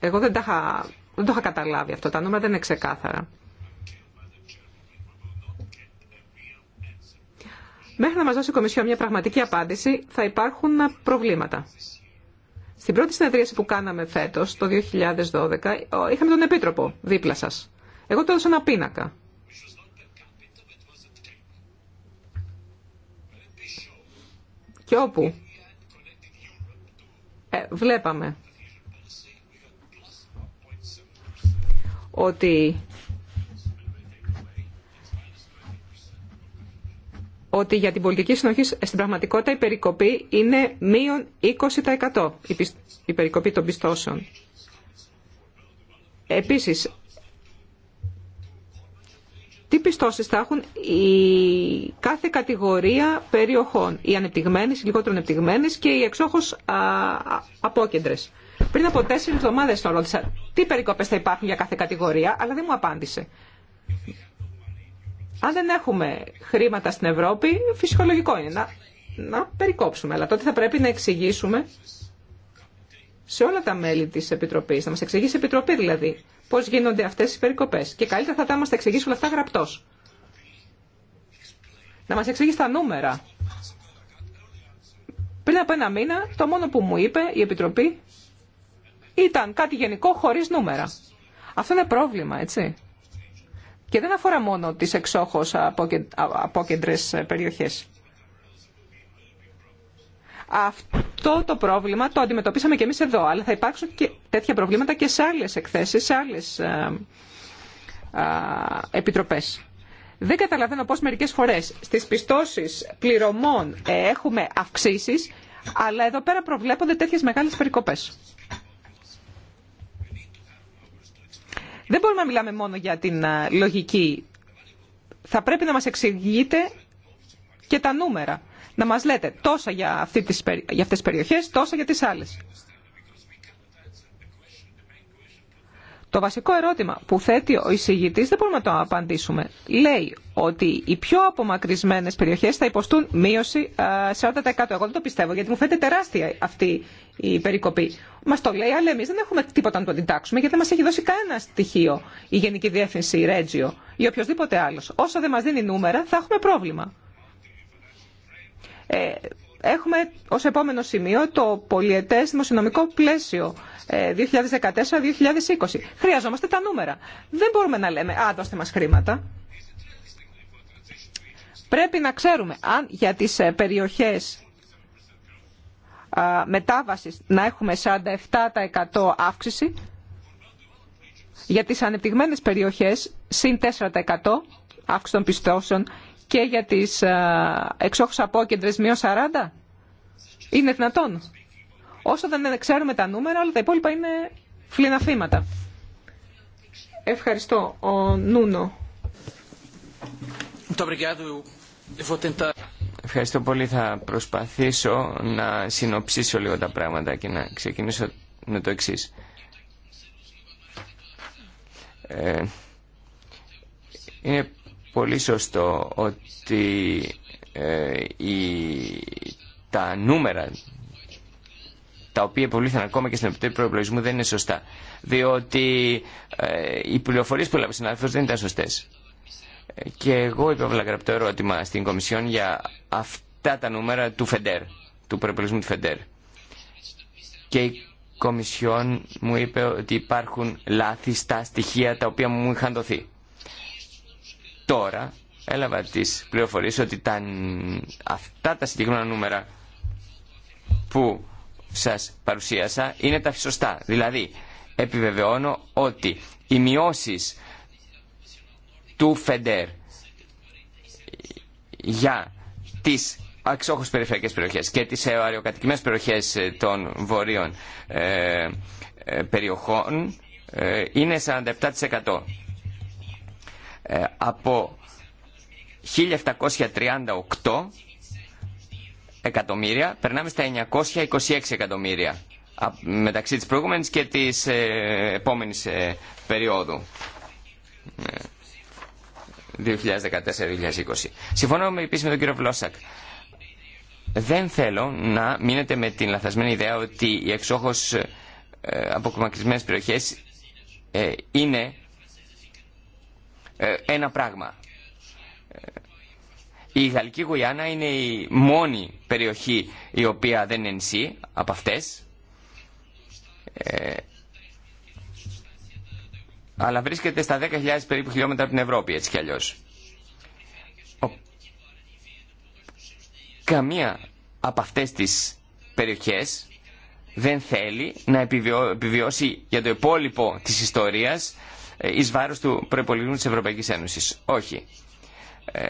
Εγώ δεν, δεν το είχα καταλάβει αυτό. Τα νούμερα δεν είναι ξεκάθαρα. Μέχρι να μας δώσει η Κομισιόν μια πραγματική απάντηση θα υπάρχουν προβλήματα. Στην πρώτη συνεδρίαση που κάναμε φέτος, το 2012, είχαμε τον Επίτροπο δίπλα σας. Εγώ το έδωσα ένα πίνακα. Και όπου ε, βλέπαμε ότι ότι για την πολιτική συνοχή στην πραγματικότητα η περικοπή είναι μείον 20% η περικοπή των πιστώσεων. Επίσης, τι πιστώσεις θα έχουν η κάθε κατηγορία περιοχών, οι ανεπτυγμένες, οι λιγότερο ανεπτυγμένες και οι εξόχως απόκεντρες. Πριν από τέσσερι εβδομάδε τον ρώτησα τι περικοπέ θα υπάρχουν για κάθε κατηγορία, αλλά δεν μου απάντησε. Αν δεν έχουμε χρήματα στην Ευρώπη, φυσιολογικό είναι να, να περικόψουμε. Αλλά τότε θα πρέπει να εξηγήσουμε σε όλα τα μέλη τη Επιτροπή, να μα εξηγήσει η Επιτροπή δηλαδή, πώ γίνονται αυτέ οι περικοπέ. Και καλύτερα θα τα μα τα εξηγήσει όλα αυτά γραπτό. Να μα εξηγήσει τα νούμερα. Πριν από ένα μήνα, το μόνο που μου είπε η Επιτροπή ήταν κάτι γενικό χωρίς νούμερα. Αυτό είναι πρόβλημα, έτσι. Και δεν αφορά μόνο τις εξόχως απόκεντρες περιοχές. Αυτό το πρόβλημα το αντιμετωπίσαμε και εμείς εδώ, αλλά θα υπάρξουν και τέτοια προβλήματα και σε άλλες εκθέσεις, σε άλλες ε, ε, επιτροπές. Δεν καταλαβαίνω πώς μερικές φορές στις πιστώσεις πληρωμών έχουμε αυξήσεις, αλλά εδώ πέρα προβλέπονται τέτοιες μεγάλες περικοπές. Δεν μπορούμε να μιλάμε μόνο για την λογική. Θα πρέπει να μας εξηγείτε και τα νούμερα. Να μας λέτε τόσα για, αυτή τις, για αυτές τις περιοχές, τόσα για τις άλλες. Το βασικό ερώτημα που θέτει ο εισηγητή δεν μπορούμε να το απαντήσουμε. Λέει ότι οι πιο απομακρυσμένε περιοχέ θα υποστούν μείωση σε 40%. Εγώ δεν το πιστεύω γιατί μου φαίνεται τεράστια αυτή η περικοπή. Μα το λέει, αλλά εμεί δεν έχουμε τίποτα να το αντιτάξουμε γιατί δεν μα έχει δώσει κανένα στοιχείο η Γενική Διεύθυνση, η Ρέτζιο ή οποιοδήποτε άλλο. Όσο δεν μα δίνει νούμερα θα έχουμε πρόβλημα. Ε, Έχουμε ως επόμενο σημείο το πολιετές δημοσιονομικό πλαίσιο 2014-2020. Ε, Χρειαζόμαστε τα νούμερα. Δεν μπορούμε να λέμε «Α, δώστε μας χρήματα». Πρέπει να ξέρουμε αν για τις ε, περιοχές μετάβασης να έχουμε 47% αύξηση, για τις ανεπτυγμένες περιοχές συν 4% αύξηση των πιστώσεων, και για τις εξόχους απόκεντρες μείω 40. Είναι δυνατόν. Όσο δεν ξέρουμε τα νούμερα, όλα τα υπόλοιπα είναι φλιναθήματα. Ευχαριστώ. Ο Νούνο. Ευχαριστώ πολύ. Θα προσπαθήσω να συνοψίσω λίγο τα πράγματα και να ξεκινήσω με το εξής. Ε, είναι πολύ σωστό ότι ε, τα νούμερα τα οποία υποβλήθηκαν ακόμα και στην Επιτροπή Προεπλογισμού δεν είναι σωστά. Διότι ε, οι πληροφορίε που έλαβε συνάδελφο δεν ήταν σωστέ. Και εγώ υπέβαλα γραπτό ερώτημα στην Κομισιόν για αυτά τα νούμερα του ΦΕΝΤΕΡ, του προεπλογισμού του ΦΕΝΤΕΡ. Και η Κομισιόν μου είπε ότι υπάρχουν λάθη στα στοιχεία τα οποία μου είχαν δοθεί. Τώρα έλαβα τις πληροφορίες ότι τα, αυτά τα συγκεκριμένα νούμερα που σας παρουσίασα είναι τα σωστά. Δηλαδή, επιβεβαιώνω ότι οι μειώσεις του ΦΕΝΤΕΡ για τις αξιόχως περιφερειακές περιοχές και τις αεροκατοικημένες περιοχές ε, των βορείων ε, ε, περιοχών ε, είναι 47%. Ε, από 1738 εκατομμύρια περνάμε στα 926 εκατομμύρια μεταξύ της προηγούμενης και της ε, επόμενης ε, περίοδου 2014-2020. Συμφωνώ με επίσης με τον κύριο Βλόσακ. Δεν θέλω να μείνετε με την λαθασμένη ιδέα ότι οι εξόχως κομμακρισμένες περιοχές είναι ε, ένα πράγμα. Ε, η Γαλλική Γουιάννα είναι η μόνη περιοχή η οποία δεν είναι από αυτές. Ε, αλλά βρίσκεται στα 10.000 περίπου χιλιόμετρα από την Ευρώπη, έτσι κι αλλιώς. Καμία από αυτές τις περιοχές δεν θέλει να επιβιώσει για το υπόλοιπο της ιστορίας ε, ει βάρος του προπολογισμού τη Ευρωπαϊκή Ένωσης. Όχι. Ε,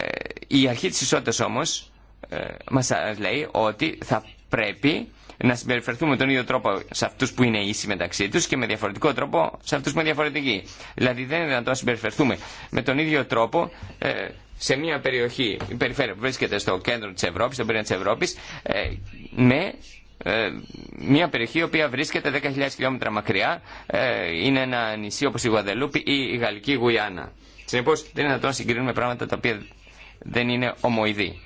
η αρχή της ισότητας όμως ε, μας λέει ότι θα πρέπει να συμπεριφερθούμε με τον ίδιο τρόπο σε αυτούς που είναι ίσοι μεταξύ του και με διαφορετικό τρόπο σε αυτούς που είναι διαφορετικοί. Δηλαδή δεν είναι δυνατόν να συμπεριφερθούμε με τον ίδιο τρόπο σε μια περιοχή, η περιφέρεια που βρίσκεται στο κέντρο τη Ευρώπη, στον πυρήνα τη Ευρώπη. με ε, μια περιοχή η οποία βρίσκεται 10.000 χιλιόμετρα μακριά ε, είναι ένα νησί όπως η Γουαδελούπη ή η Γαλλική Γουιάννα. Συνεπώ δεν είναι δυνατόν να συγκρίνουμε πράγματα τα οποία δεν είναι ομοειδή.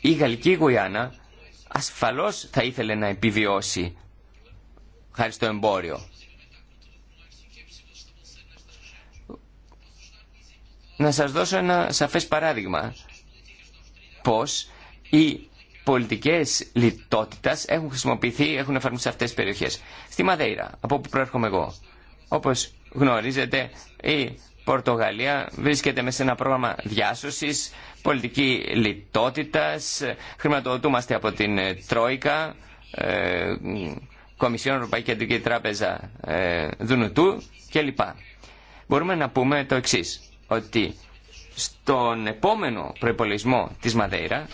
Η Γαλλική Γουιάννα ασφαλώς θα ήθελε να επιβιώσει χάρη στο εμπόριο. Να σας δώσω ένα σαφές παράδειγμα πως η πολιτικές λιτότητας έχουν χρησιμοποιηθεί, έχουν εφαρμοστεί σε αυτές τις περιοχές. Στη Μαδέιρα, από όπου προέρχομαι εγώ, όπως γνωρίζετε, η Πορτογαλία βρίσκεται μέσα σε ένα πρόγραμμα διάσωση, πολιτική λιτότητας, χρηματοδοτούμαστε από την ε, Τρόικα, ε, Κομισιόν Ευρωπαϊκή Κεντρική Τράπεζα ε, Δουνουτού κλπ. Μπορούμε να πούμε το εξή ότι στον επόμενο προπολογισμό της Μαδέιρα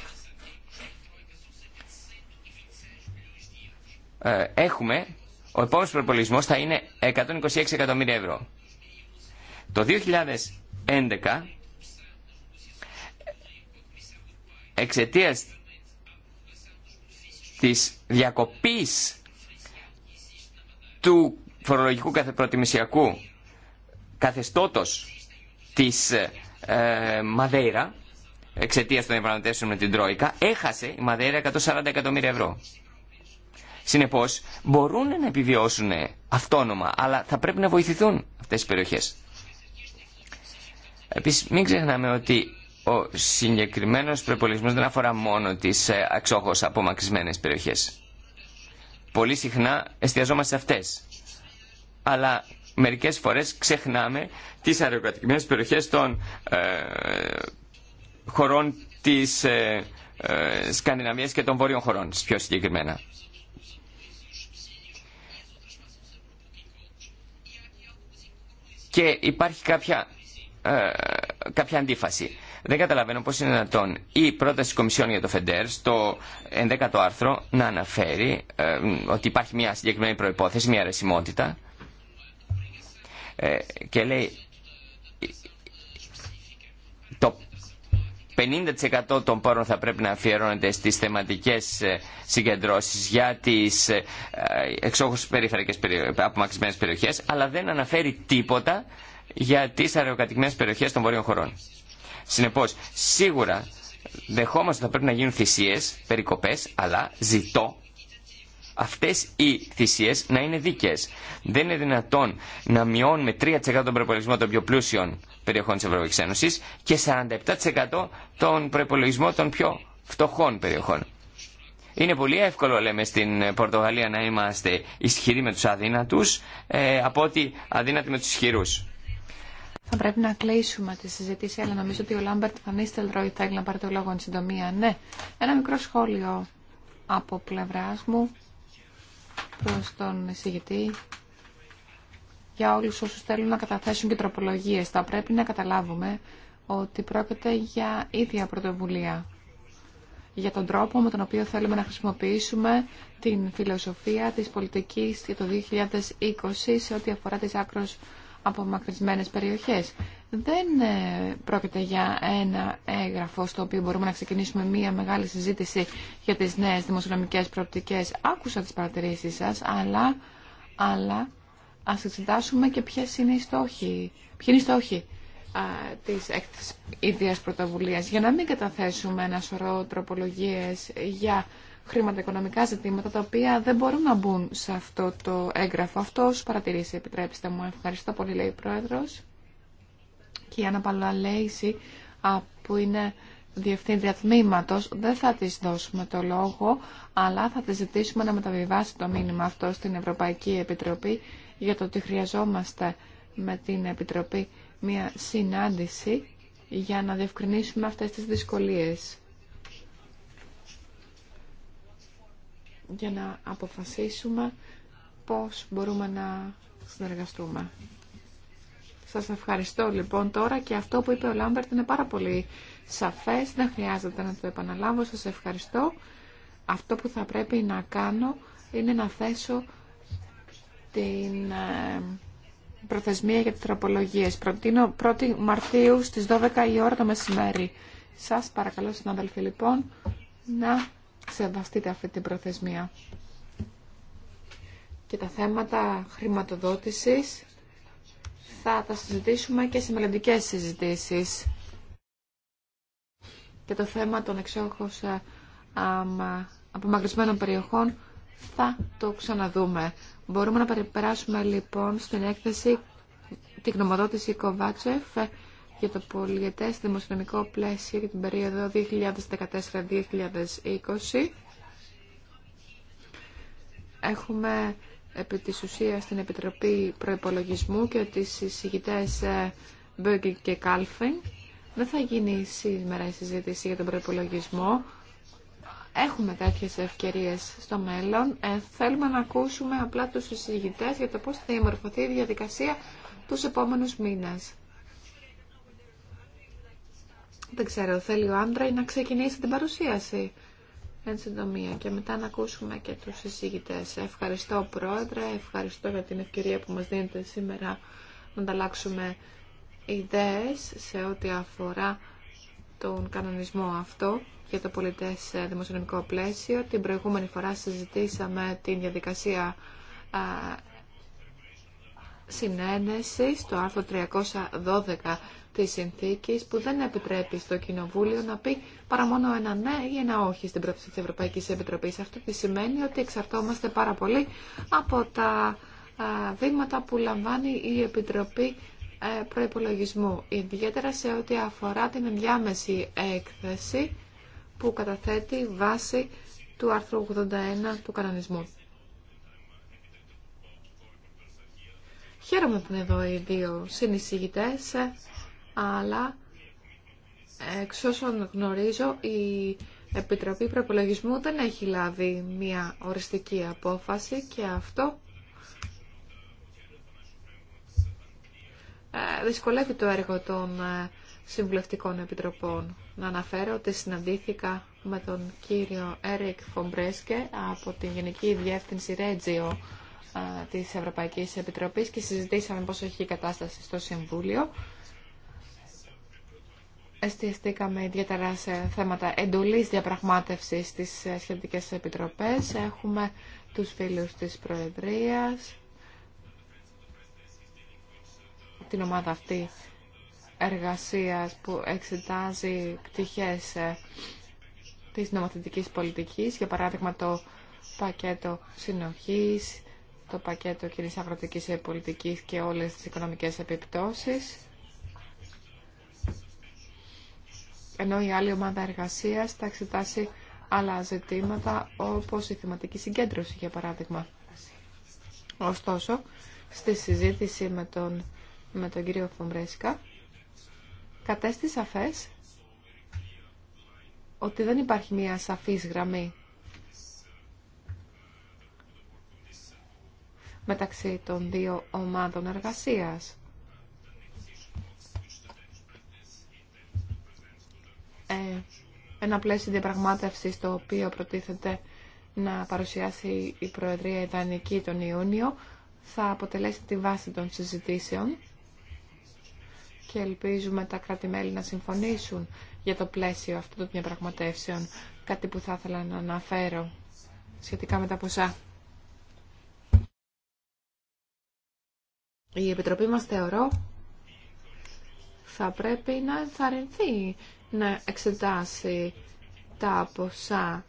Ε, έχουμε, ο επόμενος προπολογισμός θα είναι 126 εκατομμύρια ευρώ. Το 2011, εξαιτίας της διακοπής του φορολογικού καθεπροτιμησιακού καθεστώτος της ε, Μαδέιρα, εξαιτία των διαπραγματεύσεων με την Τρόικα, έχασε η Μαδέιρα 140 εκατομμύρια ευρώ. Συνεπώς μπορούν να επιβιώσουν αυτόνομα, αλλά θα πρέπει να βοηθηθούν αυτές οι περιοχές. Επίσης μην ξεχνάμε ότι ο συγκεκριμένος προπολογισμός δεν αφορά μόνο τις αξόχως ε, απομακρυσμένες περιοχές. Πολύ συχνά εστιαζόμαστε σε αυτές. Αλλά μερικές φορές ξεχνάμε τις αεροκατοικημένες περιοχές των ε, χωρών της ε, ε και των βόρειων χωρών, πιο συγκεκριμένα. και υπάρχει κάποια, ε, κάποια αντίφαση. Δεν καταλαβαίνω πώς είναι δυνατόν η πρόταση Κομισιόν για το ΦΕΝΤΕΡ στο 11ο άρθρο να αναφέρει ε, ότι υπάρχει μια συγκεκριμένη προϋπόθεση, μια αρεσιμότητα ε, και λέει το 50% των πόρων θα πρέπει να αφιερώνεται στις θεματικές ε, συγκεντρώσεις για τις ε, εξόχους περιφερειακές απομακρυσμένες περιοχές, αλλά δεν αναφέρει τίποτα για τις αεροκατοικημένες περιοχές των βορείων χωρών. Συνεπώς, σίγουρα δεχόμαστε ότι θα πρέπει να γίνουν θυσίες, περικοπές, αλλά ζητώ αυτές οι θυσίες να είναι δίκαιες. Δεν είναι δυνατόν να μειώνουμε 3% τον προπολογισμό των πιο πλούσιων περιοχών της Ευρωπαϊκής Ένωσης και 47% τον προπολογισμό των πιο φτωχών περιοχών. Είναι πολύ εύκολο, λέμε, στην Πορτογαλία να είμαστε ισχυροί με τους αδύνατους ε, από ότι αδύνατοι με τους ισχυρού. Θα πρέπει να κλείσουμε τη συζήτηση, αλλά νομίζω ότι ο Λάμπερτ Φανίστελ Ρόι θα να πάρει το λόγο εν συντομία. Ναι, ένα μικρό σχόλιο από πλευρά μου προς τον εισηγητή για όλους όσους θέλουν να καταθέσουν και τροπολογίες. Θα πρέπει να καταλάβουμε ότι πρόκειται για ίδια πρωτοβουλία για τον τρόπο με τον οποίο θέλουμε να χρησιμοποιήσουμε την φιλοσοφία της πολιτικής για το 2020 σε ό,τι αφορά τις άκρως απομακρυσμένες περιοχές δεν ε, πρόκειται για ένα έγγραφο στο οποίο μπορούμε να ξεκινήσουμε μία μεγάλη συζήτηση για τις νέες δημοσιονομικές προοπτικές. Άκουσα τις παρατηρήσεις σας, αλλά, αλλά ας εξετάσουμε και ποιες είναι οι στόχοι, ποιοι είναι οι στόχοι α, της έκθεσης ίδιας πρωτοβουλίας για να μην καταθέσουμε ένα σωρό τροπολογίες για χρηματοοικονομικά ζητήματα τα οποία δεν μπορούν να μπουν σε αυτό το έγγραφο. Αυτός παρατηρήσει, επιτρέψτε μου. Ευχαριστώ πολύ, λέει η Πρόεδρος και η αναπαλλαλέηση που είναι διευθύντρια τμήματο, δεν θα της δώσουμε το λόγο, αλλά θα τη ζητήσουμε να μεταβιβάσει το μήνυμα αυτό στην Ευρωπαϊκή Επιτροπή για το ότι χρειαζόμαστε με την Επιτροπή μια συνάντηση για να διευκρινίσουμε αυτές τις δυσκολίες. Για να αποφασίσουμε πώς μπορούμε να συνεργαστούμε. Σας ευχαριστώ λοιπόν τώρα και αυτό που είπε ο Λάμπερτ είναι πάρα πολύ σαφές, δεν χρειάζεται να το επαναλάβω, σας ευχαριστώ. Αυτό που θα πρέπει να κάνω είναι να θέσω την ε, προθεσμία για τις τροπολογίες. Προτείνω 1η Μαρτίου στις 12 η ώρα το μεσημέρι. Σας παρακαλώ συνάδελφοι λοιπόν να σεβαστείτε αυτή την προθεσμία. Και τα θέματα χρηματοδότησης θα τα συζητήσουμε και σε μελλοντικέ συζητήσεις. Και το θέμα των εξόχω ε, απομακρυσμένων περιοχών θα το ξαναδούμε. Μπορούμε να περάσουμε λοιπόν στην έκθεση την γνωμοδότηση Κοβάτσεφ ε, για το πολιετές δημοσιονομικό πλαίσιο για την περίοδο 2014-2020. Έχουμε επί της ουσίας την Επιτροπή Προϋπολογισμού και τις εισηγητές ε, Μπέγκελ και καλφέν, Δεν θα γίνει σήμερα η συζήτηση για τον προϋπολογισμό. Έχουμε τέτοιες ευκαιρίες στο μέλλον. Ε, θέλουμε να ακούσουμε απλά τους συζητητές για το πώς θα διαμορφωθεί η διαδικασία τους επόμενους μήνες. Δεν ξέρω, θέλει ο Άντρα να ξεκινήσει την παρουσίαση εν συντομία και μετά να ακούσουμε και τους εισηγητές. Ευχαριστώ Πρόεδρε, ευχαριστώ για την ευκαιρία που μας δίνετε σήμερα να ανταλλάξουμε ιδέες σε ό,τι αφορά τον κανονισμό αυτό για το πολιτές δημοσιονομικό πλαίσιο. Την προηγούμενη φορά συζητήσαμε την διαδικασία συνένεση στο άρθρο 312 της συνθήκης που δεν επιτρέπει στο Κοινοβούλιο να πει παρά μόνο ένα ναι ή ένα όχι στην πρόταση της Ευρωπαϊκής Επιτροπής. Αυτό τι σημαίνει ότι εξαρτώμαστε πάρα πολύ από τα βήματα που λαμβάνει η Επιτροπή ε, Προϋπολογισμού, ιδιαίτερα σε ό,τι αφορά την ενδιάμεση έκθεση που καταθέτει βάση του άρθρου 81 του κανονισμού. Χαίρομαι που είναι εδώ οι δύο συνεισηγητές, αλλά εξ όσων γνωρίζω η Επιτροπή Προπολογισμού δεν έχει λάβει μια οριστική απόφαση και αυτό ε, δυσκολεύει το έργο των ε, συμβουλευτικών επιτροπών. Να αναφέρω ότι συναντήθηκα με τον κύριο Έρικ Φομπρέσκε από την Γενική Διεύθυνση Ρέτζιο της Ευρωπαϊκής Επιτροπής και συζητήσαμε πώς έχει η κατάσταση στο Συμβούλιο. Εστιαστήκαμε ιδιαίτερα σε θέματα εντολής διαπραγμάτευσης στις σχετικές επιτροπές. Έχουμε τους φίλους της Προεδρίας, την ομάδα αυτή εργασίας που εξετάζει πτυχές ε, της νομοθετικής πολιτικής, για παράδειγμα το πακέτο συνοχής, το πακέτο κοινή αγροτικής πολιτικής και όλες τις οικονομικές επιπτώσεις. Ενώ η άλλη ομάδα εργασίας θα εξετάσει άλλα ζητήματα όπως η θεματική συγκέντρωση για παράδειγμα. Ωστόσο, στη συζήτηση με τον, με τον κύριο Φομπρέσκα κατέστη σαφές ότι δεν υπάρχει μία σαφής γραμμή μεταξύ των δύο ομάδων εργασίας. Ε, ένα πλαίσιο διαπραγμάτευσης το οποίο προτίθεται να παρουσιάσει η Προεδρία Ιδανική τον Ιούνιο θα αποτελέσει τη βάση των συζητήσεων και ελπίζουμε τα κράτη-μέλη να συμφωνήσουν για το πλαίσιο αυτού των διαπραγματεύσεων. Κάτι που θα ήθελα να αναφέρω σχετικά με τα ποσά. Η Επιτροπή μας θεωρώ θα πρέπει να ενθαρρυνθεί να εξετάσει τα ποσά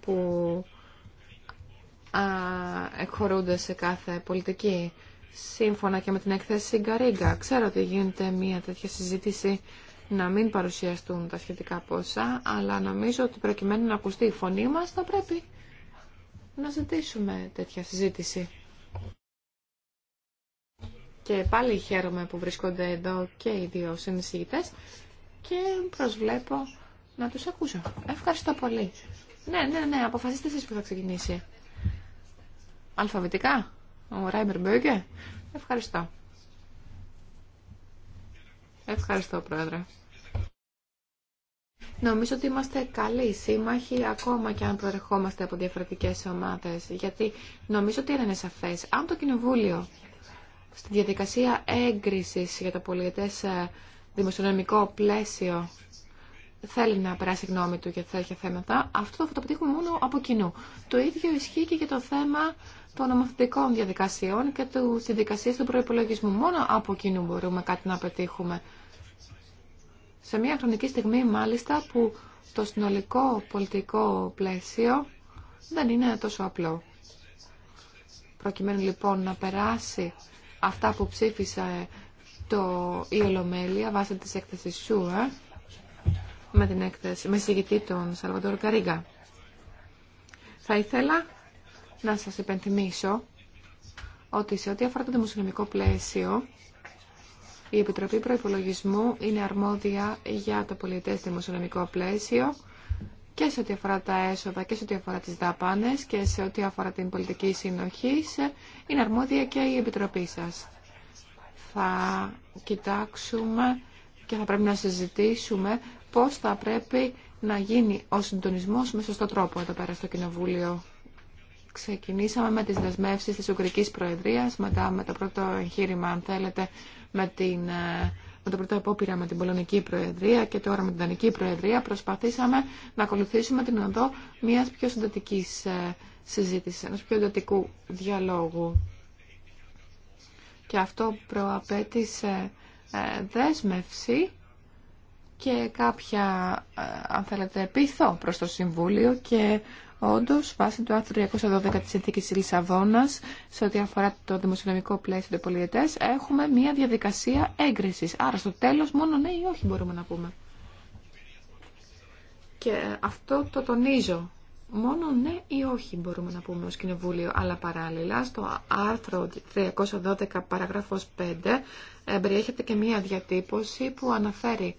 που α, εκχωρούνται σε κάθε πολιτική σύμφωνα και με την εκθέση Γκαρίγκα. Ξέρω ότι γίνεται μια τέτοια συζήτηση να μην παρουσιαστούν τα σχετικά ποσά, αλλά νομίζω ότι προκειμένου να ακουστεί η φωνή μας θα πρέπει να ζητήσουμε τέτοια συζήτηση. Και πάλι χαίρομαι που βρίσκονται εδώ και οι δύο συνεισηγητές και προσβλέπω να τους ακούσω. Ευχαριστώ πολύ. Ναι, ναι, ναι, αποφασίστε εσείς που θα ξεκινήσει. Αλφαβητικά, ο Ράιμερ Μπέγκε. Ευχαριστώ. Ευχαριστώ, Πρόεδρε. Νομίζω ότι είμαστε καλοί σύμμαχοι ακόμα και αν προερχόμαστε από διαφορετικές ομάδες, γιατί νομίζω ότι είναι σαφές. Αν το Κοινοβούλιο στη διαδικασία έγκρισης για το πολιετές ε, δημοσιονομικό πλαίσιο θέλει να περάσει γνώμη του για τέτοια θέματα, αυτό θα το πετύχουμε μόνο από κοινού. Το ίδιο ισχύει και για το θέμα των νομοθετικών διαδικασιών και του διαδικασία του προπολογισμού. Μόνο από κοινού μπορούμε κάτι να πετύχουμε. Σε μια χρονική στιγμή, μάλιστα, που το συνολικό πολιτικό πλαίσιο δεν είναι τόσο απλό. Προκειμένου λοιπόν να περάσει αυτά που ψήφισε το, η Ολομέλεια βάσει της έκθεσης ΣΟΥΑ με την έκθεση, με συγκητή τον Σαλβατόρ Καρίγκα. Θα ήθελα να σας υπενθυμίσω ότι σε ό,τι αφορά το δημοσιονομικό πλαίσιο η Επιτροπή Προϋπολογισμού είναι αρμόδια για το πολιτές δημοσιονομικό πλαίσιο και σε ό,τι αφορά τα έσοδα και σε ό,τι αφορά τις δαπάνες και σε ό,τι αφορά την πολιτική συνοχή είναι αρμόδια και η Επιτροπή σας. Θα κοιτάξουμε και θα πρέπει να συζητήσουμε πώς θα πρέπει να γίνει ο συντονισμός με σωστό τρόπο εδώ πέρα στο Κοινοβούλιο. Ξεκινήσαμε με τις δεσμεύσεις της Ουγγρικής Προεδρίας, μετά με το πρώτο εγχείρημα, αν θέλετε, με την ε, με το πρώτο απόπειρα με την Πολωνική Προεδρία και τώρα με την Δανική Προεδρία προσπαθήσαμε να ακολουθήσουμε την οδό μιας πιο συντατική ε, συζήτησης, ενό πιο συντατικού διαλόγου. Και αυτό προαπέτησε ε, δέσμευση και κάποια, ε, αν θέλετε, πίθο προς το Συμβούλιο και Όντω, βάσει του άρθρου 312 της συνθήκη της Λισαβόνας, σε ό,τι αφορά το δημοσιονομικό πλαίσιο των πολιτέ, έχουμε μια διαδικασία έγκριση. Άρα στο τέλο, μόνο ναι ή όχι μπορούμε να πούμε. Και αυτό το τονίζω. Μόνο ναι ή όχι μπορούμε να πούμε ως Κοινοβούλιο, αλλά παράλληλα στο άρθρο 312 παραγράφος 5 περιέχεται και μια διατύπωση που αναφέρει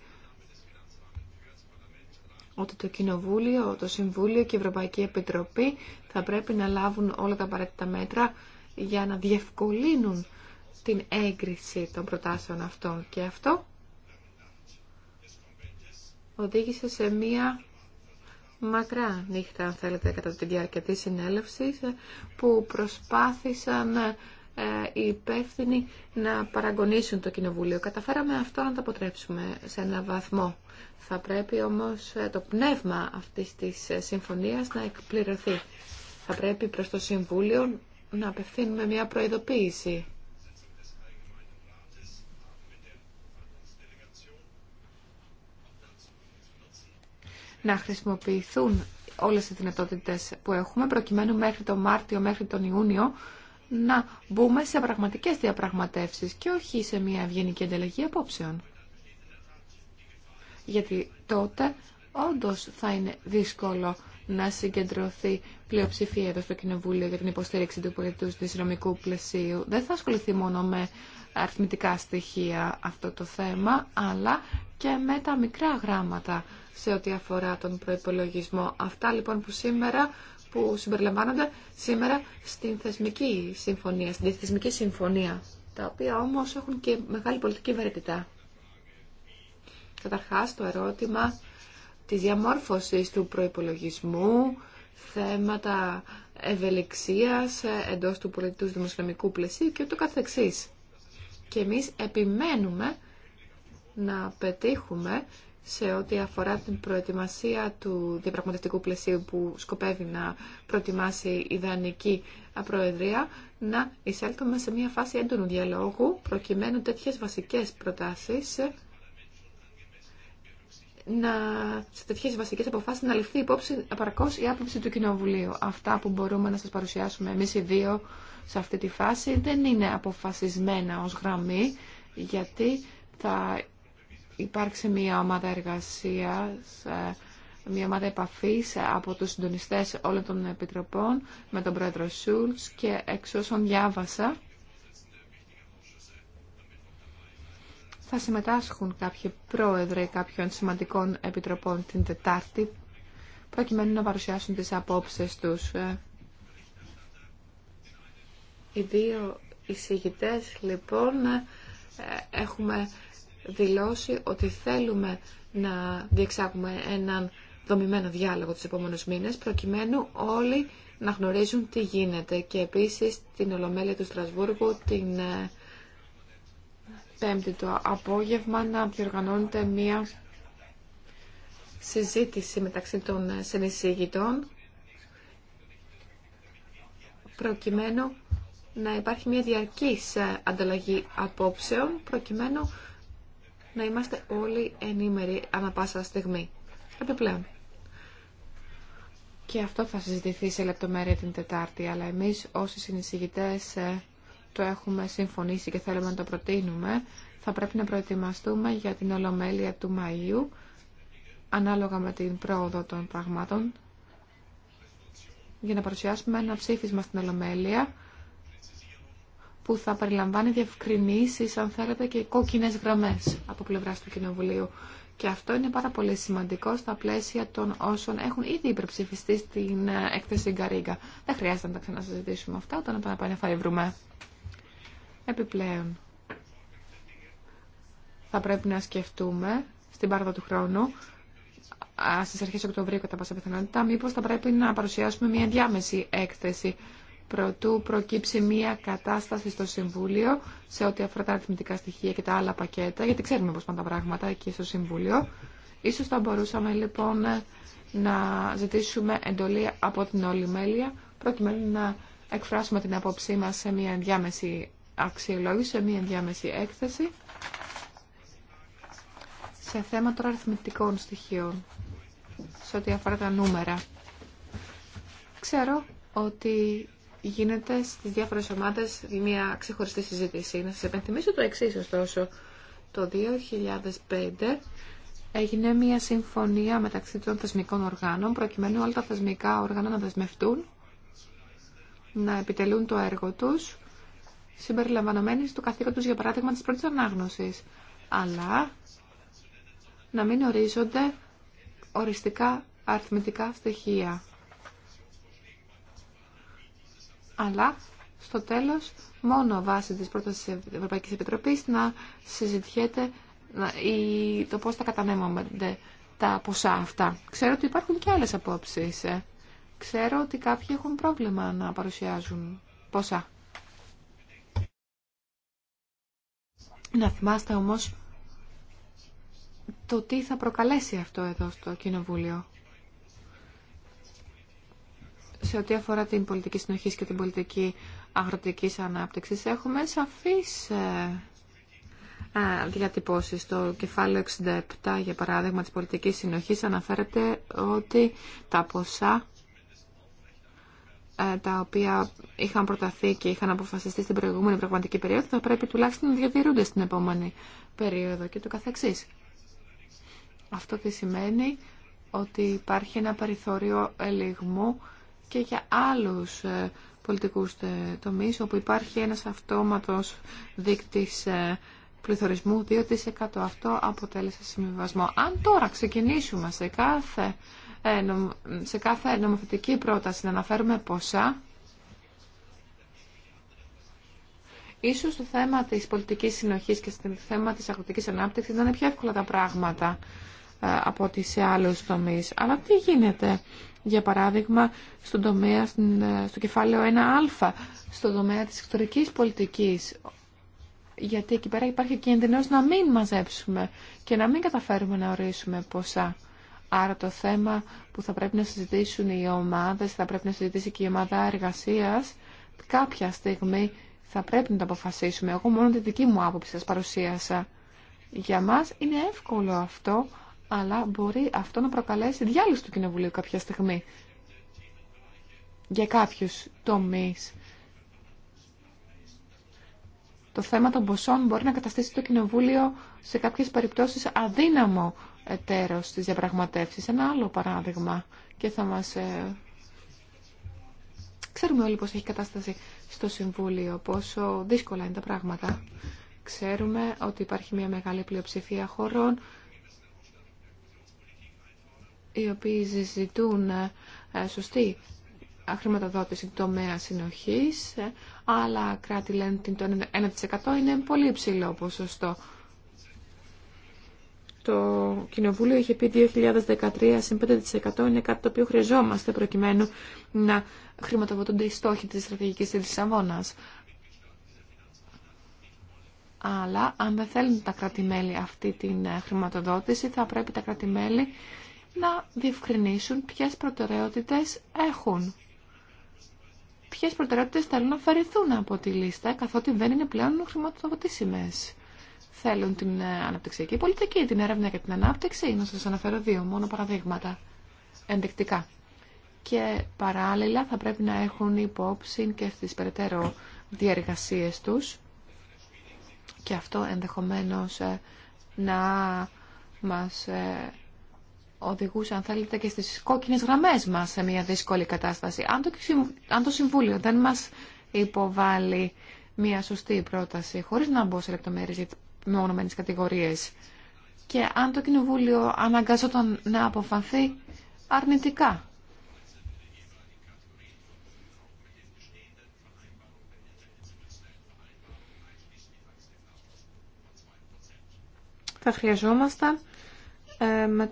ότι το Κοινοβούλιο, το Συμβούλιο και η Ευρωπαϊκή Επιτροπή θα πρέπει να λάβουν όλα τα απαραίτητα μέτρα για να διευκολύνουν την έγκριση των προτάσεων αυτών. Και αυτό οδήγησε σε μία μακρά νύχτα, αν θέλετε, κατά τη διάρκεια της συνέλευσης, που προσπάθησαν ε, οι υπεύθυνοι να παραγωνίσουν το Κοινοβούλιο. Καταφέραμε αυτό να το αποτρέψουμε σε ένα βαθμό. Θα πρέπει όμως ε, το πνεύμα αυτής της ε, συμφωνίας να εκπληρωθεί. Θα πρέπει προς το Συμβούλιο να απευθύνουμε μια προειδοποίηση. Να χρησιμοποιηθούν όλες οι δυνατότητες που έχουμε προκειμένου μέχρι τον Μάρτιο, μέχρι τον Ιούνιο να μπούμε σε πραγματικές διαπραγματεύσεις και όχι σε μια ευγενική ανταλλαγή απόψεων. Γιατί τότε όντως θα είναι δύσκολο να συγκεντρωθεί πλειοψηφία εδώ στο Κοινοβούλιο για την υποστήριξη του πολιτού του Ισλαμικού πλαισίου. Δεν θα ασχοληθεί μόνο με αριθμητικά στοιχεία αυτό το θέμα, αλλά και με τα μικρά γράμματα σε ό,τι αφορά τον προϋπολογισμό. Αυτά λοιπόν που σήμερα που συμπεριλαμβάνονται σήμερα στην θεσμική συμφωνία, στην διεθνική συμφωνία, τα οποία όμως έχουν και μεγάλη πολιτική βαρύτητα. Καταρχάς, το ερώτημα της διαμόρφωσης του προϋπολογισμού, θέματα ευελιξίας εντός του πολιτικού δημοσιονομικού πλαισίου και ούτω καθεξής. Και εμείς επιμένουμε να πετύχουμε σε ό,τι αφορά την προετοιμασία του διαπραγματευτικού πλαισίου που σκοπεύει να προετοιμάσει η Δανική Προεδρία, να εισέλθουμε σε μια φάση έντονου διαλόγου, προκειμένου τέτοιες βασικές προτάσεις να, σε τέτοιε βασικέ αποφάσει να ληφθεί υπόψη απαρκώ η άποψη του Κοινοβουλίου. Αυτά που μπορούμε να σα παρουσιάσουμε εμεί οι δύο σε αυτή τη φάση δεν είναι αποφασισμένα ω γραμμή, γιατί θα υπάρξει μια ομάδα εργασίας, ε, μια ομάδα επαφής από τους συντονιστές όλων των επιτροπών με τον πρόεδρο Σούλτς και εξ όσων διάβασα θα συμμετάσχουν κάποιοι πρόεδροι κάποιων σημαντικών επιτροπών την Τετάρτη προκειμένου να παρουσιάσουν τις απόψεις τους. Ε, οι δύο εισηγητές λοιπόν ε, έχουμε δηλώσει ότι θέλουμε να διεξάγουμε έναν δομημένο διάλογο τους επόμενους μήνες προκειμένου όλοι να γνωρίζουν τι γίνεται και επίσης την Ολομέλεια του Στρασβούργου την ε, Πέμπτη το απόγευμα να διοργανώνεται μία συζήτηση μεταξύ των συνεισηγητών προκειμένου να υπάρχει μια διαρκής ε, ανταλλαγή απόψεων προκειμένου να είμαστε όλοι ενήμεροι ανά πάσα στιγμή. Επιπλέον. Και αυτό θα συζητηθεί σε λεπτομέρεια την Τετάρτη, αλλά εμείς όσοι συνεισηγητές ε, το έχουμε συμφωνήσει και θέλουμε να το προτείνουμε, θα πρέπει να προετοιμαστούμε για την Ολομέλεια του Μαΐου, ανάλογα με την πρόοδο των πραγμάτων, για να παρουσιάσουμε ένα ψήφισμα στην Ολομέλεια, που θα περιλαμβάνει διευκρινήσεις, αν θέλετε, και κόκκινες γραμμές από πλευράς του Κοινοβουλίου. Και αυτό είναι πάρα πολύ σημαντικό στα πλαίσια των όσων έχουν ήδη υπερψηφιστεί στην ε, έκθεση Γκαρίγκα. Δεν χρειάζεται να τα ξανασυζητήσουμε αυτά, όταν τα επανεφαρευρούμε. Επιπλέον, θα πρέπει να σκεφτούμε στην πάροδο του χρόνου στις αρχές Οκτωβρίου κατά πάσα πιθανότητα, μήπως θα πρέπει να παρουσιάσουμε μια διάμεση έκθεση προτού προκύψει μία κατάσταση στο Συμβούλιο σε ό,τι αφορά τα αριθμητικά στοιχεία και τα άλλα πακέτα, γιατί ξέρουμε πώς πάνε τα πράγματα εκεί στο Συμβούλιο. Ίσως θα μπορούσαμε λοιπόν να ζητήσουμε εντολή από την όλη μέλεια, προκειμένου να εκφράσουμε την απόψή μας σε μία ενδιάμεση αξιολόγηση, σε μία ενδιάμεση έκθεση, σε θέμα των αριθμητικών στοιχείων, σε ό,τι αφορά τα νούμερα. Ξέρω ότι γίνεται στις διάφορες ομάδες μια ξεχωριστή συζήτηση. Να σας επενθυμίσω το εξή, ωστόσο. Το 2005 έγινε μια συμφωνία μεταξύ των θεσμικών οργάνων προκειμένου όλα τα θεσμικά όργανα να δεσμευτούν να επιτελούν το έργο τους συμπεριλαμβανομένης του καθήκοντος για παράδειγμα της πρώτης ανάγνωσης αλλά να μην ορίζονται οριστικά αριθμητικά στοιχεία αλλά στο τέλος μόνο βάσει της πρότασης της Ευρωπαϊκής Επιτροπής να συζητιέται το πώς θα κατανέμονται τα ποσά αυτά. Ξέρω ότι υπάρχουν και άλλες απόψεις. Ε. Ξέρω ότι κάποιοι έχουν πρόβλημα να παρουσιάζουν ποσά. Να θυμάστε όμως το τι θα προκαλέσει αυτό εδώ στο Κοινοβούλιο σε ό,τι αφορά την πολιτική συνοχή και την πολιτική αγροτική ανάπτυξης έχουμε σαφείς ε, ε, διατυπώσει. Στο κεφάλαιο 67, για παράδειγμα, της πολιτικής συνοχής αναφέρεται ότι τα ποσά ε, τα οποία είχαν προταθεί και είχαν αποφασιστεί στην προηγούμενη πραγματική περίοδο θα πρέπει τουλάχιστον να διατηρούνται στην επόμενη περίοδο και το καθεξής. Αυτό τι σημαίνει ότι υπάρχει ένα περιθώριο ελιγμού και για άλλους ε, πολιτικούς ε, τομείς όπου υπάρχει ένας αυτόματος δείκτης ε, πληθωρισμού 2% αυτό αποτέλεσε συμβιβασμό. Αν τώρα ξεκινήσουμε σε κάθε, σε κάθε νομοθετική πρόταση να αναφέρουμε ποσά, Ίσως στο θέμα της πολιτικής συνοχής και στο θέμα της αγροτικής ανάπτυξης να είναι πιο εύκολα τα πράγματα από ό,τι σε άλλους τομείς. Αλλά τι γίνεται για παράδειγμα, στον τομέα, ε, στο κεφάλαιο 1α, στο τομέα της εξωτερικής πολιτικής. Γιατί εκεί πέρα υπάρχει κίνδυνος να μην μαζέψουμε και να μην καταφέρουμε να ορίσουμε ποσά. Άρα το θέμα που θα πρέπει να συζητήσουν οι ομάδες, θα πρέπει να συζητήσει και η ομάδα εργασίας, κάποια στιγμή θα πρέπει να το αποφασίσουμε. Εγώ μόνο τη δική μου άποψη σας παρουσίασα. Για μας είναι εύκολο αυτό, αλλά μπορεί αυτό να προκαλέσει διάλυση του Κοινοβουλίου κάποια στιγμή για κάποιους τομείς. Το θέμα των ποσών μπορεί να καταστήσει το Κοινοβούλιο σε κάποιες περιπτώσεις αδύναμο εταίρος στις διαπραγματεύσεις. Ένα άλλο παράδειγμα και θα μας... Ε, ξέρουμε όλοι πώς έχει κατάσταση στο Συμβούλιο, πόσο δύσκολα είναι τα πράγματα. Ξέρουμε ότι υπάρχει μια μεγάλη πλειοψηφία χωρών οι οποίοι ζητούν ε, σωστή χρηματοδότηση του τομέα συνοχής. Άλλα ε, κράτη λένε ότι το 1% είναι πολύ υψηλό ποσοστό. Το Κοινοβούλιο είχε πει 2013 5% είναι κάτι το οποίο χρειαζόμαστε προκειμένου να χρηματοδοτούνται οι στόχοι της στρατηγικής της Λισαβόνα. Αλλά αν δεν θέλουν τα κράτη-μέλη αυτή την ε, χρηματοδότηση θα πρέπει τα κράτη-μέλη να διευκρινίσουν ποιες προτεραιότητες έχουν. Ποιες προτεραιότητες θέλουν να αφαιρεθούν από τη λίστα, καθότι δεν είναι πλέον χρηματοδοτήσιμες. Θέλουν την ε, αναπτυξιακή πολιτική, την έρευνα και την ανάπτυξη. Να σας αναφέρω δύο μόνο παραδείγματα ενδεικτικά. Και παράλληλα θα πρέπει να έχουν υπόψη και στις περαιτέρω διεργασίες τους και αυτό ενδεχομένως ε, να μας ε, οδηγούσε, αν θέλετε, και στις κόκκινες γραμμές μας σε μια δύσκολη κατάσταση. Αν το, αν το Συμβούλιο δεν μας υποβάλλει μια σωστή πρόταση, χωρίς να μπω σε λεπτομέρειες για τις μεμονωμένες κατηγορίες, και αν το Κοινοβούλιο αναγκαζόταν να αποφανθεί αρνητικά θα χρειαζόμασταν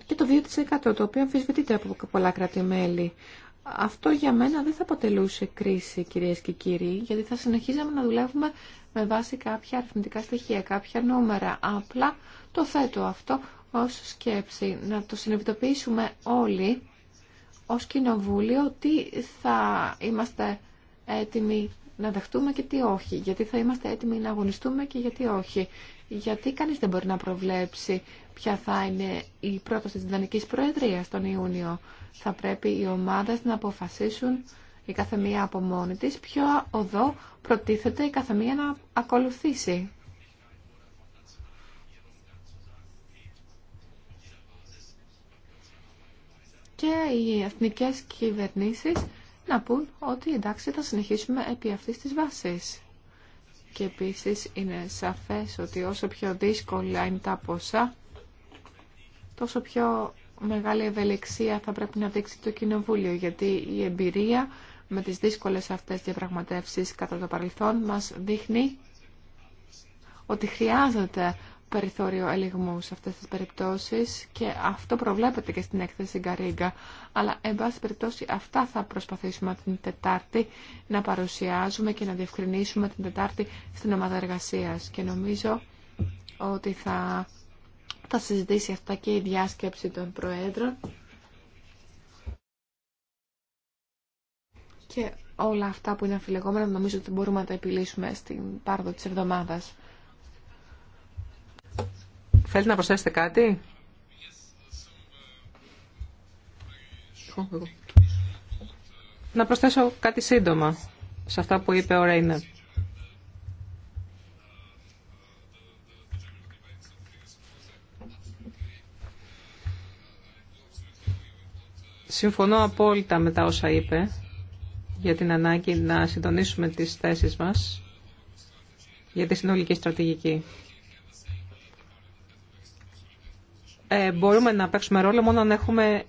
και το 2% το οποίο αμφισβητείται από πολλά κράτη-μέλη. Αυτό για μένα δεν θα αποτελούσε κρίση, κυρίες και κύριοι, γιατί θα συνεχίζαμε να δουλεύουμε με βάση κάποια αριθμητικά στοιχεία, κάποια νούμερα. Απλά το θέτω αυτό ως σκέψη, να το συνειδητοποιήσουμε όλοι ως κοινοβούλιο τι θα είμαστε έτοιμοι να δεχτούμε και τι όχι, γιατί θα είμαστε έτοιμοι να αγωνιστούμε και γιατί όχι γιατί κανείς δεν μπορεί να προβλέψει ποια θα είναι η πρόταση της Δανικής Προεδρίας τον Ιούνιο. Θα πρέπει οι ομάδες να αποφασίσουν η καθεμία από μόνη της ποιο οδό προτίθεται η καθεμία να ακολουθήσει. Και οι εθνικές κυβερνήσεις να πούν ότι εντάξει θα συνεχίσουμε επί αυτής της βάσης. Και επίσης είναι σαφές ότι όσο πιο δύσκολα είναι τα ποσά, τόσο πιο μεγάλη ευελιξία θα πρέπει να δείξει το Κοινοβούλιο, γιατί η εμπειρία με τις δύσκολες αυτές διαπραγματεύσεις κατά το παρελθόν μας δείχνει ότι χρειάζεται περιθώριο ελιγμού σε αυτές τις περιπτώσεις και αυτό προβλέπεται και στην έκθεση Γκαρίγκα. Αλλά, εν πάση περιπτώσει, αυτά θα προσπαθήσουμε την Τετάρτη να παρουσιάζουμε και να διευκρινίσουμε την Τετάρτη στην ομάδα εργασίας. Και νομίζω ότι θα, θα συζητήσει αυτά και η διάσκεψη των Προέδρων. Και όλα αυτά που είναι αφιλεγόμενα νομίζω ότι μπορούμε να τα επιλύσουμε στην πάρδο της εβδομάδας. Θέλετε να προσθέσετε κάτι. Να προσθέσω κάτι σύντομα σε αυτά που είπε ο Ρέινερ. Συμφωνώ απόλυτα με τα όσα είπε για την ανάγκη να συντονίσουμε τις θέσεις μας για τη συνολική στρατηγική. Ε, μπορούμε να παίξουμε ρόλο μόνο αν έχουμε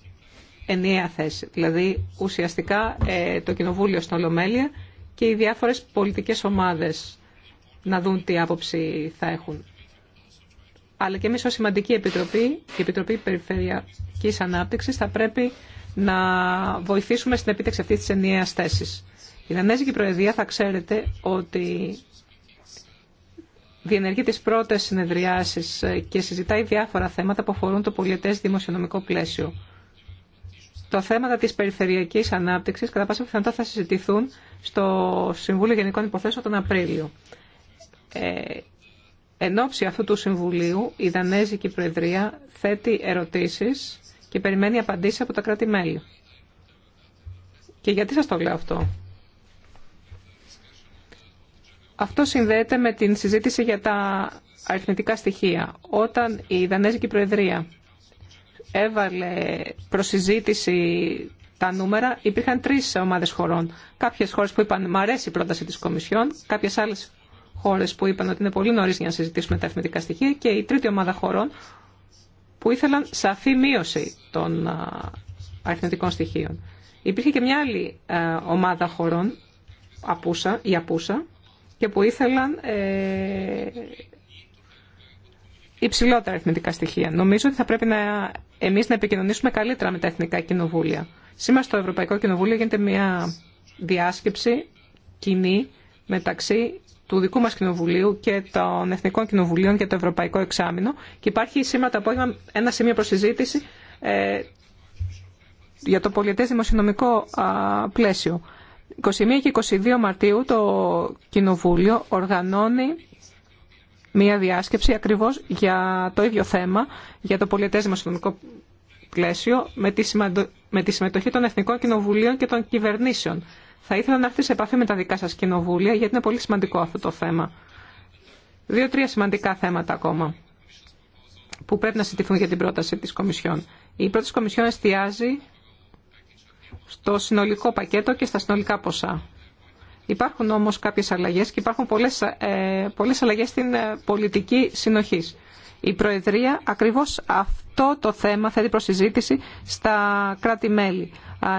ενιαία θέση. Δηλαδή, ουσιαστικά ε, το Κοινοβούλιο στην Ολομέλεια και οι διάφορες πολιτικές ομάδες να δουν τι άποψη θα έχουν. Αλλά και εμείς ως σημαντική επιτροπή, η Επιτροπή Περιφερειακής Ανάπτυξης, θα πρέπει να βοηθήσουμε στην επίτευξη αυτής της ενιαίας θέσης. Η Δανέζικη Προεδρία θα ξέρετε ότι διενεργεί τις πρώτες συνεδριάσεις και συζητάει διάφορα θέματα που αφορούν το πολιτές δημοσιονομικό πλαίσιο. Τα θέματα της περιφερειακής ανάπτυξης κατά πάσα πιθανότητα θα συζητηθούν στο Συμβούλιο Γενικών Υποθέσεων τον Απρίλιο. Ε, εν ώψη αυτού του Συμβουλίου, η Δανέζικη Προεδρία θέτει ερωτήσεις και περιμένει απαντήσεις από τα κράτη-μέλη. Και γιατί σας το λέω αυτό. Αυτό συνδέεται με την συζήτηση για τα αριθμητικά στοιχεία. Όταν η Δανέζικη Προεδρία έβαλε συζήτηση τα νούμερα, υπήρχαν τρεις ομάδες χωρών. Κάποιες χώρες που είπαν «Μ' αρέσει η πρόταση της Κομισιόν», κάποιες άλλες χώρες που είπαν ότι είναι πολύ νωρί για να συζητήσουμε τα αριθμητικά στοιχεία και η τρίτη ομάδα χωρών που ήθελαν σαφή μείωση των αριθμητικών στοιχείων. Υπήρχε και μια άλλη ομάδα χωρών, η Απούσα, και που ήθελαν ε, υψηλότερα αριθμητικά στοιχεία. Νομίζω ότι θα πρέπει να, εμείς να επικοινωνήσουμε καλύτερα με τα εθνικά κοινοβούλια. Σήμερα στο Ευρωπαϊκό Κοινοβούλιο γίνεται μια διάσκεψη κοινή μεταξύ του δικού μας Κοινοβουλίου και των Εθνικών Κοινοβουλίων για το Ευρωπαϊκό Εξάμεινο και υπάρχει σήμερα το απόγευμα ένα σημείο προσυζήτηση ε, για το πολιτές δημοσιονομικό πλαίσιο. 21 και 22 Μαρτίου το Κοινοβούλιο οργανώνει μία διάσκεψη ακριβώς για το ίδιο θέμα, για το πολιετές δημοσιονομικό πλαίσιο, με τη, συμμετοχή των Εθνικών Κοινοβουλίων και των Κυβερνήσεων. Θα ήθελα να έρθει σε επαφή με τα δικά σας κοινοβούλια, γιατί είναι πολύ σημαντικό αυτό το θέμα. Δύο-τρία σημαντικά θέματα ακόμα που πρέπει να συντηθούν για την πρόταση της Κομισιόν. Η πρόταση της Κομισιόν εστιάζει στο συνολικό πακέτο και στα συνολικά ποσά. Υπάρχουν όμως κάποιες αλλαγές και υπάρχουν πολλές, ε, πολλές αλλαγές στην ε, πολιτική συνοχής. Η Προεδρία ακριβώς αυτό το θέμα θέτει προς στα κράτη-μέλη.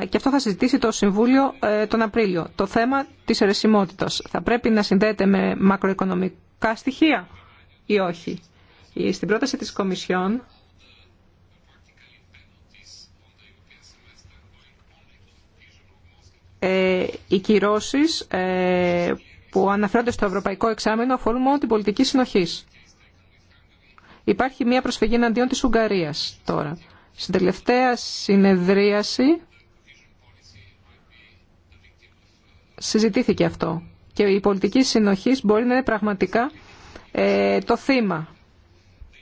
Και αυτό θα συζητήσει το Συμβούλιο ε, τον Απρίλιο. Το θέμα της αιρεσιμότητας θα πρέπει να συνδέεται με μακροοικονομικά στοιχεία ή όχι. Στην πρόταση της Κομισιόν Ε, οι κυρώσεις ε, που αναφέρονται στο ευρωπαϊκό εξάμεινο αφορούν μόνο την πολιτική συνοχή. Υπάρχει μια προσφυγή εναντίον της Ουγγαρίας τώρα. Στην τελευταία συνεδρίαση συζητήθηκε αυτό. Και η πολιτική συνοχή μπορεί να είναι πραγματικά ε, το θύμα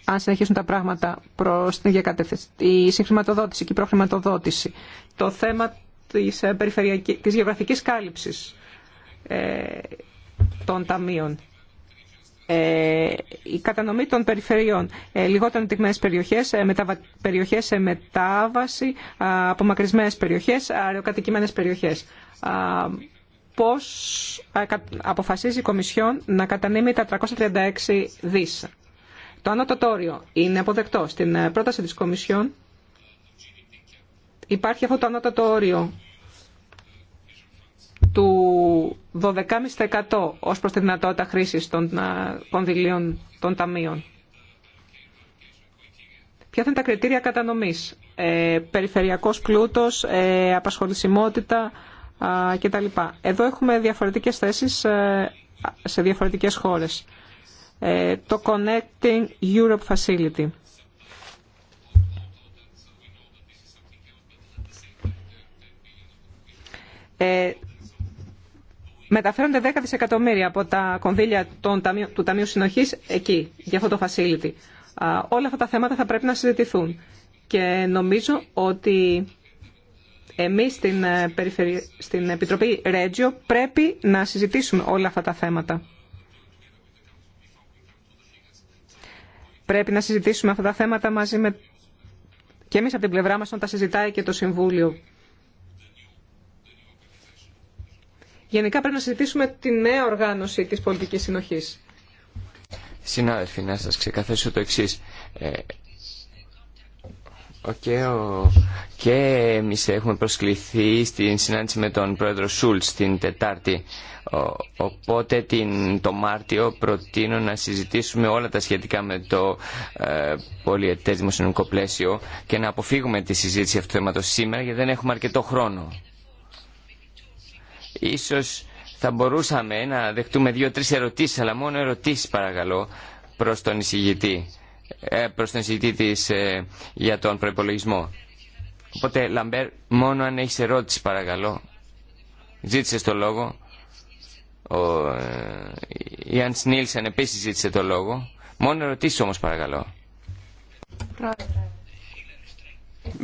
αν συνεχίσουν τα πράγματα προ την ίδια Η συγχρηματοδότηση και η προχρηματοδότηση. Το θέμα της, ε, περιφερειακής, κάλυψη γεωγραφικής κάλυψης ε, των ταμείων. Ε, η κατανομή των περιφερειών, λιγότερο ανεπτυγμένες περιοχές, μεταβα... περιοχές σε μετάβαση, απομακρυσμένες περιοχές, αεροκατοικημένες περιοχές. πώς αποφασίζει η Κομισιόν να κατανείμει τα 336 δι, Το ανώτατο όριο είναι αποδεκτό. Στην πρόταση της Κομισιόν υπάρχει αυτό το ανώτατο όριο του 12,5% ως προς τη δυνατότητα χρήσης των κονδυλίων των ταμείων. Ποια θα είναι τα κριτήρια κατανομής. Ε, περιφερειακός πλούτος, ε, απασχολησιμότητα ε, κτλ. Εδώ έχουμε διαφορετικές θέσεις ε, σε διαφορετικές χώρες. Ε, το Connecting Europe Facility. Ε, μεταφέρονται 10 δισεκατομμύρια από τα κονδύλια του Ταμείου Συνοχής εκεί, για αυτό το facility. Όλα αυτά τα θέματα θα πρέπει να συζητηθούν. Και νομίζω ότι εμείς στην, ε, στην Επιτροπή Ρέτζιο πρέπει να συζητήσουμε όλα αυτά τα θέματα. Πρέπει να συζητήσουμε αυτά τα θέματα μαζί με... Και εμείς από την πλευρά μας όταν τα συζητάει και το Συμβούλιο Γενικά πρέπει να συζητήσουμε τη νέα οργάνωση της πολιτικής συνοχής. Συνάδελφοι, να σας ξεκαθαρίσω το εξής. Okay, ε, Και εμεί έχουμε προσκληθεί στην συνάντηση με τον πρόεδρο Σούλτ την Τετάρτη. Οπότε την... το Μάρτιο προτείνω να συζητήσουμε όλα τα σχετικά με το ε, πολιετές δημοσιονομικό πλαίσιο και να αποφύγουμε τη συζήτηση αυτού του θέματος σήμερα γιατί δεν έχουμε αρκετό χρόνο. Ίσως θα μπορούσαμε να δεχτούμε δύο-τρεις ερωτήσεις, αλλά μόνο ερωτήσεις παρακαλώ, προς τον εισηγητή, ε, προς τον εισηγητή της, ε, για τον προπολογισμό. Οπότε, Λαμπέρ, μόνο αν έχεις ερώτηση παρακαλώ, ζήτησε το λόγο. Ο ε, Ιαν Νίλσεν επίσης ζήτησε το λόγο. Μόνο ερωτήσεις όμως παρακαλώ. Πρόεδρε. Eh,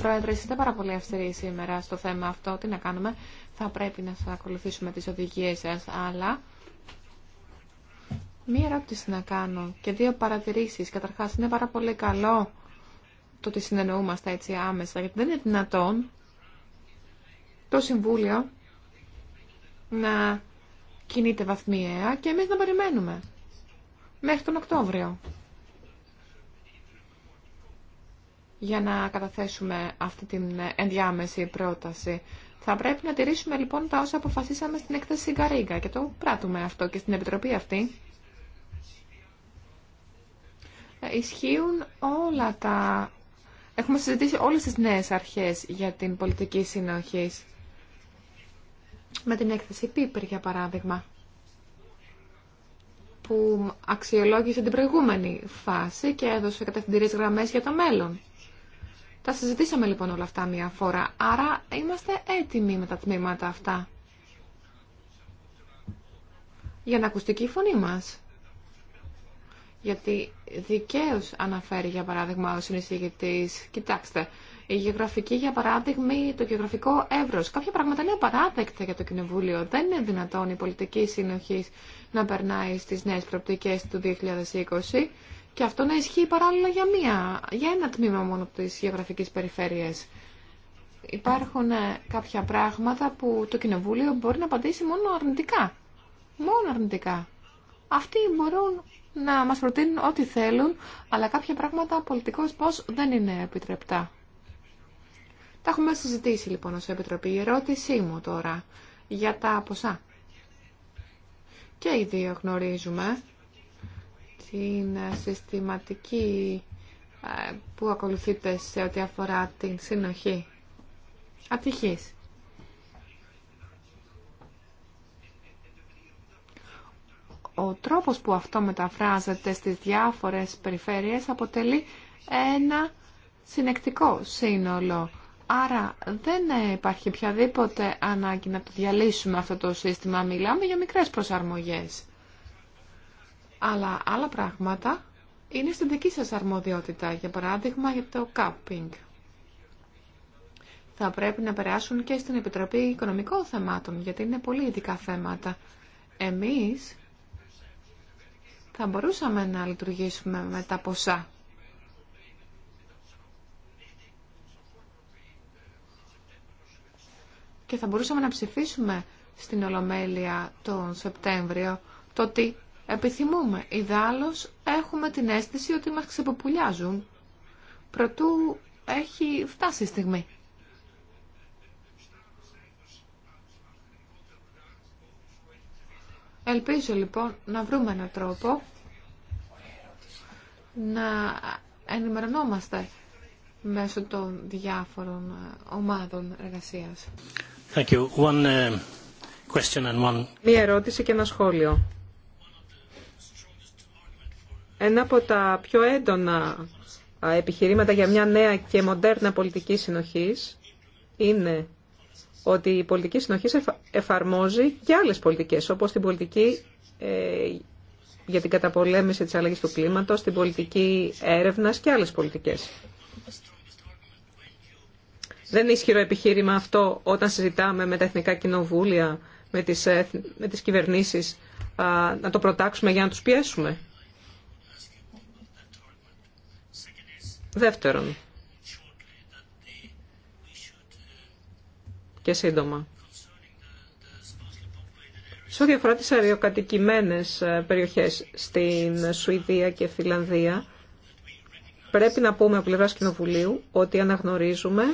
Πρόεδρε, είστε πάρα πολύ αυστηροί σήμερα στο θέμα αυτό. Τι να κάνουμε, θα πρέπει να σας ακολουθήσουμε τις οδηγίες σας, αλλά... Μία ερώτηση να κάνω και δύο παρατηρήσεις. Καταρχάς, είναι πάρα πολύ καλό το ότι συνεννοούμαστε έτσι άμεσα, γιατί δεν είναι δυνατόν το Συμβούλιο να κινείται βαθμιαία και εμείς να περιμένουμε μέχρι τον Οκτώβριο. για να καταθέσουμε αυτή την ενδιάμεση πρόταση. Θα πρέπει να τηρήσουμε λοιπόν τα όσα αποφασίσαμε στην έκθεση Γκαρίγκα και το πράττουμε αυτό και στην Επιτροπή αυτή. Ε, ισχύουν όλα τα... Έχουμε συζητήσει όλες τις νέες αρχές για την πολιτική συνοχή. Με την έκθεση Πίπερ, για παράδειγμα, που αξιολόγησε την προηγούμενη φάση και έδωσε κατευθυντηρίες γραμμές για το μέλλον. Τα συζητήσαμε λοιπόν όλα αυτά μία φορά, άρα είμαστε έτοιμοι με τα τμήματα αυτά. Για να ακουστική η φωνή μας. Γιατί δικαίω αναφέρει, για παράδειγμα, ο συνεισηγητή. Κοιτάξτε, η γεωγραφική, για παράδειγμα, το γεωγραφικό εύρο. Κάποια πράγματα είναι απαράδεκτα για το Κοινοβούλιο. Δεν είναι δυνατόν η πολιτική συνοχή να περνάει στι νέε προοπτικέ του 2020 και αυτό να ισχύει παράλληλα για, μία, για ένα τμήμα μόνο τη γεωγραφική περιφερεια. Υπάρχουν ε, κάποια πράγματα που το Κοινοβούλιο μπορεί να απαντήσει μόνο αρνητικά. Μόνο αρνητικά. Αυτοί μπορούν να μας προτείνουν ό,τι θέλουν, αλλά κάποια πράγματα πολιτικώς πώς δεν είναι επιτρεπτά. Τα έχουμε συζητήσει λοιπόν ως Επιτροπή. Η ερώτησή μου τώρα για τα ποσά. Και οι δύο γνωρίζουμε την συστηματική ε, που ακολουθείτε σε ό,τι αφορά την συνοχή. Ατυχής. Ο τρόπος που αυτό μεταφράζεται στις διάφορες περιφέρειες αποτελεί ένα συνεκτικό σύνολο. Άρα δεν υπάρχει οποιαδήποτε ανάγκη να το διαλύσουμε αυτό το σύστημα. Μιλάμε για μικρές προσαρμογές. Αλλά άλλα πράγματα είναι στην δική σας αρμοδιότητα, για παράδειγμα για το κάπινγκ. Θα πρέπει να περάσουν και στην Επιτροπή Οικονομικών Θεμάτων, γιατί είναι πολύ ειδικά θέματα. Εμείς θα μπορούσαμε να λειτουργήσουμε με τα ποσά. Και θα μπορούσαμε να ψηφίσουμε στην Ολομέλεια τον Σεπτέμβριο το τι επιθυμούμε. Ιδάλλως έχουμε την αίσθηση ότι μας ξεποπουλιάζουν. Προτού έχει φτάσει η στιγμή. Ελπίζω λοιπόν να βρούμε έναν τρόπο να ενημερωνόμαστε μέσω των διάφορων ομάδων εργασίας. Uh, Μία ερώτηση και ένα σχόλιο. Ένα από τα πιο έντονα επιχειρήματα για μια νέα και μοντέρνα πολιτική συνοχής είναι ότι η πολιτική συνοχής εφαρμόζει και άλλες πολιτικές, όπως την πολιτική ε, για την καταπολέμηση της αλλαγής του κλίματος, την πολιτική έρευνας και άλλες πολιτικές. Δεν είναι ισχυρό επιχείρημα αυτό όταν συζητάμε με τα εθνικά κοινοβούλια, με τις, με κυβερνήσεις, να το προτάξουμε για να τους πιέσουμε. Δεύτερον, και σύντομα, σε ό,τι αφορά τις ε, περιοχές στην Σουηδία και Φιλανδία, πρέπει να πούμε από πλευράς Κοινοβουλίου ότι αναγνωρίζουμε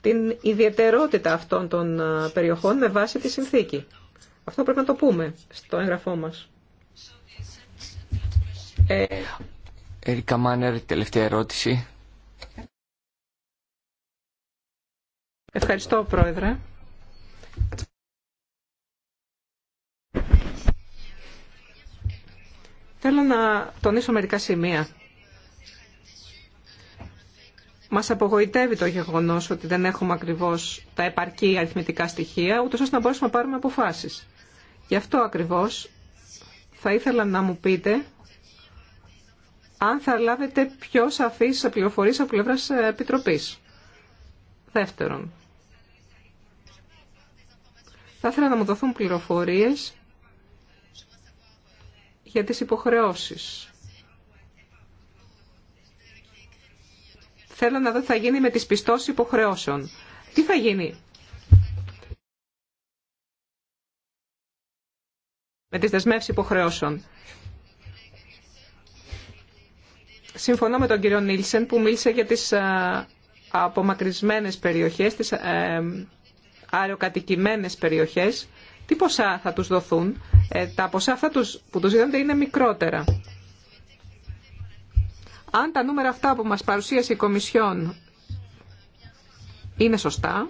την ιδιαιτερότητα αυτών των ε, περιοχών με βάση τη συνθήκη. Αυτό πρέπει να το πούμε στο έγγραφό μας. Ε, Ερικα Μάνερ, τελευταία ερώτηση. Ευχαριστώ, Πρόεδρε. Θέλω να τονίσω μερικά σημεία. Μας απογοητεύει το γεγονός ότι δεν έχουμε ακριβώς τα επαρκή αριθμητικά στοιχεία, ούτως ώστε να μπορέσουμε να πάρουμε αποφάσεις. Γι' αυτό ακριβώς θα ήθελα να μου πείτε αν θα λάβετε πιο σαφείς πληροφορίες από πλευράς Επιτροπής. Δεύτερον, θα ήθελα να μου δοθούν πληροφορίες για τις υποχρεώσεις. Θέλω να δω τι θα γίνει με τις πιστώσεις υποχρεώσεων. Τι θα γίνει με τις δεσμεύσεις υποχρεώσεων. Συμφωνώ με τον κύριο Νίλσεν που μίλησε για τις ε, απομακρυσμένες περιοχές, τις ε, αεροκατοικημένες περιοχές. Τι ποσά θα τους δοθούν. Ε, τα ποσά αυτά που τους δίνονται είναι μικρότερα. Αν τα νούμερα αυτά που μας παρουσίασε η Κομισιόν είναι σωστά,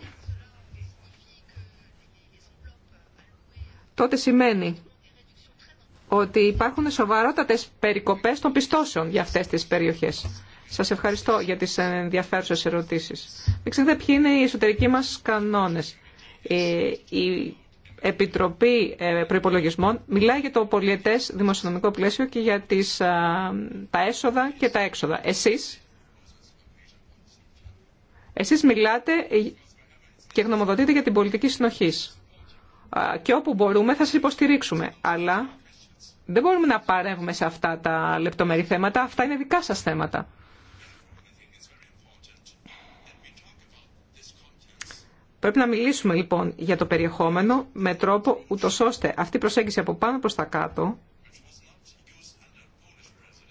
τότε σημαίνει ότι υπάρχουν σοβαρότατες περικοπές των πιστώσεων για αυτές τις περιοχές. Σας ευχαριστώ για τις ενδιαφέρουσες ερωτήσεις. Δεν ξέρετε ποιοι είναι οι εσωτερικοί μας κανόνες. Ε, η Επιτροπή ε, Προϋπολογισμών μιλάει για το πολιετές δημοσιονομικό πλαίσιο και για τις, τα έσοδα και τα έξοδα. Εσείς, εσείς μιλάτε ε, και γνωμοδοτείτε για την πολιτική συνοχής. Και όπου μπορούμε θα σας υποστηρίξουμε. Αλλά δεν μπορούμε να παρέμβουμε σε αυτά τα λεπτομερή θέματα. Αυτά είναι δικά σας θέματα. Πρέπει να μιλήσουμε λοιπόν για το περιεχόμενο με τρόπο ούτω ώστε αυτή η προσέγγιση από πάνω προς τα κάτω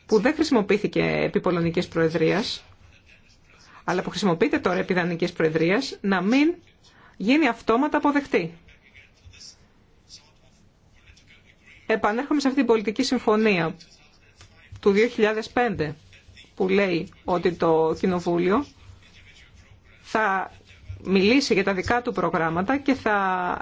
που δεν χρησιμοποιήθηκε επί Πολωνικής Προεδρίας αλλά που χρησιμοποιείται τώρα επί Δανικής Προεδρίας να μην γίνει αυτόματα αποδεκτή. επανέρχομαι σε αυτή την πολιτική συμφωνία του 2005 που λέει ότι το Κοινοβούλιο θα μιλήσει για τα δικά του προγράμματα και θα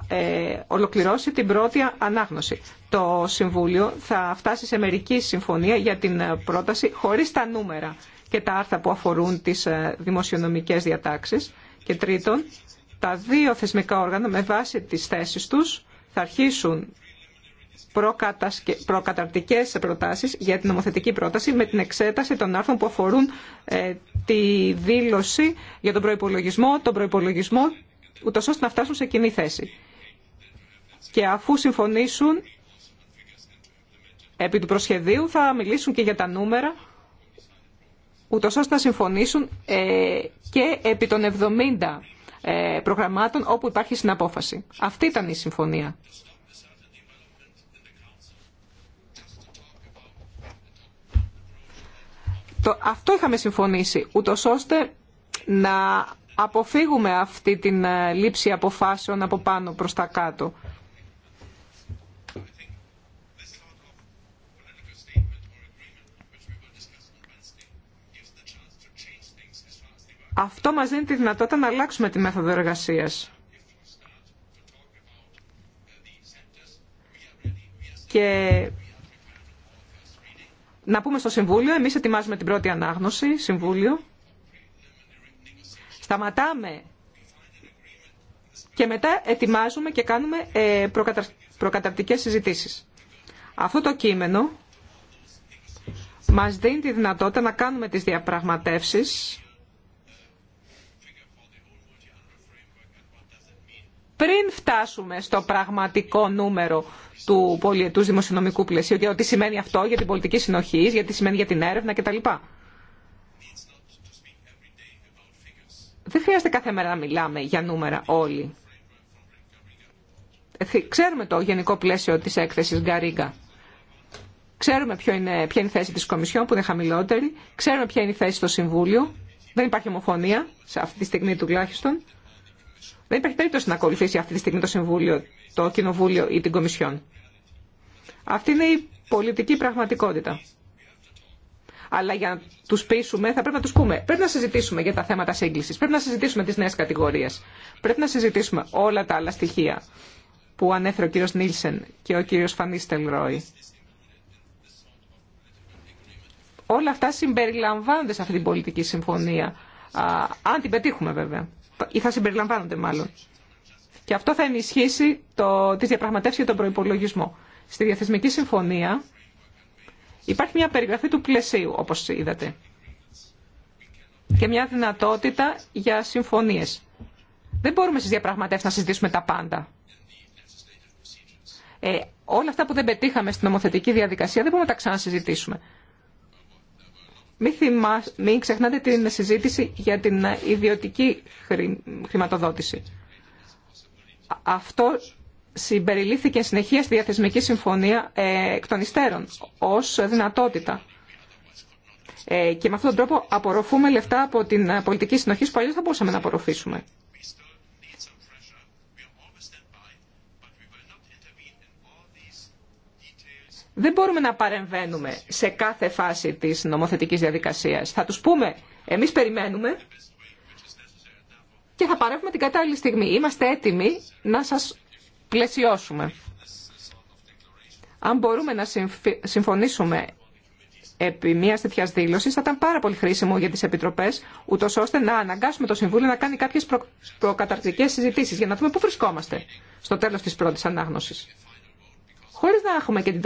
ε, ολοκληρώσει την πρώτη ανάγνωση. Το Συμβούλιο θα φτάσει σε μερική συμφωνία για την πρόταση χωρίς τα νούμερα και τα άρθρα που αφορούν τις ε, δημοσιονομικές διατάξεις. Και τρίτον, τα δύο θεσμικά όργανα με βάση τις θέσεις τους θα αρχίσουν Προκαταρτικέ προτάσεις για την νομοθετική πρόταση με την εξέταση των άρθρων που αφορούν ε, τη δήλωση για τον προπολογισμό, τον προπολογισμό ούτω ώστε να φτάσουν σε κοινή θέση. Και αφού συμφωνήσουν επί του προσχεδίου θα μιλήσουν και για τα νούμερα ούτω ώστε να συμφωνήσουν ε, και επί των 70 ε, προγραμμάτων όπου υπάρχει συναπόφαση. Αυτή ήταν η συμφωνία αυτό είχαμε συμφωνήσει, ούτω ώστε να αποφύγουμε αυτή την ε, λήψη αποφάσεων από πάνω προς τα κάτω. Αυτό μας δίνει τη δυνατότητα να αλλάξουμε τη μέθοδο εργασίας. Και να πούμε στο Συμβούλιο, εμείς ετοιμάζουμε την πρώτη ανάγνωση, Συμβούλιο. Σταματάμε και μετά ετοιμάζουμε και κάνουμε ε, προκαταρ... προκαταρτικές συζητήσεις. Αυτό το κείμενο μας δίνει τη δυνατότητα να κάνουμε τις διαπραγματεύσεις πριν φτάσουμε στο πραγματικό νούμερο του πολιετούς δημοσιονομικού πλαισίου και τι σημαίνει αυτό για την πολιτική συνοχή, για σημαίνει για την έρευνα κτλ. Δεν χρειάζεται κάθε μέρα να μιλάμε για νούμερα όλοι. Ξέρουμε το γενικό πλαίσιο της έκθεσης Γκαρίγκα. Ξέρουμε ποιο είναι, ποια είναι η θέση της Κομισιόν που είναι χαμηλότερη. Ξέρουμε ποια είναι η θέση στο Συμβούλιο. Δεν υπάρχει ομοφωνία, σε αυτή τη στιγμή τουλάχιστον. Δεν υπάρχει περίπτωση να ακολουθήσει αυτή τη στιγμή το Συμβούλιο, το Κοινοβούλιο ή την Κομισιόν. Αυτή είναι η πολιτική πραγματικότητα. Αλλά για να του πείσουμε θα πρέπει να του πούμε. Πρέπει να συζητήσουμε για τα θέματα σύγκληση. Πρέπει να συζητήσουμε τι νέε κατηγορίε. Πρέπει να συζητήσουμε όλα τα άλλα στοιχεία που ανέφερε ο κύριο Νίλσεν και ο κύριο Φανίστελ Ρόι. Όλα αυτά συμπεριλαμβάνονται σε αυτή την πολιτική συμφωνία. αν την πετύχουμε βέβαια ή θα συμπεριλαμβάνονται μάλλον. Και αυτό θα ενισχύσει το, τις διαπραγματεύσεις για τον προϋπολογισμό. Στη Διαθεσμική Συμφωνία υπάρχει μια περιγραφή του πλαισίου, όπως είδατε, και μια δυνατότητα για συμφωνίες. Δεν μπορούμε στις διαπραγματεύσεις να συζητήσουμε τα πάντα. Ε, όλα αυτά που δεν πετύχαμε στην νομοθετική διαδικασία δεν μπορούμε να τα ξανασυζητήσουμε. Μην, ξεχνάτε την συζήτηση για την ιδιωτική χρηματοδότηση. Αυτό συμπεριλήφθηκε συνεχεία στη διαθεσμική συμφωνία ε, εκ των υστέρων ως δυνατότητα. Ε, και με αυτόν τον τρόπο απορροφούμε λεφτά από την πολιτική συνοχή που αλλιώς θα μπορούσαμε να απορροφήσουμε. δεν μπορούμε να παρεμβαίνουμε σε κάθε φάση της νομοθετικής διαδικασίας. Θα τους πούμε, εμείς περιμένουμε και θα παρέμβουμε την κατάλληλη στιγμή. Είμαστε έτοιμοι να σας πλαισιώσουμε. Αν μπορούμε να συμφωνήσουμε επί μια τέτοια δήλωση, θα ήταν πάρα πολύ χρήσιμο για τι επιτροπέ, ούτω ώστε να αναγκάσουμε το Συμβούλιο να κάνει κάποιε προ... προκαταρκτικέ συζητήσει για να δούμε πού βρισκόμαστε στο τέλο τη πρώτη ανάγνωση χωρί να έχουμε και την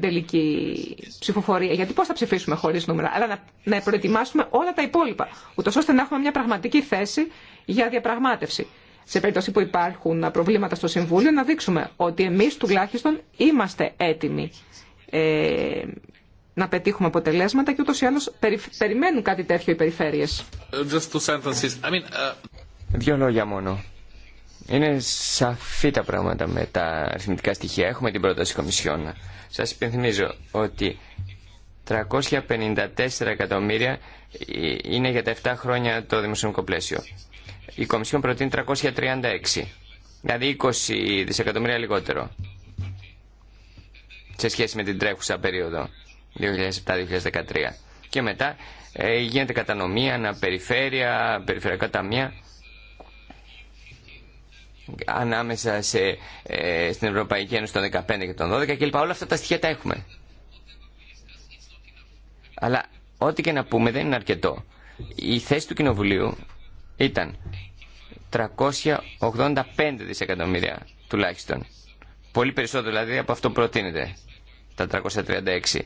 τελική, την ψηφοφορία. Γιατί πώ θα ψηφίσουμε χωρί νούμερα, αλλά να, να προετοιμάσουμε όλα τα υπόλοιπα, ούτω ώστε να έχουμε μια πραγματική θέση για διαπραγμάτευση. Σε περίπτωση που υπάρχουν προβλήματα στο Συμβούλιο, να δείξουμε ότι εμεί τουλάχιστον είμαστε έτοιμοι ε, να πετύχουμε αποτελέσματα και ούτω ή άλλω περιμένουν κάτι τέτοιο οι περιφέρειε. Uh, Δύο λόγια μόνο. Είναι σαφή τα πράγματα με τα αριθμητικά στοιχεία. Έχουμε την πρόταση Κομισιόν. Σα υπενθυμίζω ότι 354 εκατομμύρια είναι για τα 7 χρόνια το δημοσιονομικό πλαίσιο. Η Κομισιόν προτείνει 336, δηλαδή 20 δισεκατομμύρια λιγότερο σε σχέση με την τρέχουσα περίοδο 2007-2013. Και μετά ε, γίνεται κατανομή, αναπεριφέρεια, περιφερειακά ταμεία ανάμεσα σε, ε, στην Ευρωπαϊκή Ένωση των 15 και των 12 κλπ. Όλα αυτά τα στοιχεία τα έχουμε. Αλλά ό,τι και να πούμε δεν είναι αρκετό. Η θέση του Κοινοβουλίου ήταν 385 δισεκατομμύρια τουλάχιστον. Πολύ περισσότερο δηλαδή από αυτό που προτείνεται, τα 336.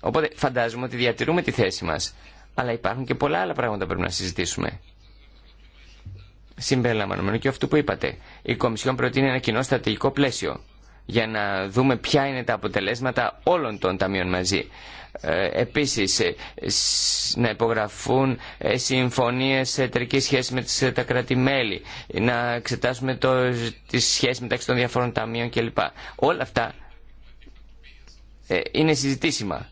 Οπότε φαντάζομαι ότι διατηρούμε τη θέση μας. Αλλά υπάρχουν και πολλά άλλα πράγματα που πρέπει να συζητήσουμε συμπεριλαμβανομένου και αυτού που είπατε. Η Κομισιόν προτείνει ένα κοινό στρατηγικό πλαίσιο για να δούμε ποια είναι τα αποτελέσματα όλων των ταμείων μαζί. Ε, επίσης, ε, να υπογραφούν ε, συμφωνίες εταιρική σχέση με τις, ε, τα κράτη-μέλη, να εξετάσουμε το, τις σχέσεις μεταξύ των διαφόρων ταμείων κλπ. Όλα αυτά είναι συζητήσιμα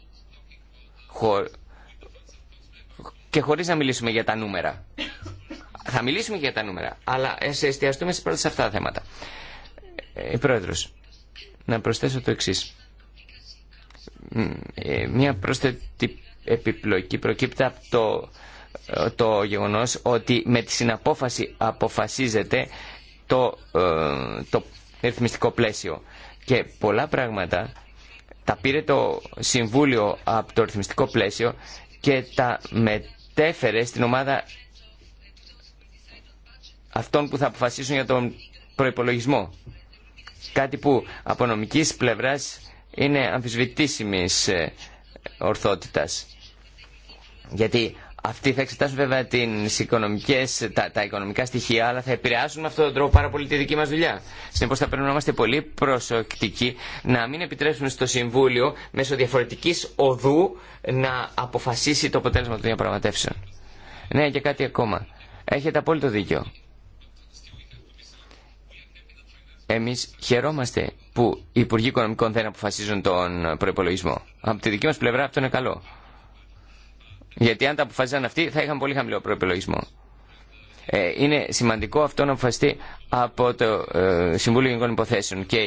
και χωρίς να μιλήσουμε για τα νούμερα. Θα μιλήσουμε για τα νούμερα, αλλά εστιαστούμε σε πρώτα σε αυτά τα θέματα. Ε, πρόεδρος, να προσθέσω το εξής. Ε, μια πρόσθετη επιπλοκή προκύπτει από το, το γεγονός ότι με τη συναπόφαση αποφασίζεται το, ε, το ρυθμιστικό πλαίσιο. Και πολλά πράγματα τα πήρε το Συμβούλιο από το ρυθμιστικό πλαίσιο και τα μετέφερε στην ομάδα αυτών που θα αποφασίσουν για τον προϋπολογισμό. Κάτι που από νομικής πλευράς είναι αμφισβητήσιμης ε, ορθότητας. Γιατί αυτοί θα εξετάσουν βέβαια τις οικονομικές, τα, οικονομικά στοιχεία, αλλά θα επηρεάσουν με αυτόν τον τρόπο πάρα πολύ τη δική μας δουλειά. Συνεπώ θα πρέπει να είμαστε πολύ προσεκτικοί να μην επιτρέψουμε στο Συμβούλιο μέσω διαφορετικής οδού να αποφασίσει το αποτέλεσμα των διαπραγματεύσεων. Ναι, και κάτι ακόμα. Έχετε απόλυτο δίκιο. Εμεί χαιρόμαστε που οι Υπουργοί Οικονομικών δεν αποφασίζουν τον προπολογισμό. Από τη δική μα πλευρά αυτό είναι καλό. Γιατί αν τα αποφασίζαν αυτοί θα είχαν πολύ χαμηλό προπολογισμό. Ε, είναι σημαντικό αυτό να αποφασιστεί από το ε, Συμβούλιο Γενικών Υποθέσεων και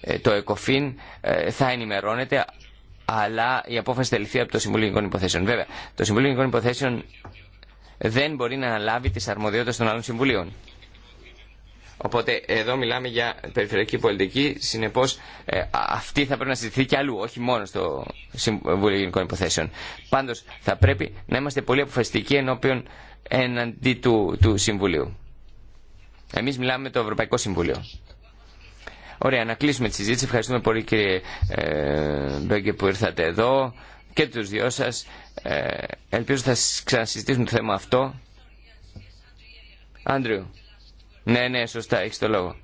ε, το ΕΚΟΦΗΝ θα ενημερώνεται αλλά η απόφαση θα ληφθεί από το Συμβούλιο Γενικών Υποθέσεων. Βέβαια, το Συμβούλιο Γενικών Υποθέσεων δεν μπορεί να αναλάβει τι αρμοδιότητε των άλλων συμβουλίων. Οπότε εδώ μιλάμε για περιφερειακή πολιτική, Συνεπώ ε, αυτή θα πρέπει να συζητηθεί και αλλού, όχι μόνο στο Συμβούλιο Γενικών Υποθέσεων. Πάντω θα πρέπει να είμαστε πολύ αποφασιστικοί ενώπιον εναντί του, του Συμβουλίου. Εμεί μιλάμε με το Ευρωπαϊκό Συμβούλιο. Ωραία, να κλείσουμε τη συζήτηση. Ευχαριστούμε πολύ κύριε ε, Μπέγκε που ήρθατε εδώ και τους δυο σας. Ε, ελπίζω θα ξανασυζητήσουμε το θέμα αυτό. Άντριου. Ναι, ναι, σωστά, έχει το λόγο.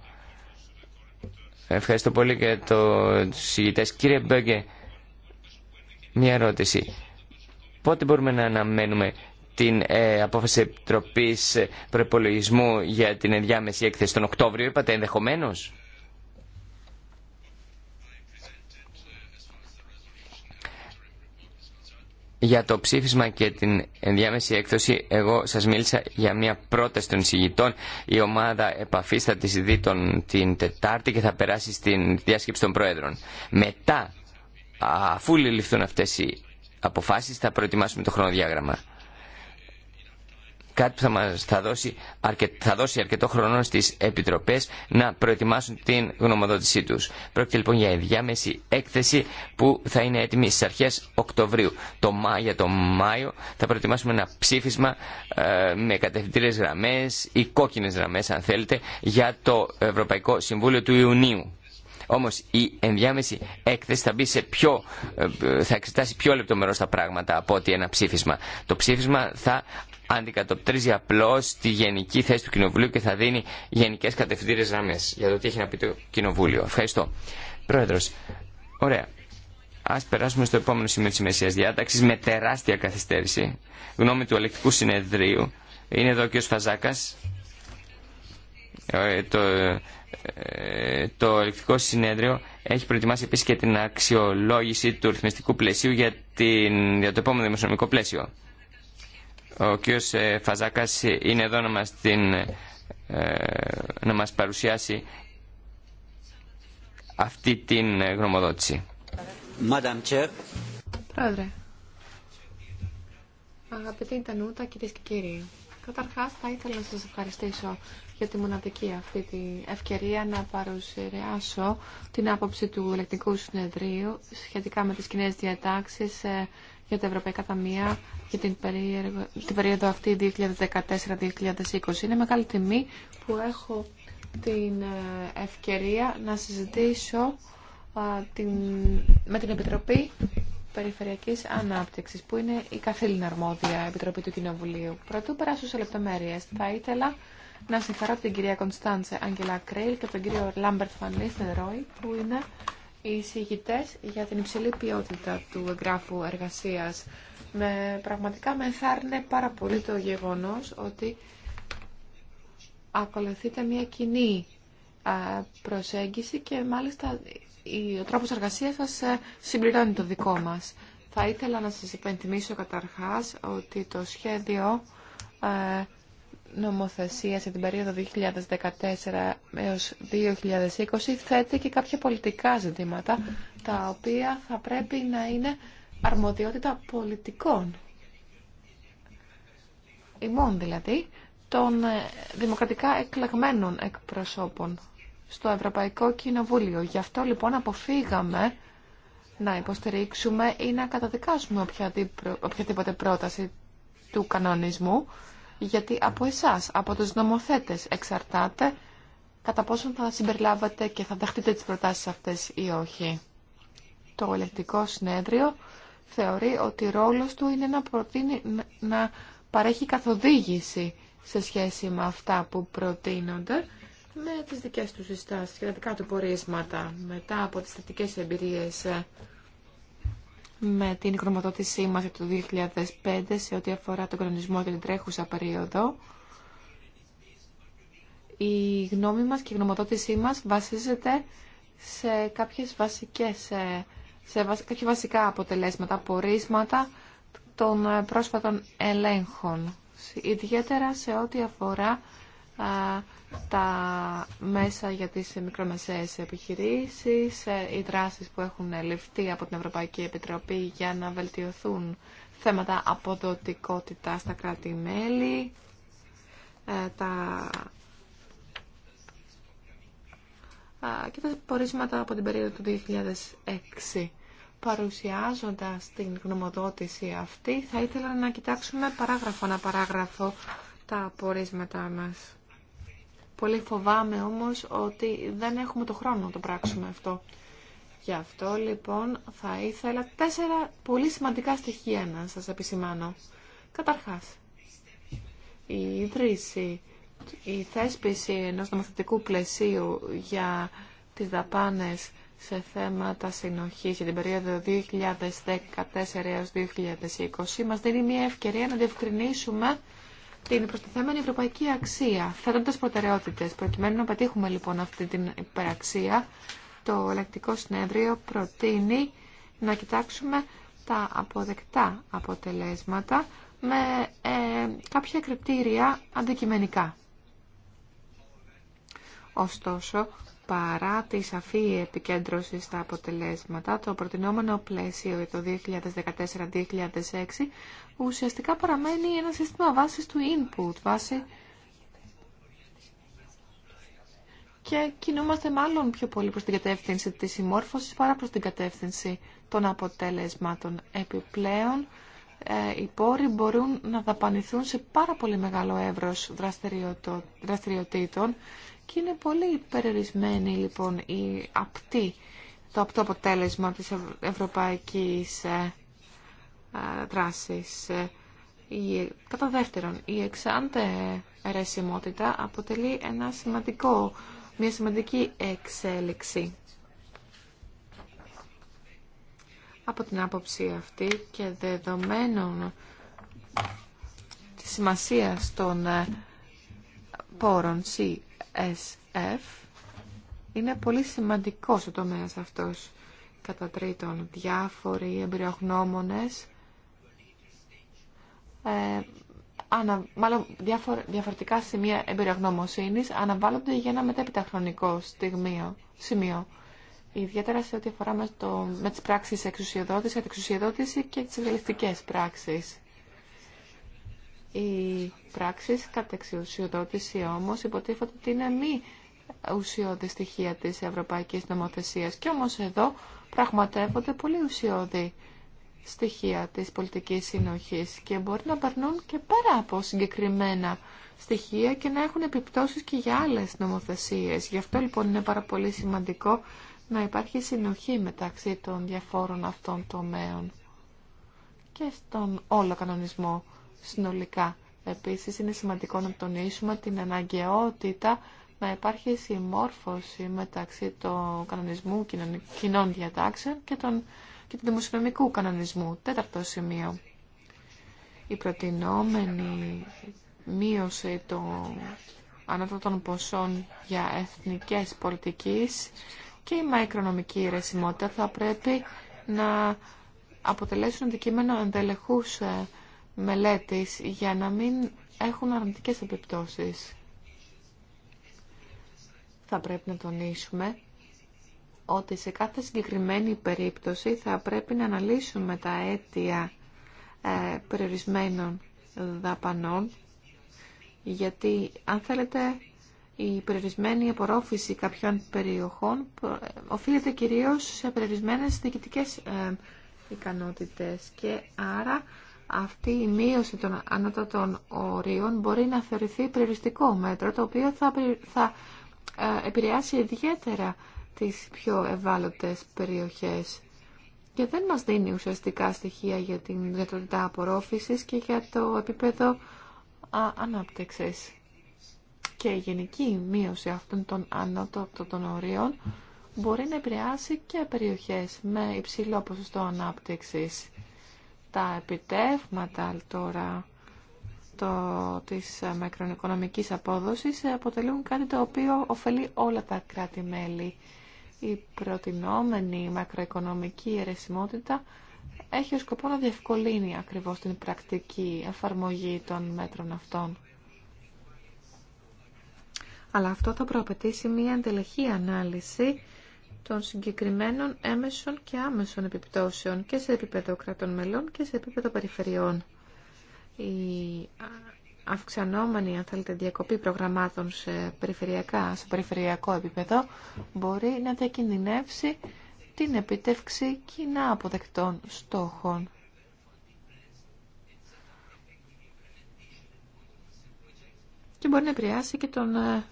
Ευχαριστώ πολύ και το συγγητέ. Κύριε Μπέγκε, μια ερώτηση. Πότε μπορούμε να αναμένουμε την ε, απόφαση Επιτροπής Προπολογισμού για την ενδιάμεση έκθεση τον Οκτώβριο, είπατε ενδεχομένω. Για το ψήφισμα και την ενδιάμεση έκδοση, εγώ σας μίλησα για μια πρόταση των εισηγητών. Η ομάδα επαφής θα τη δει την Τετάρτη και θα περάσει στην διάσκεψη των Πρόεδρων. Μετά, αφού ληφθούν αυτές οι αποφάσεις, θα προετοιμάσουμε το χρονοδιάγραμμα κάτι που θα, μας, θα, δώσει, αρκετό χρόνο στις επιτροπές να προετοιμάσουν την γνωμοδότησή τους. Πρόκειται λοιπόν για ενδιάμεση έκθεση που θα είναι έτοιμη στις αρχές Οκτωβρίου. Το, για το Μάιο θα προετοιμάσουμε ένα ψήφισμα ε, με κατευθυντήρες γραμμές ή κόκκινες γραμμές αν θέλετε για το Ευρωπαϊκό Συμβούλιο του Ιουνίου. Όμω η ενδιάμεση έκθεση θα, μπει πιο, ε, θα εξετάσει πιο λεπτομερώς τα πράγματα από ότι ένα ψήφισμα. Το ψήφισμα θα αντικατοπτρίζει απλώ τη γενική θέση του Κοινοβουλίου και θα δίνει γενικέ κατευθυντήρε γραμμέ για το τι έχει να πει το Κοινοβούλιο. Ευχαριστώ. Πρόεδρο, ωραία. Α περάσουμε στο επόμενο σημείο τη ημερησία διάταξη με τεράστια καθυστέρηση. Γνώμη του Ελεκτικού Συνεδρίου. Είναι εδώ ο κ. Φαζάκα. Ε, το, ε, το Ελεκτικό Συνέδριο έχει προετοιμάσει επίση και την αξιολόγηση του ρυθμιστικού πλαισίου για, την, για το επόμενο δημοσιονομικό πλαίσιο. Ο κ. Ε, Φαζάκας είναι εδώ να μας, την, ε, να μας παρουσιάσει αυτή την ε, γνωμοδότηση. Πρόεδρε, αγαπητή Τανούτα, κυρίες και κύριοι, καταρχάς θα ήθελα να σας ευχαριστήσω για τη μοναδική αυτή τη ευκαιρία να παρουσιάσω την άποψη του ελεκτικού συνεδρίου σχετικά με τις κοινέ διατάξεις για τα Ευρωπαϊκά Ταμεία για την, περίοδο αυτή 2014-2020. Είναι μεγάλη τιμή που έχω την ε, ευκαιρία να συζητήσω την, με την Επιτροπή Περιφερειακής Ανάπτυξης, που είναι η καθήλυνα αρμόδια Επιτροπή του Κοινοβουλίου. Πρωτού περάσω σε λεπτομέρειες, θα ήθελα να συγχαρώ την κυρία Κωνσταντσε Αγγελά Κρέιλ και τον κύριο Λάμπερτ Φανίστε Ρόι, που είναι οι εισηγητέ για την υψηλή ποιότητα του εγγράφου εργασίας. Με, πραγματικά με ενθάρρυνε πάρα πολύ το γεγονός ότι ακολουθείται μια κοινή προσέγγιση και μάλιστα ο τρόπος εργασία σας ε, συμπληρώνει το δικό μας. Θα ήθελα να σας υπενθυμίσω καταρχάς ότι το σχέδιο ε, νομοθεσία σε την περίοδο 2014 έως 2020 θέτει και κάποια πολιτικά ζητήματα τα οποία θα πρέπει να είναι αρμοδιότητα πολιτικών. Ημών δηλαδή των ε, δημοκρατικά εκλεγμένων εκπροσώπων στο Ευρωπαϊκό Κοινοβούλιο. Γι' αυτό λοιπόν αποφύγαμε να υποστηρίξουμε ή να καταδικάσουμε οποιαδήποτε πρόταση του κανονισμού γιατί από εσάς, από τους νομοθέτες εξαρτάται κατά πόσον θα συμπεριλάβετε και θα δεχτείτε τις προτάσεις αυτές ή όχι. Το ελεκτικό συνέδριο θεωρεί ότι ρόλος του είναι να να παρέχει καθοδήγηση σε σχέση με αυτά που προτείνονται με τις δικές του συστάσεις και τα δικά του πορίσματα μετά από τις θετικές εμπειρίες με την γνωμοδότησή μας από το 2005 σε ό,τι αφορά τον κανονισμό και την τρέχουσα περίοδο. Η γνώμη μας και η γνωμοδότησή μας βασίζεται σε κάποιες βασικές, ε, σε κάποια βασικά αποτελέσματα, απορίσματα των ε, πρόσφατων ελέγχων, ιδιαίτερα σε ό,τι αφορά τα μέσα για τις μικρομεσαίες επιχειρήσεις, ε, οι δράσεις που έχουν ληφθεί από την Ευρωπαϊκή Επιτροπή για να βελτιωθούν θέματα αποδοτικότητα στα κράτη-μέλη, ε, τα... και τα πορίσματα από την περίοδο του 2006. Παρουσιάζοντας την γνωμοδότηση αυτή, θα ήθελα να κοιτάξουμε παράγραφο παράγραφο τα πορίσματά μας. Πολύ φοβάμαι όμως ότι δεν έχουμε το χρόνο να το πράξουμε αυτό. Γι' αυτό λοιπόν θα ήθελα τέσσερα πολύ σημαντικά στοιχεία να σας επισημάνω. Καταρχάς, η ίδρυση, η θέσπιση ενός νομοθετικού πλαισίου για τις δαπάνες σε θέματα συνοχής για την περίοδο 2014 2020 μας δίνει μια ευκαιρία να διευκρινίσουμε την προστιθέμενη ευρωπαϊκή αξία, θέτοντας προτεραιότητες. Προκειμένου να πετύχουμε λοιπόν αυτή την υπεραξία, το ελεκτικό συνέδριο προτείνει να κοιτάξουμε τα αποδεκτά αποτελέσματα με ε, κάποια κριτήρια αντικειμενικά. Ωστόσο, Παρά τη σαφή επικέντρωση στα αποτελέσματα, το προτινόμενο πλαίσιο για το 2014-2006 ουσιαστικά παραμένει ένα σύστημα βάσης του input, βάση και κινούμαστε μάλλον πιο πολύ προς την κατεύθυνση της συμμόρφωσης παρά προς την κατεύθυνση των αποτελεσμάτων. Επιπλέον, ε, οι πόροι μπορούν να δαπανηθούν σε πάρα πολύ μεγάλο εύρος δραστηριοτήτων και είναι πολύ περιορισμένη λοιπόν η απτή, το απτό αποτέλεσμα της ευρωπαϊκής ε, ε, δράσης. Ε, η, κατά δεύτερον, η εξάντε αιρεσιμότητα αποτελεί ένα σημαντικό, μια σημαντική εξέλιξη. Από την άποψη αυτή και δεδομένων της σημασίας των πόρων C SF είναι πολύ σημαντικός ο τομέας αυτός. Κατά τρίτον, διάφοροι εμπειρογνώμονε, ε, ανα, μάλλον διαφορετικά σημεία εμπειρογνωμοσύνης αναβάλλονται για ένα μετέπειτα χρονικό στιγμίο, σημείο. Ιδιαίτερα σε ό,τι αφορά με, το, με τις πράξεις εξουσιοδότηση, εξουσιοδότηση και τις ελευθερικές πράξεις. Οι πράξεις κατά εξουσιοδότηση όμως υποτίθεται ότι είναι μη ουσιώδη στοιχεία της ευρωπαϊκή νομοθεσία. και όμω εδώ πραγματεύονται πολύ ουσιώδη στοιχεία τη πολιτική συνοχή και μπορεί να περνούν και πέρα από συγκεκριμένα στοιχεία και να έχουν επιπτώσεις και για άλλες νομοθεσίες. Γι' αυτό λοιπόν είναι πάρα πολύ σημαντικό να υπάρχει συνοχή μεταξύ των διαφόρων αυτών τομέων και στον όλο κανονισμό συνολικά. Επίσης είναι σημαντικό να τονίσουμε την αναγκαιότητα να υπάρχει συμμόρφωση μεταξύ του κανονισμού κοινών διατάξεων και, τον, και του δημοσιονομικού κανονισμού. Τέταρτο σημείο. Η προτινόμενη μείωση των ανώτατων ποσών για εθνικές πολιτικής και η μακρονομική ρεσιμότητα θα πρέπει να αποτελέσουν αντικείμενο εντελεχούς ε, μελέτης για να μην έχουν αρνητικές επιπτώσεις. Θα πρέπει να τονίσουμε ότι σε κάθε συγκεκριμένη περίπτωση θα πρέπει να αναλύσουμε τα αίτια ε, περιορισμένων δαπανών γιατί αν θέλετε η περιορισμένη απορρόφηση κάποιων περιοχών ε, οφείλεται κυρίως σε περιορισμένες διοικητικές ε, ικανότητες και άρα αυτή η μείωση των ανώτατων ορίων μπορεί να θεωρηθεί περιοριστικό μέτρο, το οποίο θα, θα ε, επηρεάσει ιδιαίτερα τις πιο ευάλωτες περιοχές και δεν μας δίνει ουσιαστικά στοιχεία για την δυνατότητα απορρόφησης και για το επίπεδο ανάπτυξης. Και η γενική μείωση αυτών των ανώτατων ορίων μπορεί να επηρεάσει και περιοχές με υψηλό ποσοστό ανάπτυξης τα επιτεύγματα τώρα το, της ε, μακροοικονομικής απόδοσης ε, αποτελούν κάτι το οποίο ωφελεί όλα τα κράτη-μέλη. Η προτινόμενη μακροοικονομική αιρεσιμότητα έχει ως σκοπό να διευκολύνει ακριβώς την πρακτική εφαρμογή των μέτρων αυτών. Αλλά αυτό θα προαπαιτήσει μια εντελεχή ανάλυση των συγκεκριμένων έμεσων και άμεσων επιπτώσεων και σε επίπεδο κρατών μελών και σε επίπεδο περιφερειών. Η αυξανόμενη, αν θέλετε, διακοπή προγραμμάτων σε, περιφερειακά, σε περιφερειακό επίπεδο μπορεί να διακινδυνεύσει την επίτευξη κοινά αποδεκτών στόχων. Και μπορεί να επηρεάσει και τον, ε,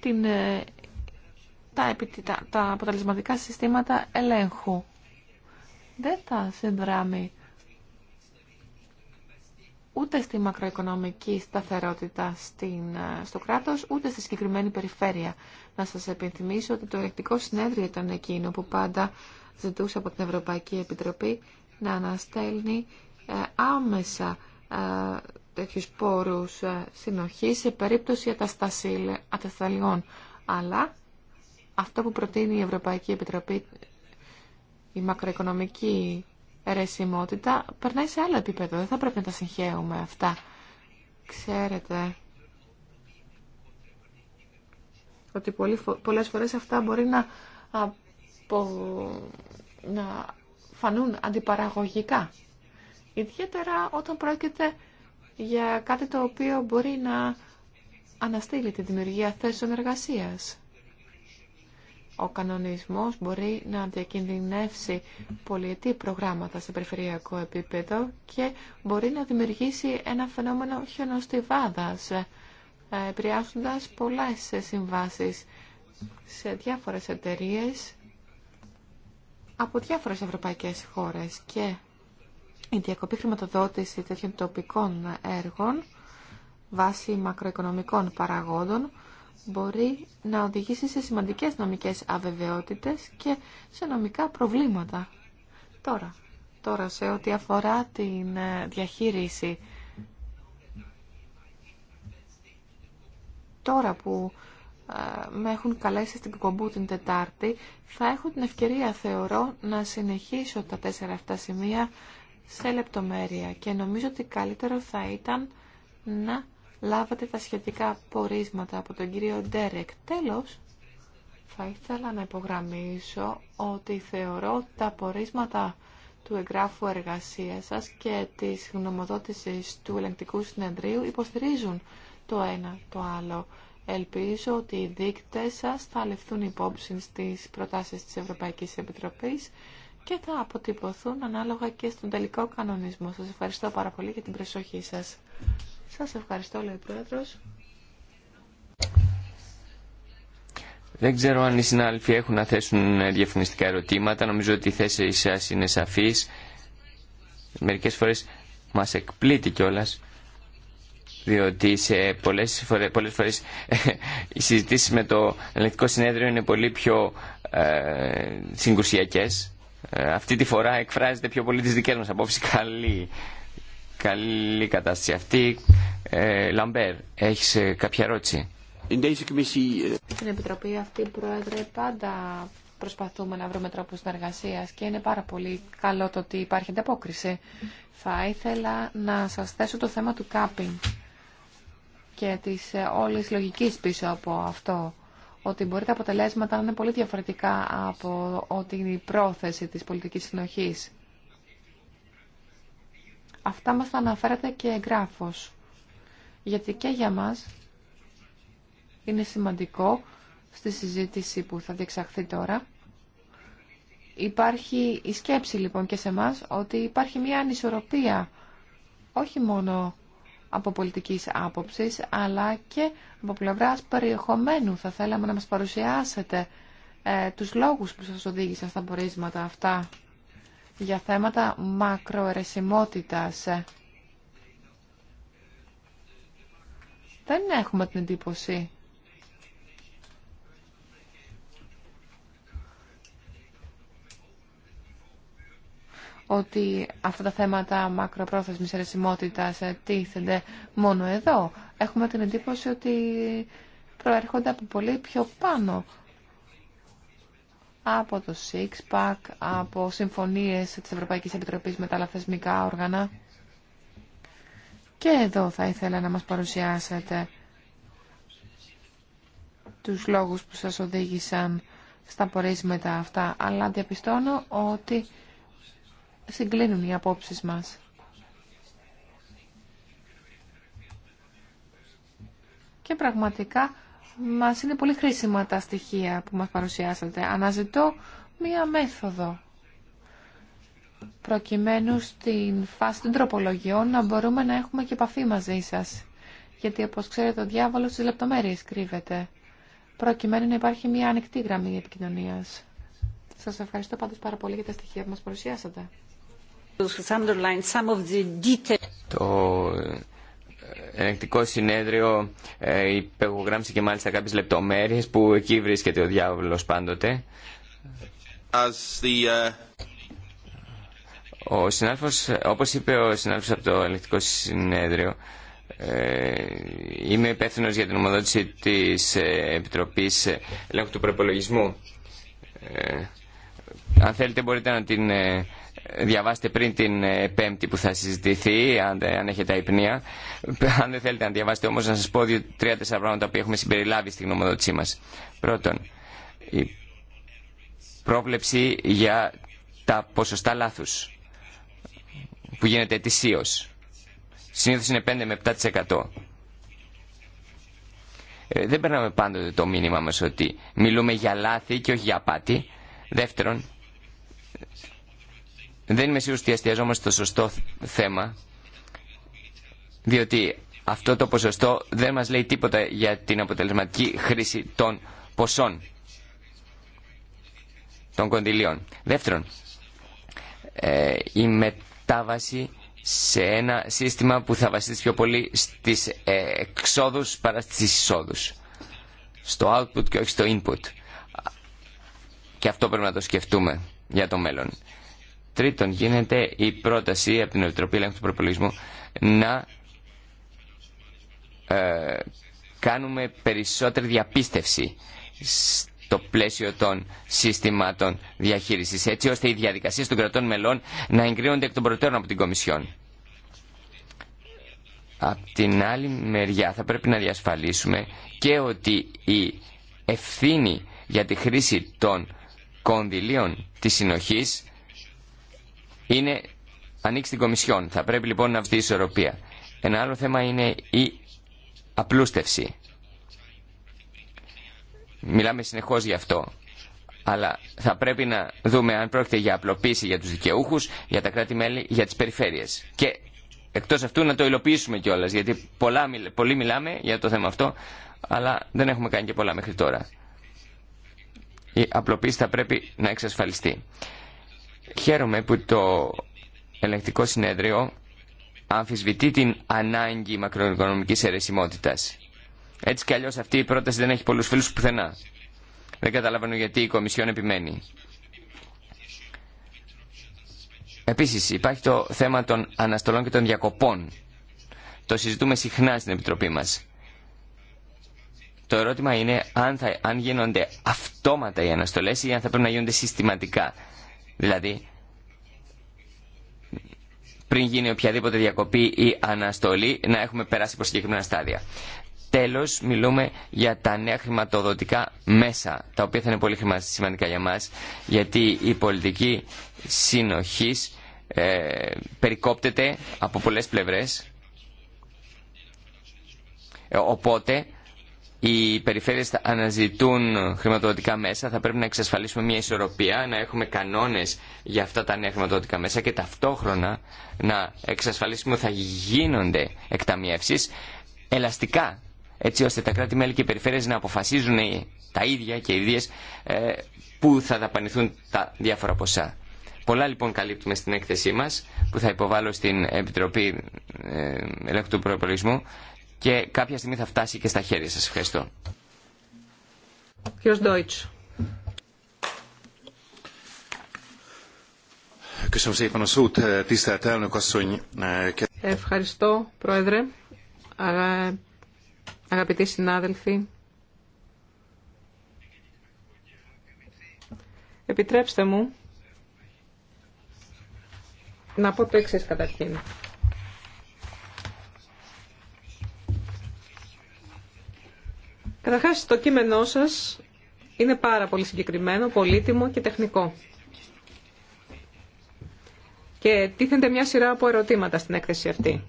την ε, τα, τα, τα αποτελεσματικά συστήματα ελέγχου. Δεν θα συνδράμει ούτε στη μακροοικονομική σταθερότητα στην, ε, στο κράτος, ούτε στη συγκεκριμένη περιφέρεια. Να σας επιθυμίσω ότι το ελεκτικό συνέδριο ήταν εκείνο που πάντα ζητούσε από την Ευρωπαϊκή Επιτροπή να αναστέλνει ε, άμεσα ε, τέτοιους πόρους συνοχής σε περίπτωση ατασταλιών. Αλλά αυτό που προτείνει η Ευρωπαϊκή Επιτροπή, η μακροοικονομική αιρεσιμότητα, περνάει σε άλλο επίπεδο. Δεν θα πρέπει να τα συγχαίουμε αυτά. Ξέρετε ότι πολλές φορές αυτά μπορεί να, να φανούν αντιπαραγωγικά. Ιδιαίτερα όταν πρόκειται για κάτι το οποίο μπορεί να αναστείλει τη δημιουργία θέσεων εργασίας ο κανονισμός μπορεί να διακινδυνεύσει πολιετή προγράμματα σε περιφερειακό επίπεδο και μπορεί να δημιουργήσει ένα φαινόμενο χιονοστιβάδας, ε, επηρεάζοντα πολλές συμβάσεις σε διάφορες εταιρείες από διάφορες ευρωπαϊκές χώρες και η διακοπή χρηματοδότηση τέτοιων τοπικών έργων βάσει μακροοικονομικών παραγόντων μπορεί να οδηγήσει σε σημαντικές νομικές αβεβαιότητες και σε νομικά προβλήματα. Τώρα, τώρα σε ό,τι αφορά την ε, διαχείριση τώρα που ε, με έχουν καλέσει στην κομπού την Τετάρτη, θα έχω την ευκαιρία, θεωρώ, να συνεχίσω τα τέσσερα αυτά σημεία σε λεπτομέρεια και νομίζω ότι καλύτερο θα ήταν να λάβατε τα σχετικά πορίσματα από τον κύριο Ντέρεκ. Τέλος, θα ήθελα να υπογραμμίσω ότι θεωρώ τα πορίσματα του εγγράφου εργασίας σας και της γνωμοδότησης του ελεγκτικού συνεδρίου υποστηρίζουν το ένα το άλλο. Ελπίζω ότι οι δείκτες σας θα ληφθούν υπόψη στις προτάσεις της Ευρωπαϊκής Επιτροπής και θα αποτυπωθούν ανάλογα και στον τελικό κανονισμό. Σας ευχαριστώ πάρα πολύ για την προσοχή σας. Σας ευχαριστώ, λέει ο Πρόεδρος. Δεν ξέρω αν οι συνάδελφοι έχουν να θέσουν διαφημιστικά ερωτήματα. Νομίζω ότι η θέση σας είναι σαφής. Μερικές φορές μας εκπλήττει κιόλα, διότι σε πολλές φορές, πολλές φορές οι συζητήσεις με το Ελληνικό συνέδριο είναι πολύ πιο ε, ε, αυτή τη φορά εκφράζεται πιο πολύ τις δικές μας απόψεις. Καλή καλή κατάσταση αυτή. Ε, Λαμπέρ, έχεις ε, κάποια ερώτηση. Ε, Στην Επιτροπή αυτή, Πρόεδρε, πάντα προσπαθούμε να βρούμε τρόπους συνεργασίας και είναι πάρα πολύ καλό το ότι υπάρχει ανταπόκριση. Θα ήθελα να σας θέσω το θέμα του κάπινγκ και της ε, όλης λογικής πίσω από αυτό ότι μπορεί τα αποτελέσματα να είναι πολύ διαφορετικά από ότι είναι η πρόθεση της πολιτικής συνοχής. Αυτά μας τα αναφέρατε και εγγράφος. Γιατί και για μας είναι σημαντικό στη συζήτηση που θα διεξαχθεί τώρα. Υπάρχει η σκέψη λοιπόν και σε μας ότι υπάρχει μια ανισορροπία όχι μόνο από πολιτικής άποψης αλλά και από πλευράς περιεχομένου. Θα θέλαμε να μας παρουσιάσετε ε, τους λόγους που σας οδήγησαν στα πορίσματα αυτά για θέματα μακροερεσιμότητας Δεν έχουμε την εντύπωση ότι αυτά τα θέματα μακροπρόθεσμης αιρεσιμότητας τίθενται μόνο εδώ. Έχουμε την εντύπωση ότι προέρχονται από πολύ πιο πάνω από το Six από συμφωνίες της Ευρωπαϊκής Επιτροπής με τα λαθεσμικά όργανα. Και εδώ θα ήθελα να μας παρουσιάσετε τους λόγους που σας οδήγησαν στα πορίσματα αυτά, αλλά διαπιστώνω ότι συγκλίνουν οι απόψεις μας. Και πραγματικά μας είναι πολύ χρήσιμα τα στοιχεία που μας παρουσιάσατε. Αναζητώ μία μέθοδο προκειμένου στην φάση των τροπολογιών να μπορούμε να έχουμε και επαφή μαζί σας. Γιατί όπως ξέρετε ο διάβολος στις λεπτομέρειες κρύβεται. Προκειμένου να υπάρχει μια ανοιχτή γραμμή επικοινωνίας. Σας ευχαριστώ πάντως πάρα πολύ για τα στοιχεία που μας παρουσιάσατε. Το ε, Ελεκτικό συνέδριο η ε, και μάλιστα κάποιε λεπτομέρειες που εκεί βρίσκεται ο διάβολο πάντοτε. Ο συνάδελφος, όπως είπε ο συνάδελφος από το Ελεκτικό συνέδριο, ε, είμαι υπεύθυνο για την ομοδότηση της ε, Επιτροπής Ελέγχου του Προπολογισμού. αν θέλετε μπορείτε να την Διαβάστε πριν την ε, πέμπτη που θα συζητηθεί, αν, ε, αν έχετε αϊπνία. Αν δεν θέλετε να διαβάσετε όμως, να σας πω τρία-τέσσερα πράγματα που έχουμε συμπεριλάβει στην γνωμοδότησή μας. Πρώτον, η πρόβλεψη για τα ποσοστά λάθους που γίνεται ετησίως. Συνήθως είναι 5 με 7%. Ε, δεν περνάμε πάντοτε το μήνυμα μας ότι μιλούμε για λάθη και όχι για απάτη. Δεύτερον, δεν είμαι σίγουρος ότι αστιαζόμαστε στο σωστό θέμα, διότι αυτό το ποσοστό δεν μας λέει τίποτα για την αποτελεσματική χρήση των ποσών των κοντιλίων. Δεύτερον, ε, η μετάβαση σε ένα σύστημα που θα βασίζεται πιο πολύ στις ε, εξόδους παρά στις εισόδους. Στο output και όχι στο input. Και αυτό πρέπει να το σκεφτούμε για το μέλλον. Τρίτον, γίνεται η πρόταση από την Επιτροπή Ελέγχου του Προπολογισμού να ε, κάνουμε περισσότερη διαπίστευση στο πλαίσιο των συστημάτων διαχείρισης, έτσι ώστε οι διαδικασίες των κρατών μελών να εγκρίνονται εκ των προτέρων από την Κομισιόν. Απ' την άλλη μεριά θα πρέπει να διασφαλίσουμε και ότι η ευθύνη για τη χρήση των κονδυλίων της συνοχής είναι ανοίξει την Κομισιόν. Θα πρέπει λοιπόν να αυτή η ισορροπία. Ένα άλλο θέμα είναι η απλούστευση. Μιλάμε συνεχώς γι' αυτό. Αλλά θα πρέπει να δούμε αν πρόκειται για απλοποίηση για τους δικαιούχους, για τα κράτη-μέλη, για τις περιφέρειες. Και εκτός αυτού να το υλοποιήσουμε κιόλας, γιατί πολλά, μιλάμε για το θέμα αυτό, αλλά δεν έχουμε κάνει και πολλά μέχρι τώρα. Η απλοποίηση θα πρέπει να εξασφαλιστεί. Χαίρομαι που το ελεγκτικό συνέδριο αμφισβητεί την ανάγκη μακροοικονομικής αιρεσιμότητας. Έτσι κι αλλιώς αυτή η πρόταση δεν έχει πολλούς φίλους πουθενά. Δεν καταλαβαίνω γιατί η Κομισιόν επιμένει. Επίσης υπάρχει το θέμα των αναστολών και των διακοπών. Το συζητούμε συχνά στην Επιτροπή μας. Το ερώτημα είναι αν, αν γίνονται αυτόματα οι αναστολές ή αν θα πρέπει να γίνονται συστηματικά. Δηλαδή, πριν γίνει οποιαδήποτε διακοπή ή αναστολή, να έχουμε περάσει προς συγκεκριμένα στάδια. Τέλος, μιλούμε για τα νέα χρηματοδοτικά μέσα, τα οποία θα είναι πολύ σημαντικά για μας, γιατί η πολιτική συνοχής ε, περικόπτεται από πολλές πλευρές, ε, οπότε οι περιφέρειες θα αναζητούν χρηματοδοτικά μέσα, θα πρέπει να εξασφαλίσουμε μια ισορροπία, να έχουμε κανόνες για αυτά τα νέα χρηματοδοτικά μέσα και ταυτόχρονα να εξασφαλίσουμε ότι θα γίνονται εκταμιεύσεις ελαστικά, έτσι ώστε τα κράτη-μέλη και οι περιφέρειες να αποφασίζουν τα ίδια και οι ίδιες ε, πού θα δαπανηθούν τα διάφορα ποσά. Πολλά λοιπόν καλύπτουμε στην έκθεσή μας που θα υποβάλω στην Επιτροπή ε, Ελέγχου του Προπολογισμού και κάποια στιγμή θα φτάσει και στα χέρια σας. Ευχαριστώ. Κύριος Ντόιτς. Ευχαριστώ, Πρόεδρε. Αγα... Αγαπητοί συνάδελφοι, επιτρέψτε μου να πω το εξής καταρχήν. Καταρχά, το κείμενό σας είναι πάρα πολύ συγκεκριμένο, πολύτιμο και τεχνικό. Και τίθενται μια σειρά από ερωτήματα στην έκθεση αυτή.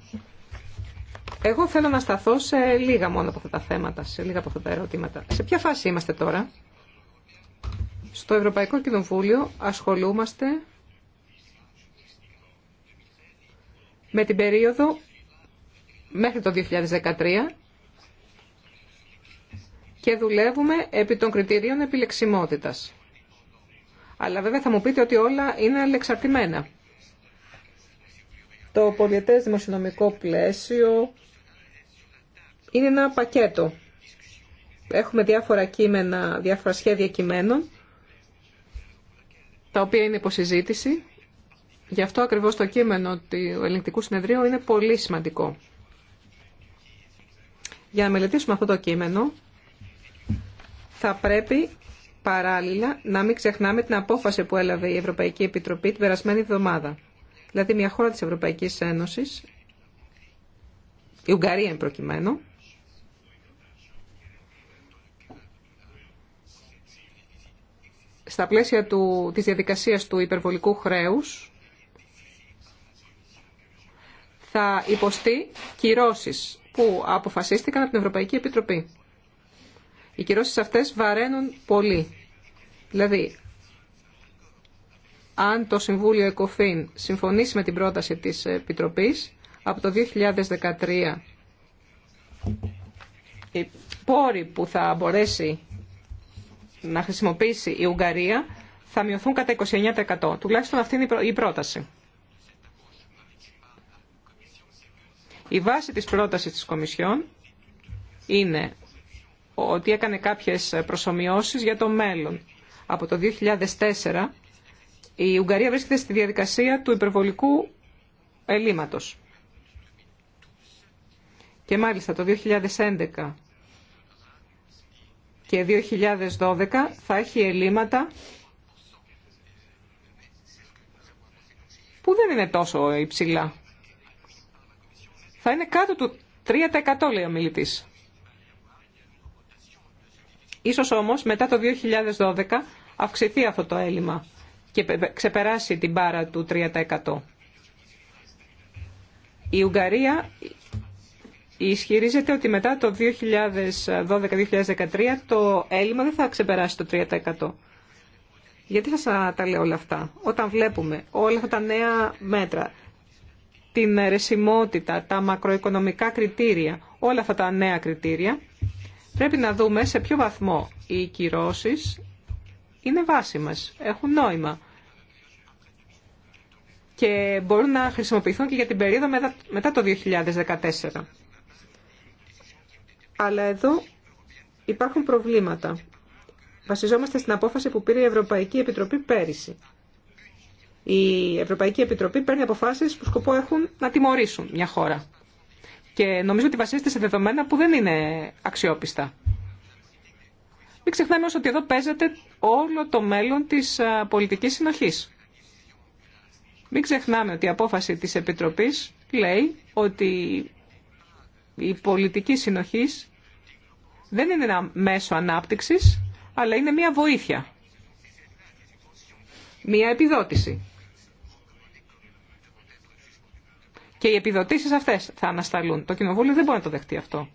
Εγώ θέλω να σταθώ σε λίγα μόνο από αυτά τα θέματα, σε λίγα από αυτά τα ερωτήματα. Σε ποια φάση είμαστε τώρα. Στο Ευρωπαϊκό Κοινοβούλιο ασχολούμαστε με την περίοδο μέχρι το 2013 και δουλεύουμε επί των κριτηρίων επιλεξιμότητας. Αλλά βέβαια θα μου πείτε ότι όλα είναι αλεξαρτημένα. Το πολιετές δημοσιονομικό πλαίσιο είναι ένα πακέτο. Έχουμε διάφορα κείμενα, διάφορα σχέδια κειμένων, τα οποία είναι υποσυζήτηση. Γι' αυτό ακριβώς το κείμενο του Ελληνικού Συνεδρίου είναι πολύ σημαντικό. Για να μελετήσουμε αυτό το κείμενο, θα πρέπει παράλληλα να μην ξεχνάμε την απόφαση που έλαβε η Ευρωπαϊκή Επιτροπή την περασμένη εβδομάδα. Δηλαδή μια χώρα της Ευρωπαϊκής Ένωσης, η Ουγγαρία εν προκειμένου, στα πλαίσια του, της διαδικασίας του υπερβολικού χρέους θα υποστεί κυρώσεις που αποφασίστηκαν από την Ευρωπαϊκή Επιτροπή. Οι κυρώσεις αυτές βαραίνουν πολύ. Δηλαδή, αν το Συμβούλιο ΕΚΟΦΗΝ συμφωνήσει με την πρόταση της Επιτροπής, από το 2013 οι πόροι που θα μπορέσει να χρησιμοποιήσει η Ουγγαρία θα μειωθούν κατά 29%. Τουλάχιστον αυτή είναι η πρόταση. Η βάση της πρότασης της Κομισιόν είναι ότι έκανε κάποιες προσωμιώσεις για το μέλλον. Από το 2004 η Ουγγαρία βρίσκεται στη διαδικασία του υπερβολικού ελλείμματος. Και μάλιστα το 2011 και 2012 θα έχει ελλείμματα που δεν είναι τόσο υψηλά. Θα είναι κάτω του 3% λέει ο μιλητής. Ίσως όμως μετά το 2012 αυξηθεί αυτό το έλλειμμα και ξεπεράσει την πάρα του 3%. Η Ουγγαρία ισχυρίζεται ότι μετά το 2012-2013 το έλλειμμα δεν θα ξεπεράσει το 3%. Γιατί σας τα λέω όλα αυτά. Όταν βλέπουμε όλα αυτά τα νέα μέτρα, την ρεσιμότητα, τα μακροοικονομικά κριτήρια, όλα αυτά τα νέα κριτήρια, Πρέπει να δούμε σε ποιο βαθμό οι κυρώσεις είναι βάσιμες, έχουν νόημα και μπορούν να χρησιμοποιηθούν και για την περίοδο μετά το 2014. Αλλά εδώ υπάρχουν προβλήματα. Βασιζόμαστε στην απόφαση που πήρε η Ευρωπαϊκή Επιτροπή πέρυσι. Η Ευρωπαϊκή Επιτροπή παίρνει αποφάσεις που σκοπό έχουν να τιμωρήσουν μια χώρα. Και νομίζω ότι βασίζεται σε δεδομένα που δεν είναι αξιόπιστα. Μην ξεχνάμε ότι εδώ παίζεται όλο το μέλλον της πολιτικής συνοχής. Μην ξεχνάμε ότι η απόφαση της Επιτροπής λέει ότι η πολιτική συνοχής δεν είναι ένα μέσο ανάπτυξης, αλλά είναι μια βοήθεια, μια επιδότηση. και οι επιδοτήσεις αυτές θα ανασταλούν. Το Κοινοβούλιο δεν μπορεί να το δεχτεί αυτό.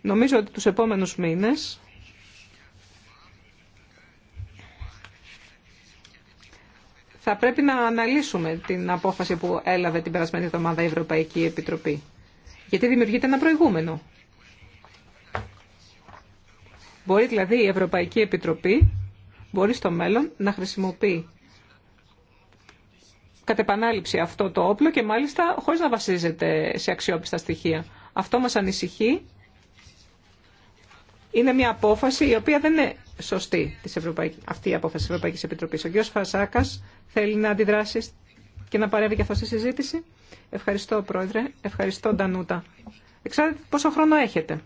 Νομίζω ότι τους επόμενους μήνες θα πρέπει να αναλύσουμε την απόφαση που έλαβε την περασμένη εβδομάδα η Ευρωπαϊκή Επιτροπή. Γιατί δημιουργείται ένα προηγούμενο. Μπορεί δηλαδή η Ευρωπαϊκή Επιτροπή μπορεί στο μέλλον να χρησιμοποιεί κατ' επανάληψη αυτό το όπλο και μάλιστα χωρίς να βασίζεται σε αξιόπιστα στοιχεία. Αυτό μας ανησυχεί. Είναι μια απόφαση η οποία δεν είναι σωστή αυτή η απόφαση της Ευρωπαϊκής Επιτροπής. Ο κ. Φασάκας θέλει να αντιδράσει και να παρεύει και αυτό στη συζήτηση. Ευχαριστώ, Πρόεδρε. Ευχαριστώ, Ντανούτα. Εξάρτητα πόσο χρόνο έχετε.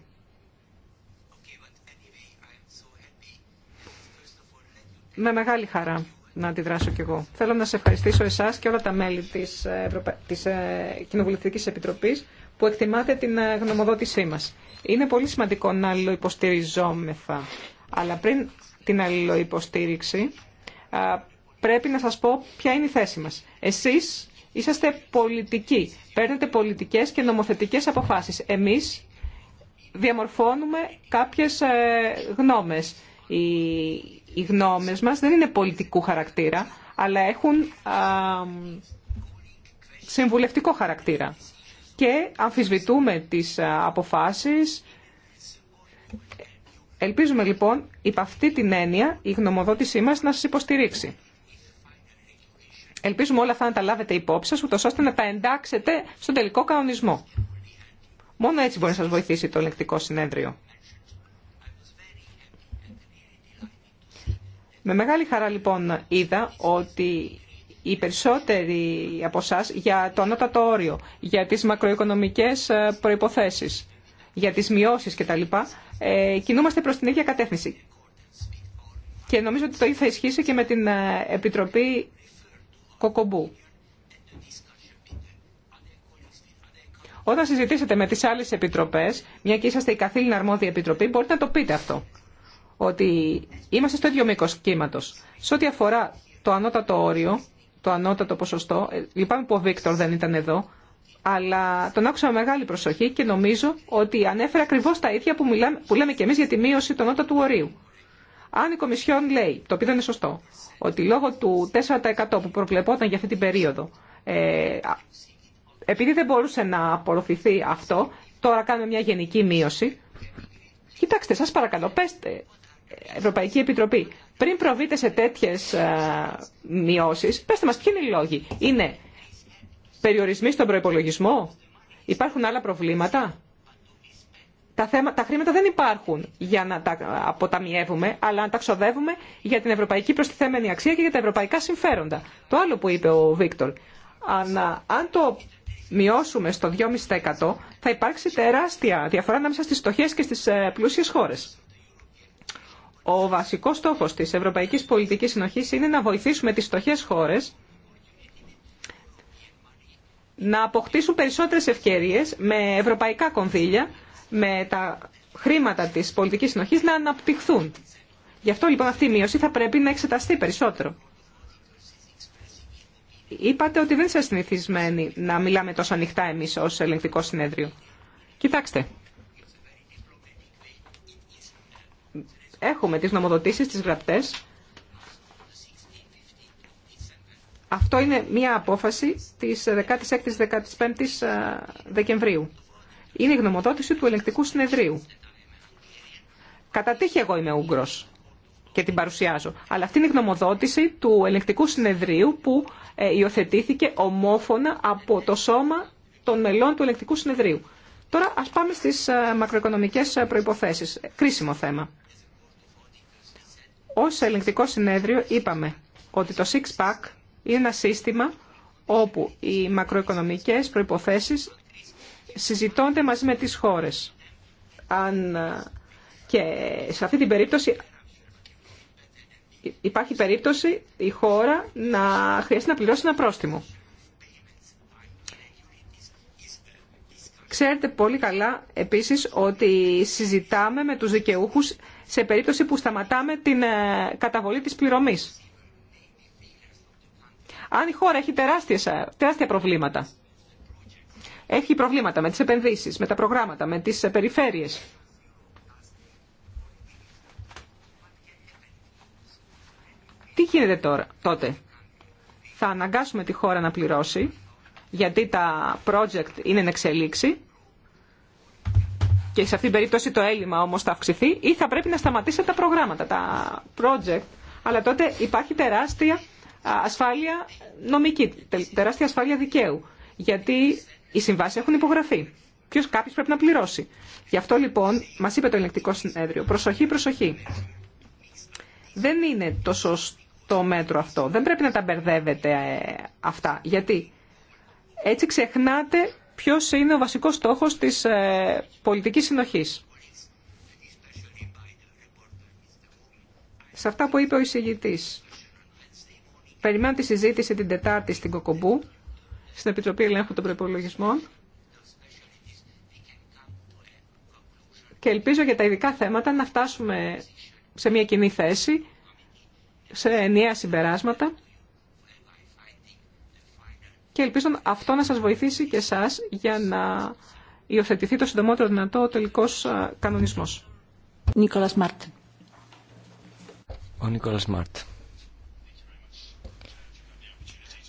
Με μεγάλη χαρά να αντιδράσω κι εγώ. Θέλω να σε ευχαριστήσω εσάς και όλα τα μέλη της, ε, Ευρωπα... της ε, Κοινοβουλευτικής Επιτροπής που εκτιμάτε την ε, γνωμοδότησή μας. Είναι πολύ σημαντικό να αλληλοϊποστηριζόμεθα, αλλά πριν την αλληλοϊποστήριξη πρέπει να σας πω ποια είναι η θέση μας. Εσείς είσαστε πολιτικοί, παίρνετε πολιτικές και νομοθετικές αποφάσει. Εμεί διαμορφώνουμε κάποιες γνώμε. Η οι γνώμες μας δεν είναι πολιτικού χαρακτήρα, αλλά έχουν συμβουλευτικό χαρακτήρα. Και αμφισβητούμε τις αποφάσεις. Ελπίζουμε λοιπόν, υπ' αυτή την έννοια, η γνωμοδότησή μας να σας υποστηρίξει. Ελπίζουμε όλα αυτά να τα λάβετε υπόψη σας, ούτως ώστε να τα εντάξετε στον τελικό κανονισμό. Μόνο έτσι μπορεί να σας βοηθήσει το ελεκτικό συνέδριο. Με μεγάλη χαρά λοιπόν είδα ότι οι περισσότεροι από εσά για το ανώτατο όριο, για τις μακροοικονομικές ε, προϋποθέσεις, για τις μειώσεις κτλ. Ε, κινούμαστε προς την ίδια κατεύθυνση. Και νομίζω ότι το ίδιο θα ισχύσει και με την ε, Επιτροπή Κοκομπού. Όταν συζητήσετε με τις άλλες επιτροπές, μια και είσαστε η καθήλυνα αρμόδια επιτροπή, μπορείτε να το πείτε αυτό ότι είμαστε στο ίδιο μήκο κύματο. Σε ό,τι αφορά το ανώτατο όριο, το ανώτατο ποσοστό, ε, λυπάμαι που ο Βίκτορ δεν ήταν εδώ, αλλά τον άκουσα με μεγάλη προσοχή και νομίζω ότι ανέφερε ακριβώ τα ίδια που, μιλάμε, που λέμε και εμεί για τη μείωση του ανώτατου ορίου. Αν η Κομισιόν λέει, το οποίο δεν είναι σωστό, ότι λόγω του 4% που προβλεπόταν για αυτή την περίοδο, ε, επειδή δεν μπορούσε να απορροφηθεί αυτό, τώρα κάνουμε μια γενική μείωση. Κοιτάξτε, σας παρακαλώ, πέστε Ευρωπαϊκή Επιτροπή, πριν προβείτε σε τέτοιες ε, μειώσει, πέστε μα ποιοι είναι οι λόγοι. Είναι περιορισμοί στον προπολογισμό, υπάρχουν άλλα προβλήματα. Τα, τα χρήματα δεν υπάρχουν για να τα αποταμιεύουμε, αλλά να τα ξοδεύουμε για την ευρωπαϊκή προστιθέμενη αξία και για τα ευρωπαϊκά συμφέροντα. Το άλλο που είπε ο Βίκτορ, αν, αν το μειώσουμε στο 2,5% θα υπάρξει τεράστια διαφορά ανάμεσα στις στοχές και στις ε, πλούσιες χώρες. Ο βασικός στόχος της Ευρωπαϊκής Πολιτικής Συνοχής είναι να βοηθήσουμε τις στοχές χώρες να αποκτήσουν περισσότερες ευκαιρίες με ευρωπαϊκά κονδύλια, με τα χρήματα της πολιτικής συνοχής να αναπτυχθούν. Γι' αυτό λοιπόν αυτή η μείωση θα πρέπει να εξεταστεί περισσότερο. Είπατε ότι δεν είστε συνηθισμένοι να μιλάμε τόσο ανοιχτά εμείς ως ελεγκτικό συνέδριο. Κοιτάξτε, Έχουμε τις νομοδοτήσεις, τις γραπτές. Αυτό είναι μια απόφαση της 16ης-15ης ε, Δεκεμβρίου. Είναι η γνωμοδότηση του ελεγκτικού συνεδρίου. Κατά τύχη εγώ είμαι Ούγγρος και την παρουσιάζω. Αλλά αυτή είναι η γνωμοδότηση του ελεγκτικού συνεδρίου που ε, υιοθετήθηκε ομόφωνα από το σώμα των μελών του ελεγκτικού συνεδρίου. Τώρα ας πάμε στις ε, μακροοικονομικές προϋποθέσεις. Κρίσιμο θέμα. Ως ελεγκτικό συνέδριο είπαμε ότι το six-pack είναι ένα σύστημα όπου οι μακροοικονομικές προϋποθέσεις συζητώνται μαζί με τις χώρες. Αν και σε αυτή την περίπτωση υπάρχει περίπτωση η χώρα να χρειαστεί να πληρώσει ένα πρόστιμο. Ξέρετε πολύ καλά επίσης ότι συζητάμε με τους δικαιούχους σε περίπτωση που σταματάμε την ε, καταβολή της πληρωμής. Αν η χώρα έχει ε, τεράστια προβλήματα, έχει προβλήματα με τις επενδύσεις, με τα προγράμματα, με τις ε, περιφέρειες, Τι γίνεται τώρα, τότε. Θα αναγκάσουμε τη χώρα να πληρώσει, γιατί τα project είναι εν εξελίξη και σε αυτήν την περίπτωση το έλλειμμα όμως θα αυξηθεί ή θα πρέπει να σταματήσετε τα προγράμματα, τα project. Αλλά τότε υπάρχει τεράστια ασφάλεια νομική, τεράστια ασφάλεια δικαίου. Γιατί οι συμβάσει έχουν υπογραφεί. Ποιο κάποιο πρέπει να πληρώσει. Γι' αυτό λοιπόν μα είπε το ελεκτικό συνέδριο. Προσοχή, προσοχή. Δεν είναι το σωστό μέτρο αυτό. Δεν πρέπει να τα μπερδεύετε ε, αυτά. Γιατί έτσι ξεχνάτε ποιος είναι ο βασικός στόχος της ε, πολιτικής συνοχής. Σε αυτά που είπε ο εισηγητής, περιμένω τη συζήτηση την Τετάρτη στην Κοκομπού, στην Επιτροπή Ελέγχου των Προπολογισμών και ελπίζω για τα ειδικά θέματα να φτάσουμε σε μια κοινή θέση, σε ενιαία συμπεράσματα και ελπίζω αυτό να σας βοηθήσει και εσάς για να υιοθετηθεί το συντομότερο δυνατό ο τελικός κανονισμός. Νίκολας Μάρτ. Ο Νίκολας Μάρτ.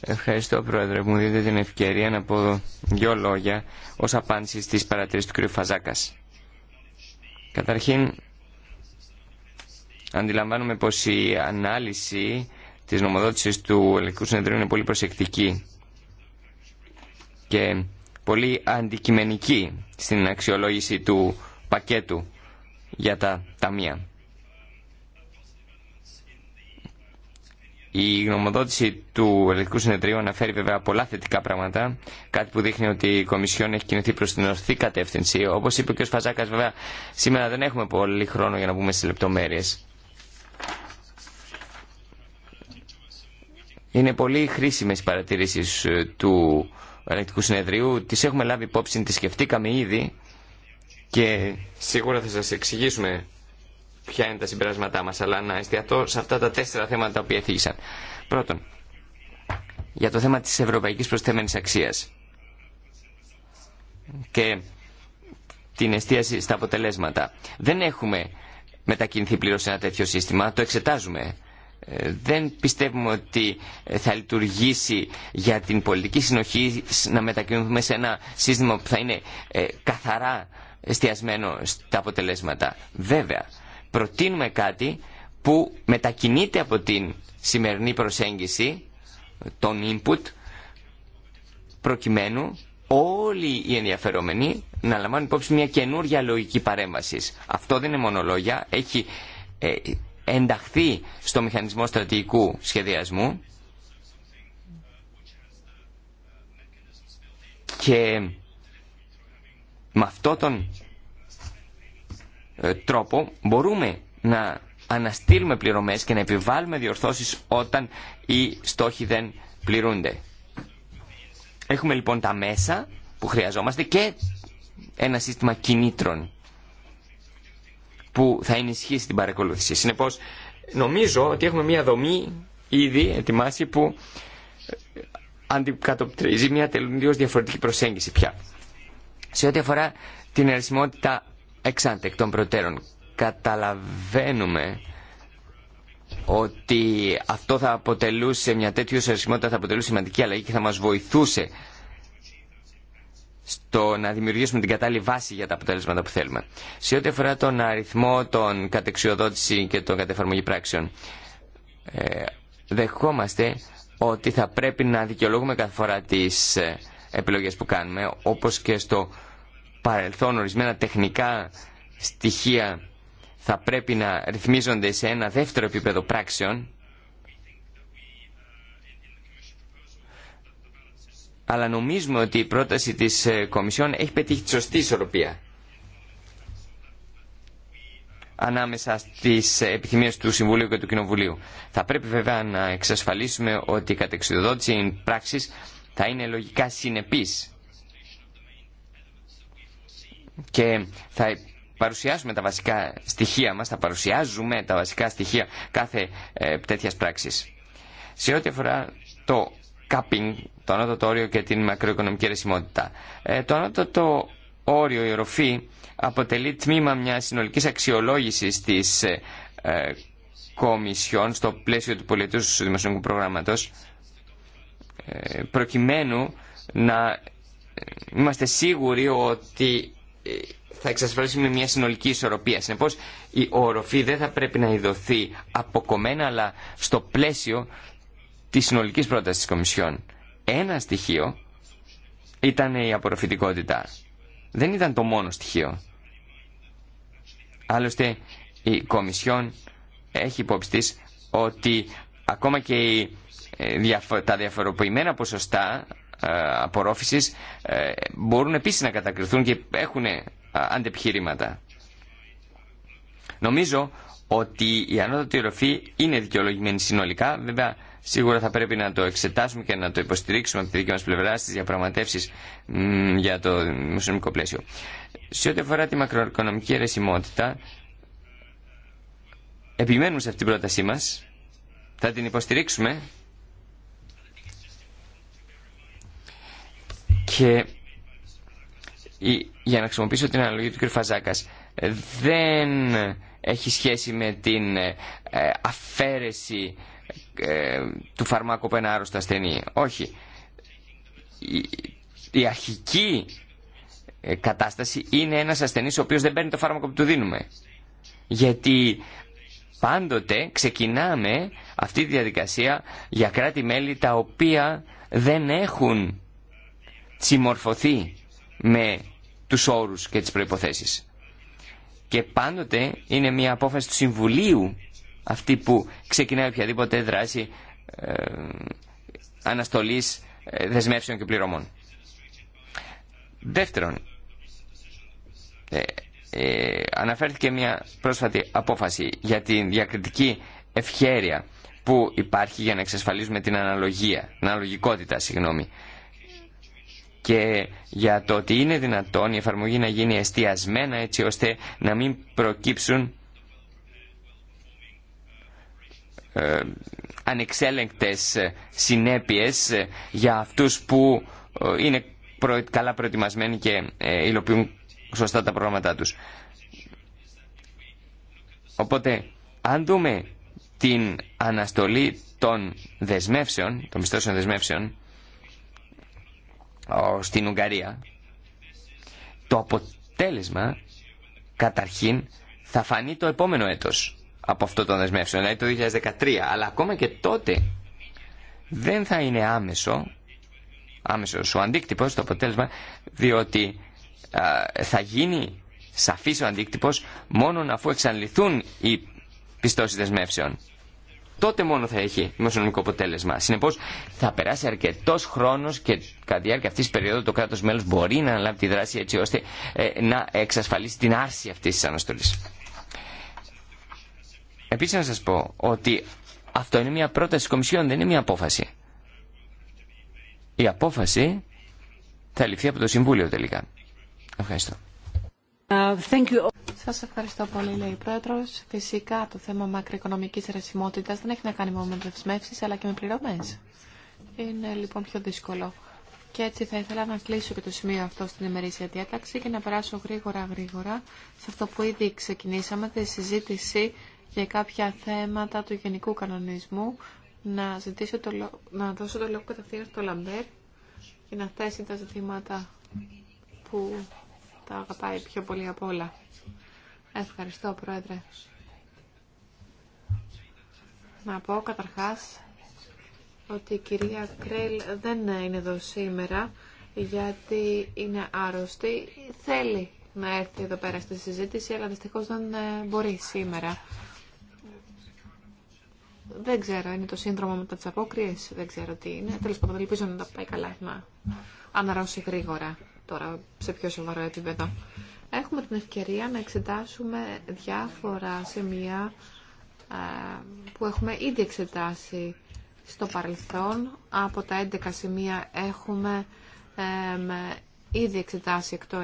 Ευχαριστώ, Πρόεδρε. Μου δίνετε την ευκαιρία να πω δύο λόγια ως απάντηση στις παρατηρήσεις του κ. Φαζάκας. Καταρχήν, αντιλαμβάνουμε πως η ανάλυση της νομοδότησης του Ελληνικού Συνεδρίου είναι πολύ προσεκτική και πολύ αντικειμενική στην αξιολόγηση του πακέτου για τα ταμεία. Η γνωμοδότηση του Ελληνικού Συνεδρίου αναφέρει βέβαια πολλά θετικά πράγματα, κάτι που δείχνει ότι η Κομισιόν έχει κινηθεί προ την ορθή κατεύθυνση. Όπω είπε ο κ. βέβαια σήμερα δεν έχουμε πολύ χρόνο για να μπούμε στι λεπτομέρειε. Είναι πολύ χρήσιμε οι παρατηρήσει ε, του Ελεκτικού Συνεδρίου. Τις έχουμε λάβει υπόψη, τις σκεφτήκαμε ήδη και σίγουρα θα σα εξηγήσουμε ποια είναι τα συμπεράσματά μας, αλλά να εστιατώ σε αυτά τα τέσσερα θέματα που οποία Πρώτον, για το θέμα της ευρωπαϊκής προσθέμενης αξίας και την εστίαση στα αποτελέσματα. Δεν έχουμε μετακινηθεί πλήρως σε ένα τέτοιο σύστημα, το εξετάζουμε ε, δεν πιστεύουμε ότι θα λειτουργήσει για την πολιτική συνοχή να μετακινηθούμε σε ένα σύστημα που θα είναι ε, καθαρά εστιασμένο στα αποτελέσματα. Βέβαια, προτείνουμε κάτι που μετακινείται από την σημερινή προσέγγιση των input προκειμένου όλοι οι ενδιαφερόμενοι να λαμβάνουν υπόψη μια καινούργια λογική παρέμβασης. Αυτό δεν είναι μονολόγια, έχει ε, ενταχθεί στο μηχανισμό στρατηγικού σχεδιασμού και με αυτόν τον ε, τρόπο μπορούμε να αναστείλουμε πληρωμές και να επιβάλλουμε διορθώσεις όταν οι στόχοι δεν πληρούνται. Έχουμε λοιπόν τα μέσα που χρειαζόμαστε και ένα σύστημα κινήτρων που θα ενισχύσει την παρακολούθηση. Συνεπώς, νομίζω ότι έχουμε μια δομή ήδη ετοιμάσει που αντικατοπτρίζει μια τελείω διαφορετική προσέγγιση πια. Σε ό,τι αφορά την αριθμότητα εξάντεκτων των προτέρων, καταλαβαίνουμε ότι αυτό θα αποτελούσε μια τέτοια αριθμότητα θα αποτελούσε σημαντική αλλαγή και θα μας βοηθούσε στο να δημιουργήσουμε την κατάλληλη βάση για τα αποτέλεσματα που θέλουμε. Σε ό,τι αφορά τον αριθμό των κατεξιοδότηση και των κατεφαρμογή πράξεων, ε, δεχόμαστε ότι θα πρέπει να δικαιολογούμε κάθε φορά τις ε, επιλογές που κάνουμε, όπως και στο παρελθόν ορισμένα τεχνικά στοιχεία θα πρέπει να ρυθμίζονται σε ένα δεύτερο επίπεδο πράξεων, αλλά νομίζουμε ότι η πρόταση της ε, Κομισιόν έχει πετύχει τη σωστή ισορροπία ανάμεσα στις ε, επιθυμίες του Συμβουλίου και του Κοινοβουλίου. Θα πρέπει βέβαια να εξασφαλίσουμε ότι η κατεξοδότηση πράξης θα είναι λογικά συνεπής και θα παρουσιάσουμε τα βασικά στοιχεία μας, θα παρουσιάζουμε τα βασικά στοιχεία κάθε ε, τέτοιας πράξης. Σε ό,τι αφορά το το ανώτατο όριο και την μακροοικονομική ρεσιμότητα. Ε, το ανώτατο όριο, η οροφή, αποτελεί τμήμα μια συνολική αξιολόγηση τη ε, ε, Κομισιόν στο πλαίσιο του πολιτικού δημοσιονομικού προγράμματος ε, προκειμένου να ε, είμαστε σίγουροι ότι ε, θα εξασφαλίσουμε μια συνολική ισορροπία. Συνεπώ, η οροφή δεν θα πρέπει να ειδωθεί αποκομμένα, αλλά στο πλαίσιο Τη συνολική πρότασης τη Κομισιόν. Ένα στοιχείο ήταν η απορροφητικότητα. Δεν ήταν το μόνο στοιχείο. Άλλωστε η Κομισιόν έχει υπόψη της ότι ακόμα και η, ε, τα διαφοροποιημένα ποσοστά ε, απορρόφησης ε, μπορούν επίσης να κατακριθούν και έχουν αντεπιχειρήματα. Νομίζω ότι η ανώτατη ροφή είναι δικαιολογημένη συνολικά, βέβαια Σίγουρα θα πρέπει να το εξετάσουμε και να το υποστηρίξουμε από τη δική μα πλευρά στι διαπραγματεύσει για το δημοσιονομικό πλαίσιο. Σε ό,τι αφορά τη μακροοικονομική αιρεσιμότητα, επιμένουμε σε αυτή την πρότασή μας, θα την υποστηρίξουμε και για να χρησιμοποιήσω την αναλογία του κ. Φαζάκας, δεν έχει σχέση με την ε, ε, αφαίρεση ε, του φαρμάκου που ένα άρρωστο ασθενή. Όχι. Η, η αρχική ε, κατάσταση είναι ένας ασθενής ο οποίος δεν παίρνει το φάρμακο που του δίνουμε. Γιατί πάντοτε ξεκινάμε αυτή τη διαδικασία για κράτη-μέλη τα οποία δεν έχουν συμμορφωθεί με τους όρους και τις προϋποθέσεις. Και πάντοτε είναι μια απόφαση του Συμβουλίου αυτή που ξεκινάει οποιαδήποτε δράση ε, αναστολής ε, δεσμεύσεων και πληρωμών. Δεύτερον, ε, ε, αναφέρθηκε μια πρόσφατη απόφαση για την διακριτική ευχέρεια που υπάρχει για να εξασφαλίσουμε την αναλογία, την αναλογικότητα, συγγνώμη, και για το ότι είναι δυνατόν η εφαρμογή να γίνει εστιασμένα έτσι ώστε να μην προκύψουν Ε, ανεξέλεγκτες ε, συνέπειες ε, για αυτούς που είναι καλά προετοιμασμένοι και υλοποιούν σωστά τα προγράμματά τους. Οπότε, αν δούμε την αναστολή των δεσμεύσεων, των μισθώσεων δεσμεύσεων, στην Ουγγαρία, το αποτέλεσμα, καταρχήν, θα φανεί το επόμενο έτος από αυτό το δεσμεύσεων, δηλαδή το 2013. Αλλά ακόμα και τότε δεν θα είναι άμεσο, άμεσο ο αντίκτυπο, το αποτέλεσμα, διότι θα γίνει σαφής ο αντίκτυπος μόνον αφού εξαντληθούν οι πιστώσεις δεσμεύσεων. Τότε μόνο θα έχει δημοσιονομικό αποτέλεσμα. Συνεπώ, θα περάσει αρκετό χρόνο και κατά τη διάρκεια αυτή τη περίοδου το κράτο μέλο μπορεί να αναλάβει τη δράση έτσι ώστε ε, να εξασφαλίσει την άρση αυτή τη αναστολή. Επίσης να σας πω ότι αυτό είναι μια πρόταση της Κομισιόν, δεν είναι μια απόφαση. Η απόφαση θα ληφθεί από το Συμβούλιο τελικά. Ευχαριστώ. Σα ε, Σας ευχαριστώ πολύ, λέει η Πρόεδρος. Φυσικά το θέμα μακροοικονομικής ρεσιμότητας δεν έχει να κάνει μόνο με δεσμεύσεις, αλλά και με πληρωμές. Είναι λοιπόν πιο δύσκολο. Και έτσι θα ήθελα να κλείσω και το σημείο αυτό στην ημερήσια διάταξη και να περάσω γρήγορα γρήγορα σε αυτό που ήδη ξεκινήσαμε, τη συζήτηση για κάποια θέματα του γενικού κανονισμού να, ζητήσω το, να δώσω το λόγο κατευθείαν στο Λαμπέρ και να θέσει τα ζητήματα που τα αγαπάει πιο πολύ από όλα. Ευχαριστώ, Πρόεδρε. Να πω καταρχάς ότι η κυρία Κρέλ δεν είναι εδώ σήμερα γιατί είναι άρρωστη. Θέλει να έρθει εδώ πέρα στη συζήτηση, αλλά δυστυχώς δεν μπορεί σήμερα. Δεν ξέρω, είναι το σύνδρομο με τι απόκριε. Δεν ξέρω τι είναι. Τέλο πάντων, ελπίζω να τα πάει καλά, να αναρρώσει γρήγορα τώρα σε πιο σοβαρό επίπεδο. Έχουμε την ευκαιρία να εξετάσουμε διάφορα σημεία ε, που έχουμε ήδη εξετάσει στο παρελθόν. Από τα 11 σημεία έχουμε ε, ήδη εξετάσει εκ το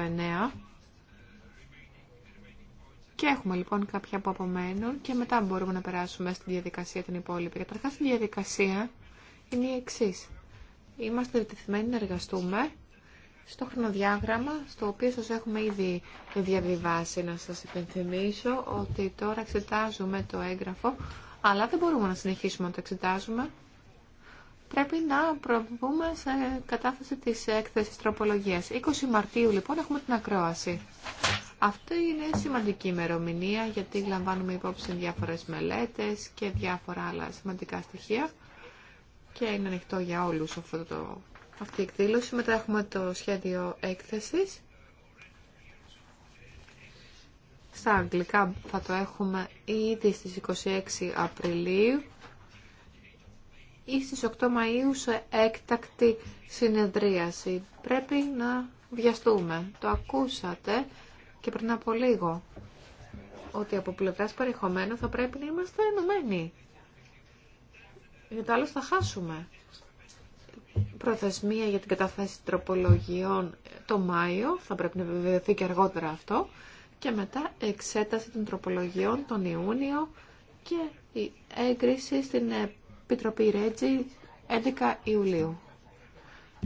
και έχουμε λοιπόν κάποια που απομένουν και μετά μπορούμε να περάσουμε στη διαδικασία την υπόλοιπη. Κατάρχά η διαδικασία είναι η εξή. Είμαστε επιτεθειμένοι να εργαστούμε στο χρονοδιάγραμμα, στο οποίο σας έχουμε ήδη διαβιβάσει. Να σας υπενθυμίσω ότι τώρα εξετάζουμε το έγγραφο, αλλά δεν μπορούμε να συνεχίσουμε να το εξετάζουμε. Πρέπει να προβούμε σε κατάθεση της έκθεσης τροπολογίας. 20 Μαρτίου λοιπόν έχουμε την ακρόαση. Αυτή είναι σημαντική ημερομηνία γιατί λαμβάνουμε υπόψη διάφορες μελέτες και διάφορα άλλα σημαντικά στοιχεία και είναι ανοιχτό για όλους αυτό το, αυτή η εκδήλωση. Μετά έχουμε το σχέδιο έκθεσης. Στα αγγλικά θα το έχουμε ήδη στις 26 Απριλίου ή στις 8 Μαΐου σε έκτακτη συνεδρίαση. Πρέπει να βιαστούμε. Το ακούσατε και πριν από λίγο ότι από πλευρά περιεχομένου θα πρέπει να είμαστε ενωμένοι. Γιατί άλλο θα χάσουμε. Προθεσμία για την καταθέση τροπολογιών το Μάιο, θα πρέπει να βεβαιωθεί και αργότερα αυτό, και μετά εξέταση των τροπολογιών τον Ιούνιο και η έγκριση στην Επιτροπή Ρέτζη 11 Ιουλίου.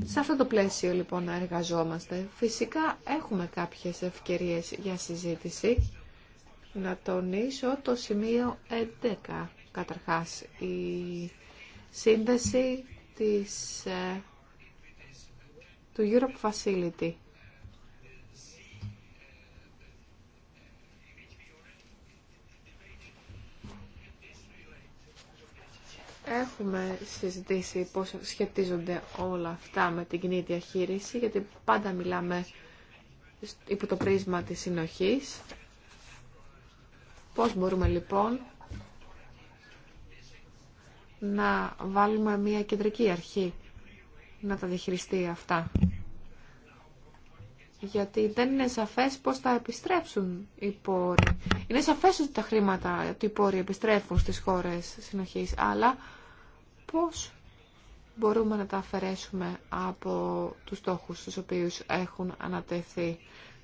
Σε αυτό το πλαίσιο λοιπόν εργαζόμαστε. Φυσικά έχουμε κάποιες ευκαιρίες για συζήτηση. Να τονίσω το σημείο 11 καταρχάς. Η σύνδεση της, ε, του Europe Facility Έχουμε συζητήσει πώς σχετίζονται όλα αυτά με την κοινή διαχείριση, γιατί πάντα μιλάμε υπό το πρίσμα της συνοχής. Πώς μπορούμε λοιπόν να βάλουμε μια κεντρική αρχή να τα διαχειριστεί αυτά. Γιατί δεν είναι σαφές πώς θα επιστρέψουν οι πόροι. Είναι σαφές ότι τα χρήματα ότι οι πόροι επιστρέφουν στις χώρες συνοχής, αλλά πώς μπορούμε να τα αφαιρέσουμε από τους στόχους τους οποίους έχουν ανατεθεί.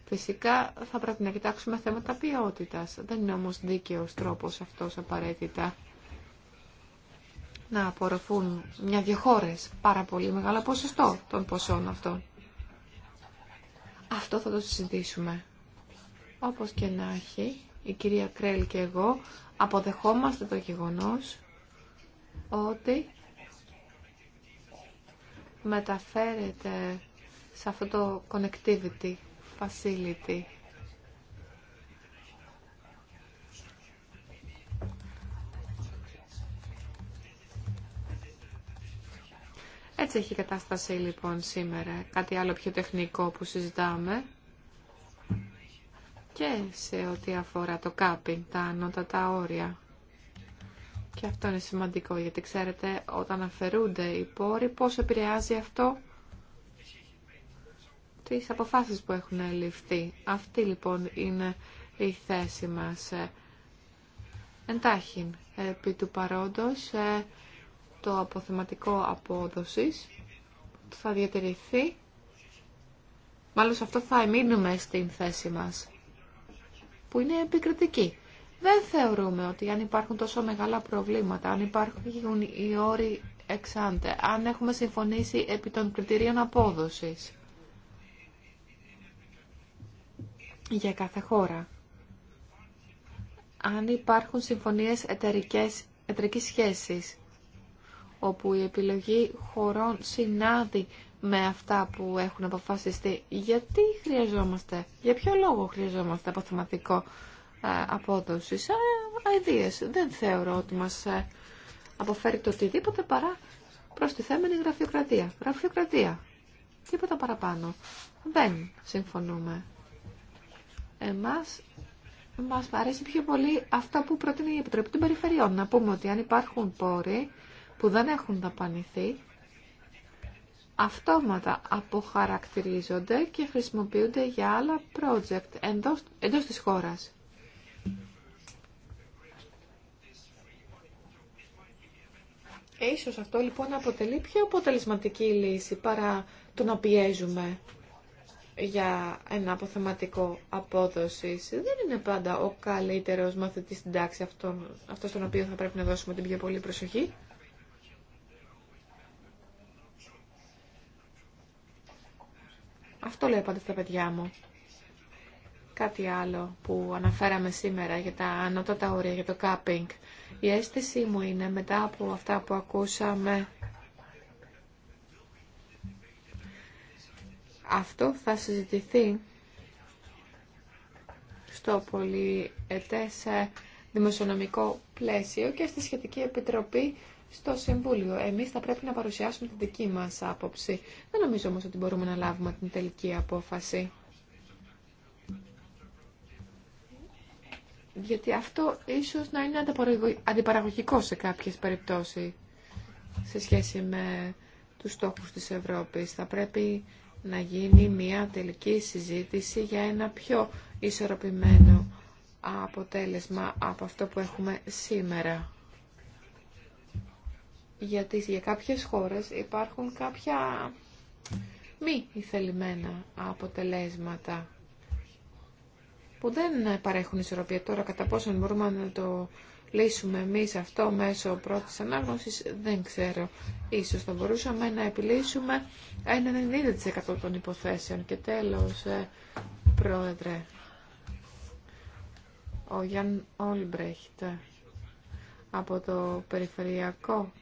Φυσικά θα πρέπει να κοιτάξουμε θέματα ποιότητας. Δεν είναι όμως δίκαιος τρόπος αυτός απαραίτητα να απορροφούν μια-δυο χώρε πάρα πολύ μεγάλο ποσοστό των ποσών αυτών. Αυτό θα το συζητήσουμε. Όπως και να έχει, η κυρία Κρέλ και εγώ αποδεχόμαστε το γεγονός ότι μεταφέρεται σε αυτό το connectivity facility. Έτσι έχει η κατάσταση λοιπόν σήμερα. Κάτι άλλο πιο τεχνικό που συζητάμε και σε ό,τι αφορά το κάπινγκ, τα ανώτατα όρια. Και αυτό είναι σημαντικό, γιατί ξέρετε, όταν αφαιρούνται οι πόροι, πώς επηρεάζει αυτό τις αποφάσεις που έχουν ληφθεί. Αυτή λοιπόν είναι η θέση μας. Εντάχει, επί του παρόντος, ε, το αποθεματικό απόδοσης θα διατηρηθεί. Μάλλον αυτό θα εμείνουμε στην θέση μας, που είναι επικριτική. Δεν θεωρούμε ότι αν υπάρχουν τόσο μεγάλα προβλήματα, αν υπάρχουν οι όροι εξάντε, αν έχουμε συμφωνήσει επί των κριτηρίων απόδοσης για κάθε χώρα, αν υπάρχουν συμφωνίες εταιρικές, εταιρικής σχέσης, όπου η επιλογή χωρών συνάδει με αυτά που έχουν αποφασιστεί, γιατί χρειαζόμαστε, για ποιο λόγο χρειαζόμαστε αποθεματικό ε, απόδοσης. Ε, Αιδίες. Δεν θεωρώ ότι μας ε, αποφέρει το οτιδήποτε παρά θέμενη γραφειοκρατία. Γραφειοκρατία. Τίποτα παραπάνω. Δεν συμφωνούμε. Εμάς μας αρέσει πιο πολύ αυτά που προτείνει η Επιτροπή των Περιφερειών. Να πούμε ότι αν υπάρχουν πόροι που δεν έχουν δαπανηθεί, αυτόματα αποχαρακτηρίζονται και χρησιμοποιούνται για άλλα project εντός, εντός της χώρας. Ε, ίσως αυτό λοιπόν αποτελεί πιο αποτελεσματική λύση παρά το να πιέζουμε για ένα αποθεματικό απόδοσης. Δεν είναι πάντα ο καλύτερος μαθητής στην τάξη αυτό αυτό τον οποίο θα πρέπει να δώσουμε την πιο πολύ προσοχή. Αυτό λέει πάντα στα παιδιά μου. Κάτι άλλο που αναφέραμε σήμερα για τα ανώτατα όρια, για το κάπινγκ. Η αίσθησή μου είναι μετά από αυτά που ακούσαμε Αυτό θα συζητηθεί στο πολυετές ε, δημοσιονομικό πλαίσιο και στη σχετική επιτροπή στο Συμβούλιο. Εμείς θα πρέπει να παρουσιάσουμε την δική μας άποψη. Δεν νομίζω όμως ότι μπορούμε να λάβουμε την τελική απόφαση. γιατί αυτό ίσως να είναι αντιπαραγωγικό σε κάποιες περιπτώσεις σε σχέση με τους στόχους της Ευρώπης. Θα πρέπει να γίνει μια τελική συζήτηση για ένα πιο ισορροπημένο αποτέλεσμα από αυτό που έχουμε σήμερα. Γιατί για κάποιες χώρες υπάρχουν κάποια μη ηθελημένα αποτελέσματα που δεν παρέχουν ισορροπία τώρα κατά πόσον μπορούμε να το λύσουμε εμείς αυτό μέσω πρώτης ανάγνωσης δεν ξέρω. Ίσως θα μπορούσαμε να επιλύσουμε ένα 90% των υποθέσεων. Και τέλος, ε, πρόεδρε, ο Γιάνν Όλμπρεχτ από το Περιφερειακό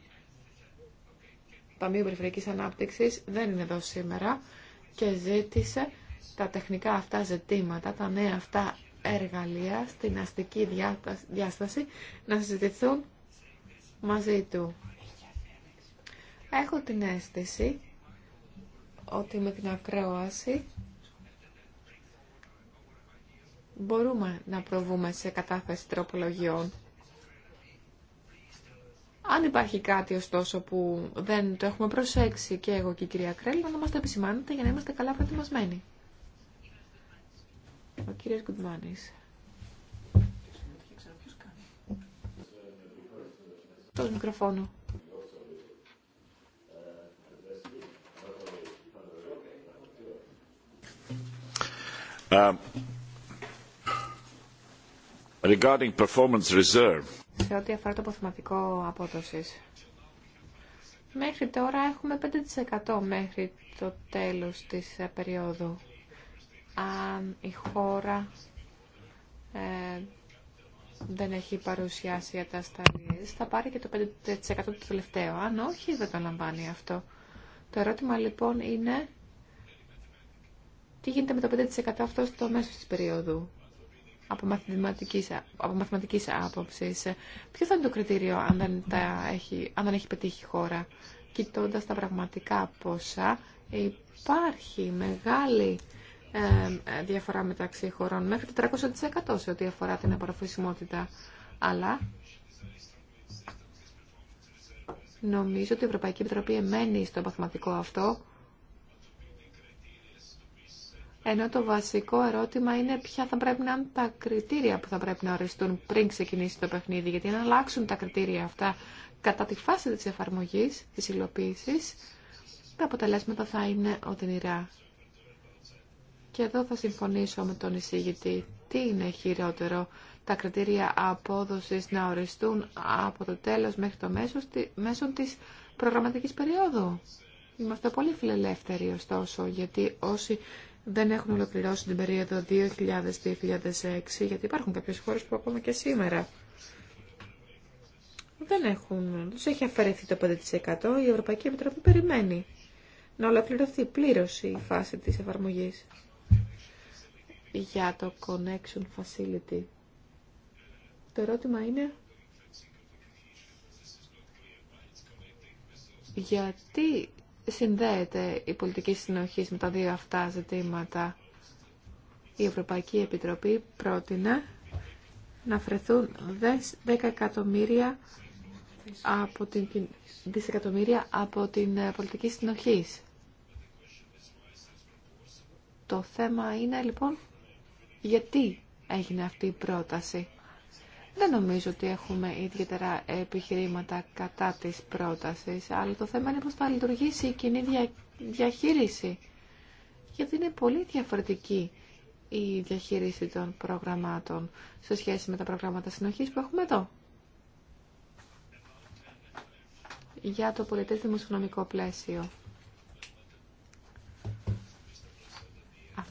Ταμείο Περιφερειακής Ανάπτυξης δεν είναι εδώ σήμερα και ζήτησε τα τεχνικά αυτά ζητήματα, τα νέα αυτά εργαλεία στην αστική διάσταση να συζητηθούν μαζί του. Έχω την αίσθηση ότι με την ακρόαση μπορούμε να προβούμε σε κατάθεση τροπολογιών. Αν υπάρχει κάτι ωστόσο που δεν το έχουμε προσέξει και εγώ και η κυρία Κρέλ, να μας το επισημάνετε για να είμαστε καλά προετοιμασμένοι. Ο κύριος Γκουτμάνης. Το μικροφόνο. Ε, regarding performance reserve. Σε ό,τι αφορά το αποθεματικό απόδοσης. Μέχρι τώρα έχουμε 5% μέχρι το τέλος της περίοδου αν η χώρα ε, δεν έχει παρουσιάσει ατασταλίες, θα πάρει και το 5% του τελευταίο. Αν όχι, δεν το λαμβάνει αυτό. Το ερώτημα λοιπόν είναι τι γίνεται με το 5% αυτό στο μέσο της περίοδου από μαθηματικής, από μαθηματικής άποψης. Ποιο θα είναι το κριτήριο αν δεν, τα έχει, αν δεν έχει πετύχει η χώρα. Κοιτώντας τα πραγματικά ποσά, υπάρχει μεγάλη ε, ε, διαφορά μεταξύ χωρών, μέχρι το 300% σε ό,τι αφορά την απορροφησιμότητα. Αλλά νομίζω ότι η Ευρωπαϊκή Επιτροπή εμένει στο παθηματικό αυτό, ενώ το βασικό ερώτημα είναι ποια θα πρέπει να είναι τα κριτήρια που θα πρέπει να οριστούν πριν ξεκινήσει το παιχνίδι, γιατί αν αλλάξουν τα κριτήρια αυτά κατά τη φάση της εφαρμογής, της υλοποίησης, τα αποτελέσματα θα είναι οδυνηρά. Και εδώ θα συμφωνήσω με τον εισηγητή. Τι είναι χειρότερο, τα κριτήρια απόδοσης να οριστούν από το τέλος μέχρι το μέσο, μέσω της προγραμματικής περίοδου. Είμαστε πολύ φιλελεύθεροι ωστόσο, γιατί όσοι δεν έχουν ολοκληρώσει την περίοδο 2000-2006, γιατί υπάρχουν κάποιες χώρες που ακόμα και σήμερα δεν έχουν, τους έχει αφαιρεθεί το 5%, η Ευρωπαϊκή Επιτροπή περιμένει να ολοκληρωθεί πλήρως η φάση της εφαρμογής για το Connection Facility. Το ερώτημα είναι γιατί συνδέεται η πολιτική συνοχή με τα δύο αυτά ζητήματα. Η Ευρωπαϊκή Επιτροπή πρότεινε να φρεθούν 10 εκατομμύρια από την, δισεκατομμύρια από την ε, πολιτική συνοχή. Το θέμα είναι λοιπόν γιατί έγινε αυτή η πρόταση. Δεν νομίζω ότι έχουμε ιδιαίτερα επιχειρήματα κατά της πρότασης, αλλά το θέμα είναι πώς θα λειτουργήσει η κοινή διαχείριση. Γιατί είναι πολύ διαφορετική η διαχείριση των προγραμμάτων σε σχέση με τα προγράμματα συνοχής που έχουμε εδώ. Για το πολιτές δημοσιονομικό πλαίσιο.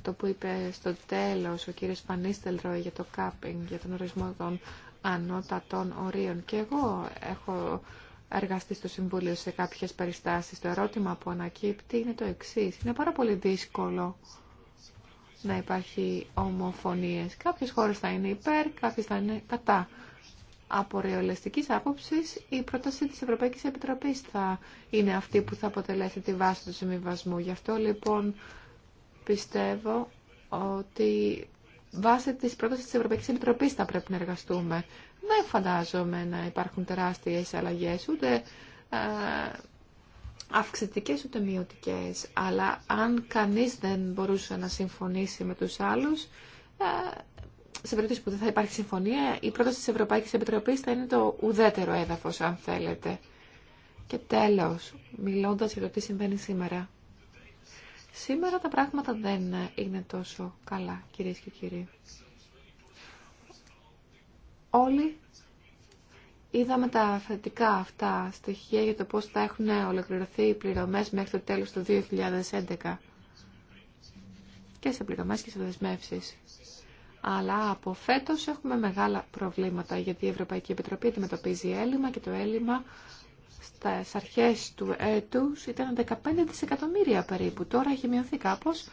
το που είπε στο τέλος ο κύριος Φανίστελτρο για το κάπινγκ, για τον ορισμό των ανώτατων ορίων. Και εγώ έχω εργαστεί στο Συμβούλιο σε κάποιες περιστάσεις. Το ερώτημα που ανακύπτει είναι το εξή. Είναι πάρα πολύ δύσκολο να υπάρχει ομοφωνίες. Κάποιες χώρες θα είναι υπέρ, κάποιες θα είναι κατά. Από ρεολεστική άποψη η πρόταση τη Ευρωπαϊκή Επιτροπή θα είναι αυτή που θα αποτελέσει τη βάση του συμβιβασμού. Γι' αυτό λοιπόν πιστεύω ότι βάσει τη πρόταση τη Ευρωπαϊκής Επιτροπής θα πρέπει να εργαστούμε. Δεν φαντάζομαι να υπάρχουν τεράστιες αλλαγές, ούτε ε, αυξητικέ ούτε μειωτικέ. Αλλά αν κανείς δεν μπορούσε να συμφωνήσει με τους άλλους, ε, σε περίπτωση που δεν θα υπάρχει συμφωνία, η πρόταση τη Ευρωπαϊκής Επιτροπής θα είναι το ουδέτερο έδαφο αν θέλετε. Και τέλος, μιλώντας για το τι συμβαίνει σήμερα. Σήμερα τα πράγματα δεν είναι τόσο καλά, κυρίες και κύριοι. Όλοι είδαμε τα θετικά αυτά στοιχεία για το πώς θα έχουν ολοκληρωθεί οι πληρωμές μέχρι το τέλος του 2011 και σε πληρωμές και σε δεσμεύσεις. Αλλά από φέτος έχουμε μεγάλα προβλήματα γιατί η Ευρωπαϊκή Επιτροπή αντιμετωπίζει έλλειμμα και το έλλειμμα στις αρχές του έτους ήταν 15 δισεκατομμύρια περίπου. Τώρα έχει μειωθεί κάπως.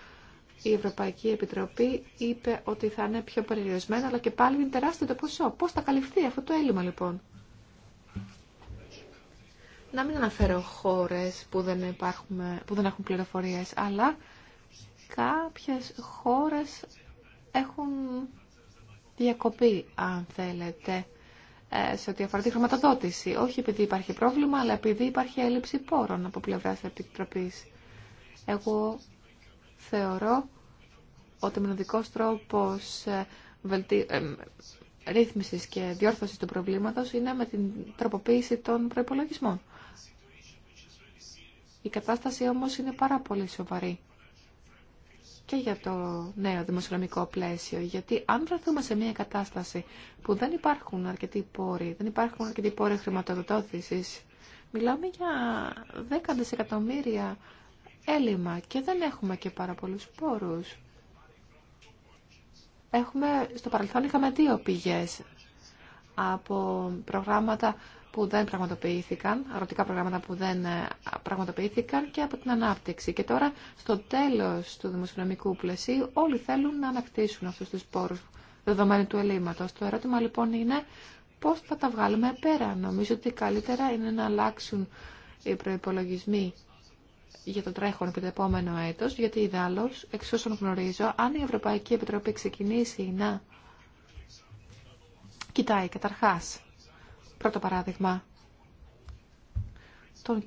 Η Ευρωπαϊκή Επιτροπή είπε ότι θα είναι πιο περιορισμένα, αλλά και πάλι είναι τεράστιο το ποσό. Πώς θα καλυφθεί αυτό το έλλειμμα λοιπόν. Να μην αναφέρω χώρες που δεν, που δεν έχουν πληροφορίες, αλλά κάποιες χώρες έχουν διακοπή, αν θέλετε, ε, σε ό,τι αφορά τη χρηματοδότηση. Όχι επειδή υπάρχει πρόβλημα, αλλά επειδή υπάρχει έλλειψη πόρων από πλευρά τη Επιτροπή. Εγώ θεωρώ ότι ο μοναδικό τρόπο ε, βελτι... Ε, ρύθμιση και διόρθωσης του προβλήματος είναι με την τροποποίηση των προπολογισμών. Η κατάσταση όμως είναι πάρα πολύ σοβαρή και για το νέο δημοσιονομικό πλαίσιο. Γιατί αν βρεθούμε σε μια κατάσταση που δεν υπάρχουν αρκετοί πόροι, δεν υπάρχουν αρκετοί πόροι χρηματοδοτήσεις, μιλάμε για δέκα δισεκατομμύρια έλλειμμα και δεν έχουμε και πάρα πολλού πόρους. Έχουμε, στο παρελθόν είχαμε δύο πηγές από προγράμματα που δεν πραγματοποιήθηκαν, αρωτικά προγράμματα που δεν ε, πραγματοποιήθηκαν και από την ανάπτυξη. Και τώρα, στο τέλος του δημοσιονομικού πλαισίου, όλοι θέλουν να ανακτήσουν αυτούς τους πόρους δεδομένου του ελλείμματος. Το ερώτημα λοιπόν είναι πώς θα τα βγάλουμε πέρα. Νομίζω ότι καλύτερα είναι να αλλάξουν οι προϋπολογισμοί για το τρέχον και το επόμενο έτος, γιατί ιδάλλως, εξ όσων γνωρίζω, αν η Ευρωπαϊκή Επιτροπή ξεκινήσει να κοιτάει καταρχάς Πρώτο παράδειγμα, των,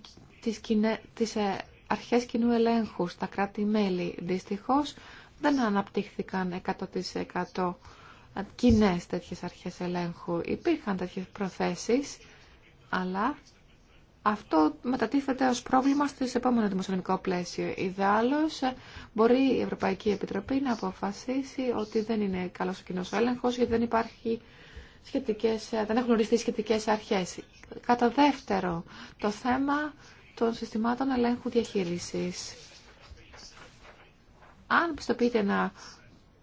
τις, ε, αρχές κοινού ελέγχου στα κράτη-μέλη. Δυστυχώς δεν αναπτύχθηκαν 100% ε, κοινέ τέτοιες αρχές ελέγχου. Υπήρχαν τέτοιες προθέσεις, αλλά αυτό μετατίθεται ως πρόβλημα στο επόμενο δημοσιονομικό πλαίσιο. Ιδάλλως ε, μπορεί η Ευρωπαϊκή Επιτροπή να αποφασίσει ότι δεν είναι καλός ο κοινός έλεγχος γιατί δεν υπάρχει σχετικές, ε, δεν έχουν οριστεί σχετικές αρχές. Κατά δεύτερο, το θέμα των συστημάτων ελέγχου διαχείρισης. Αν πιστοποιείται ένα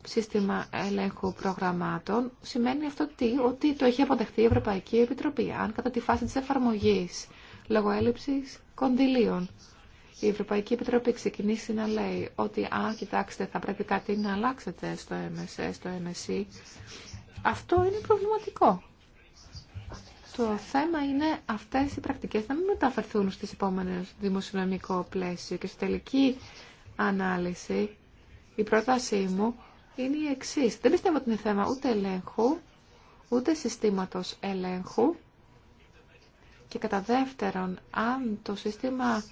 σύστημα ελέγχου προγραμμάτων, σημαίνει αυτό τι, ότι το έχει αποδεχτεί η Ευρωπαϊκή Επιτροπή. Αν κατά τη φάση της εφαρμογής, λόγω έλλειψης κονδυλίων, η Ευρωπαϊκή Επιτροπή ξεκινήσει να λέει ότι, «Αν κοιτάξτε, θα πρέπει κάτι να αλλάξετε στο στο MSC e». Αυτό είναι προβληματικό. Το θέμα είναι αυτές οι πρακτικές να μην μεταφερθούν στις επόμενες δημοσιονομικό πλαίσιο και στη τελική ανάλυση η πρότασή μου είναι η εξή. Δεν πιστεύω ότι είναι θέμα ούτε ελέγχου, ούτε συστήματος ελέγχου και κατά δεύτερον, αν το σύστημα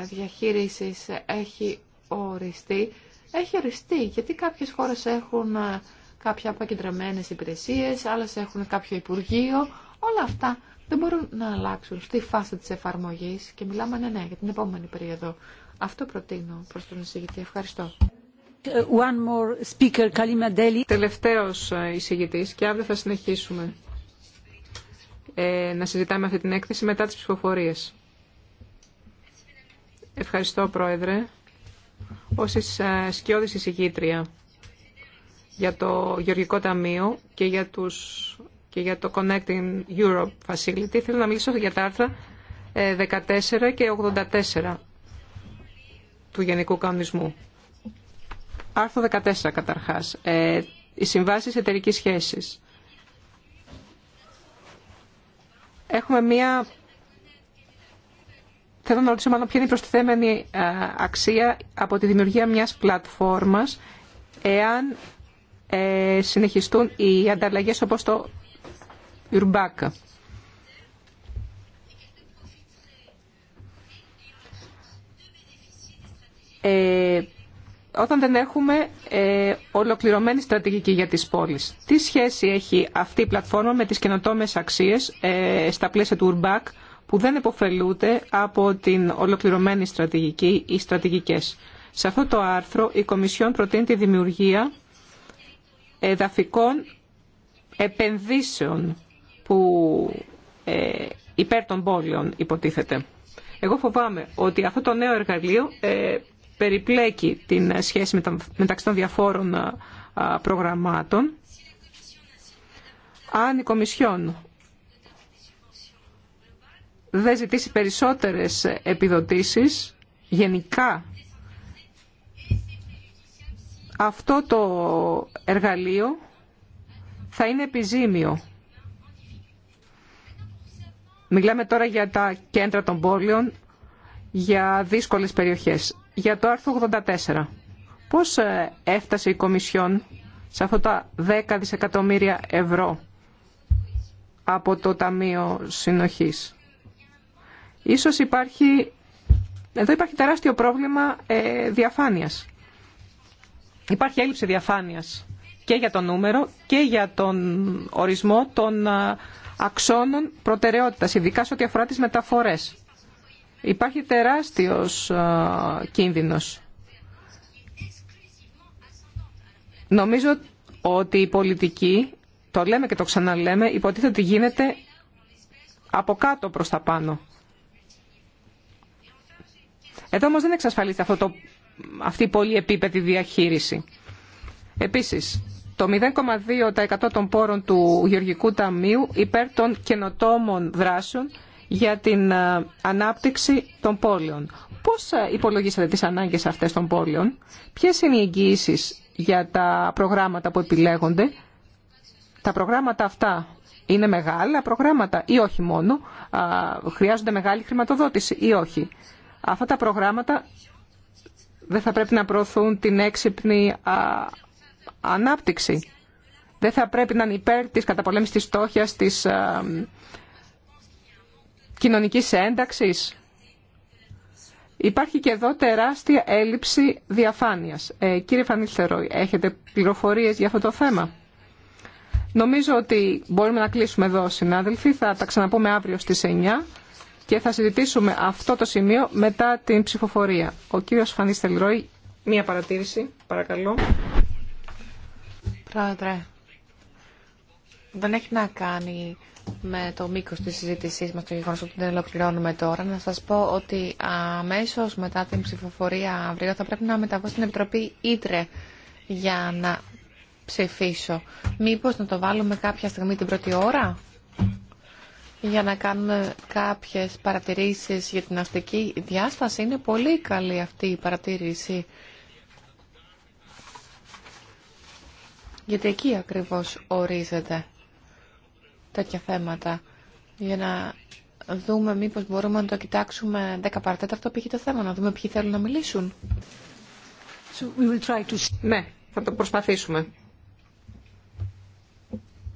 ε, διαχείρισης έχει οριστεί, έχει οριστεί γιατί κάποιες χώρες έχουν ε, κάποια αποκεντρωμένες υπηρεσίες, άλλες έχουν κάποιο υπουργείο. Όλα αυτά δεν μπορούν να αλλάξουν στη φάση της εφαρμογής και μιλάμε ναι, ναι, για την επόμενη περίοδο. Αυτό προτείνω προς τον εισηγητή. Ευχαριστώ. One more speaker, Τελευταίος ε, εισηγητής και αύριο θα συνεχίσουμε ε, να συζητάμε αυτή την έκθεση μετά τις ψηφοφορίες. Ευχαριστώ, Πρόεδρε. Ως ε, σκιώδης εισηγήτρια για το Γεωργικό Ταμείο και για, τους, και για το Connecting Europe Facility. Θέλω να μιλήσω για τα άρθρα 14 ε, και 84 του Γενικού Κανονισμού. Άρθρο 14 καταρχάς. Ε, οι συμβάσεις εταιρικής σχέσης. Έχουμε μία... Θέλω να ρωτήσω μάλλον ποια είναι η προστιθέμενη ε, αξία από τη δημιουργία μιας πλατφόρμας εάν ε, συνεχιστούν οι ανταλλαγές όπως το Ιρμπάκ. Ε, όταν δεν έχουμε ε, ολοκληρωμένη στρατηγική για τις πόλεις. Τι σχέση έχει αυτή η πλατφόρμα με τις καινοτόμες αξίες ε, στα πλαίσια του Ουρμπάκ που δεν υποφελούνται από την ολοκληρωμένη στρατηγική ή στρατηγικές. Σε αυτό το άρθρο η Κομισιόν προτείνει τη δημιουργία εδαφικών επενδύσεων που ε, υπέρ των πόλεων υποτίθεται. Εγώ φοβάμαι ότι αυτό το νέο εργαλείο ε, περιπλέκει την σχέση τα, μεταξύ των διαφόρων προγραμμάτων. Αν η Κομισιόν δεν ζητήσει περισσότερες επιδοτήσεις γενικά αυτό το εργαλείο θα είναι επιζήμιο. Μιλάμε τώρα για τα κέντρα των πόλεων, για δύσκολες περιοχές. Για το άρθρο 84. Πώς ε, έφτασε η Κομισιόν σε αυτά τα 10 δισεκατομμύρια ευρώ από το Ταμείο Συνοχής. Ίσως υπάρχει, εδώ υπάρχει τεράστιο πρόβλημα ε, διαφάνειας. Υπάρχει έλλειψη διαφάνειας και για το νούμερο και για τον ορισμό των αξώνων προτεραιότητας, ειδικά σε ό,τι αφορά τις μεταφορές. Υπάρχει τεράστιος κίνδυνος. Νομίζω ότι η πολιτική, το λέμε και το ξαναλέμε, υποτίθεται ότι γίνεται από κάτω προς τα πάνω. Εδώ όμως δεν εξασφαλίζεται αυτό το αυτή η επίπεδη διαχείριση. Επίσης, το 0,2% των πόρων του Γεωργικού Ταμείου υπέρ των καινοτόμων δράσεων για την ε, ανάπτυξη των πόλεων. Πώς ε, υπολογίσατε τις ανάγκες αυτές των πόλεων, ποιες είναι οι εγγυήσεις για τα προγράμματα που επιλέγονται, τα προγράμματα αυτά είναι μεγάλα προγράμματα ή όχι μόνο, χρειάζονται μεγάλη χρηματοδότηση ή όχι. Αυτά τα προγράμματα δεν θα πρέπει να προωθούν την έξυπνη ανάπτυξη. Δεν θα πρέπει να είναι υπέρ της καταπολέμησης της στόχιας, της κοινωνικής ένταξης. Υπάρχει και εδώ τεράστια έλλειψη διαφάνειας. Ε, κύριε Φανίλθεροι, έχετε πληροφορίες για αυτό το θέμα. Νομίζω ότι μπορούμε να κλείσουμε εδώ, συνάδελφοι. Θα τα ξαναπούμε αύριο στις 9 και θα συζητήσουμε αυτό το σημείο μετά την ψηφοφορία. Ο κύριος Φανής Τελρόη, μία παρατήρηση, παρακαλώ. Πρόεδρε, δεν έχει να κάνει με το μήκο τη συζήτησή μα, το γεγονό ότι δεν ολοκληρώνουμε τώρα, να σα πω ότι αμέσω μετά την ψηφοφορία αύριο θα πρέπει να μεταβώ στην Επιτροπή Ήτρε για να ψηφίσω. Μήπω να το βάλουμε κάποια στιγμή την πρώτη ώρα για να κάνουμε κάποιες παρατηρήσεις για την αστική διάσταση. Είναι πολύ καλή αυτή η παρατήρηση. Γιατί εκεί ακριβώς ορίζεται τέτοια θέματα. Για να δούμε μήπως μπορούμε να το κοιτάξουμε 10 παρατέταρτο πήγε το θέμα, να δούμε ποιοι θέλουν να μιλήσουν. So we Ναι, θα το προσπαθήσουμε.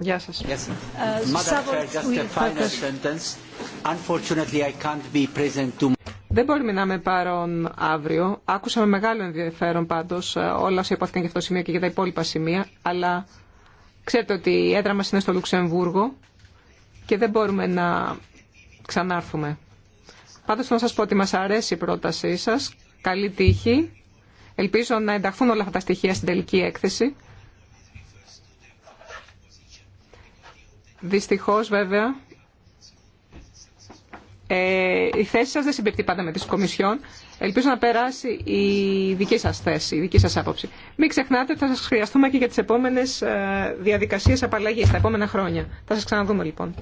Γεια σας. Δεν μπορούμε να είμαι παρόν αύριο. Άκουσα με μεγάλο ενδιαφέρον πάντως ε, όλα όσα υπόθηκαν για αυτό το σημείο και για τα υπόλοιπα σημεία, αλλά ξέρετε ότι η έδρα μας είναι στο Λουξεμβούργο και δεν μπορούμε να ξανάρθουμε. Πάντως θέλω να σας πω ότι μας αρέσει η πρότασή σας. Καλή τύχη. Ελπίζω να ενταχθούν όλα αυτά τα στοιχεία στην τελική έκθεση. Δυστυχώς βέβαια ε, η θέση σας δεν συμπεριπτεί πάντα με τις Κομισιόν. Ελπίζω να περάσει η δική σας θέση, η δική σας άποψη. Μην ξεχνάτε ότι θα σας χρειαστούμε και για τις επόμενες ε, διαδικασίες απαλλαγής, τα επόμενα χρόνια. Θα σας ξαναδούμε λοιπόν.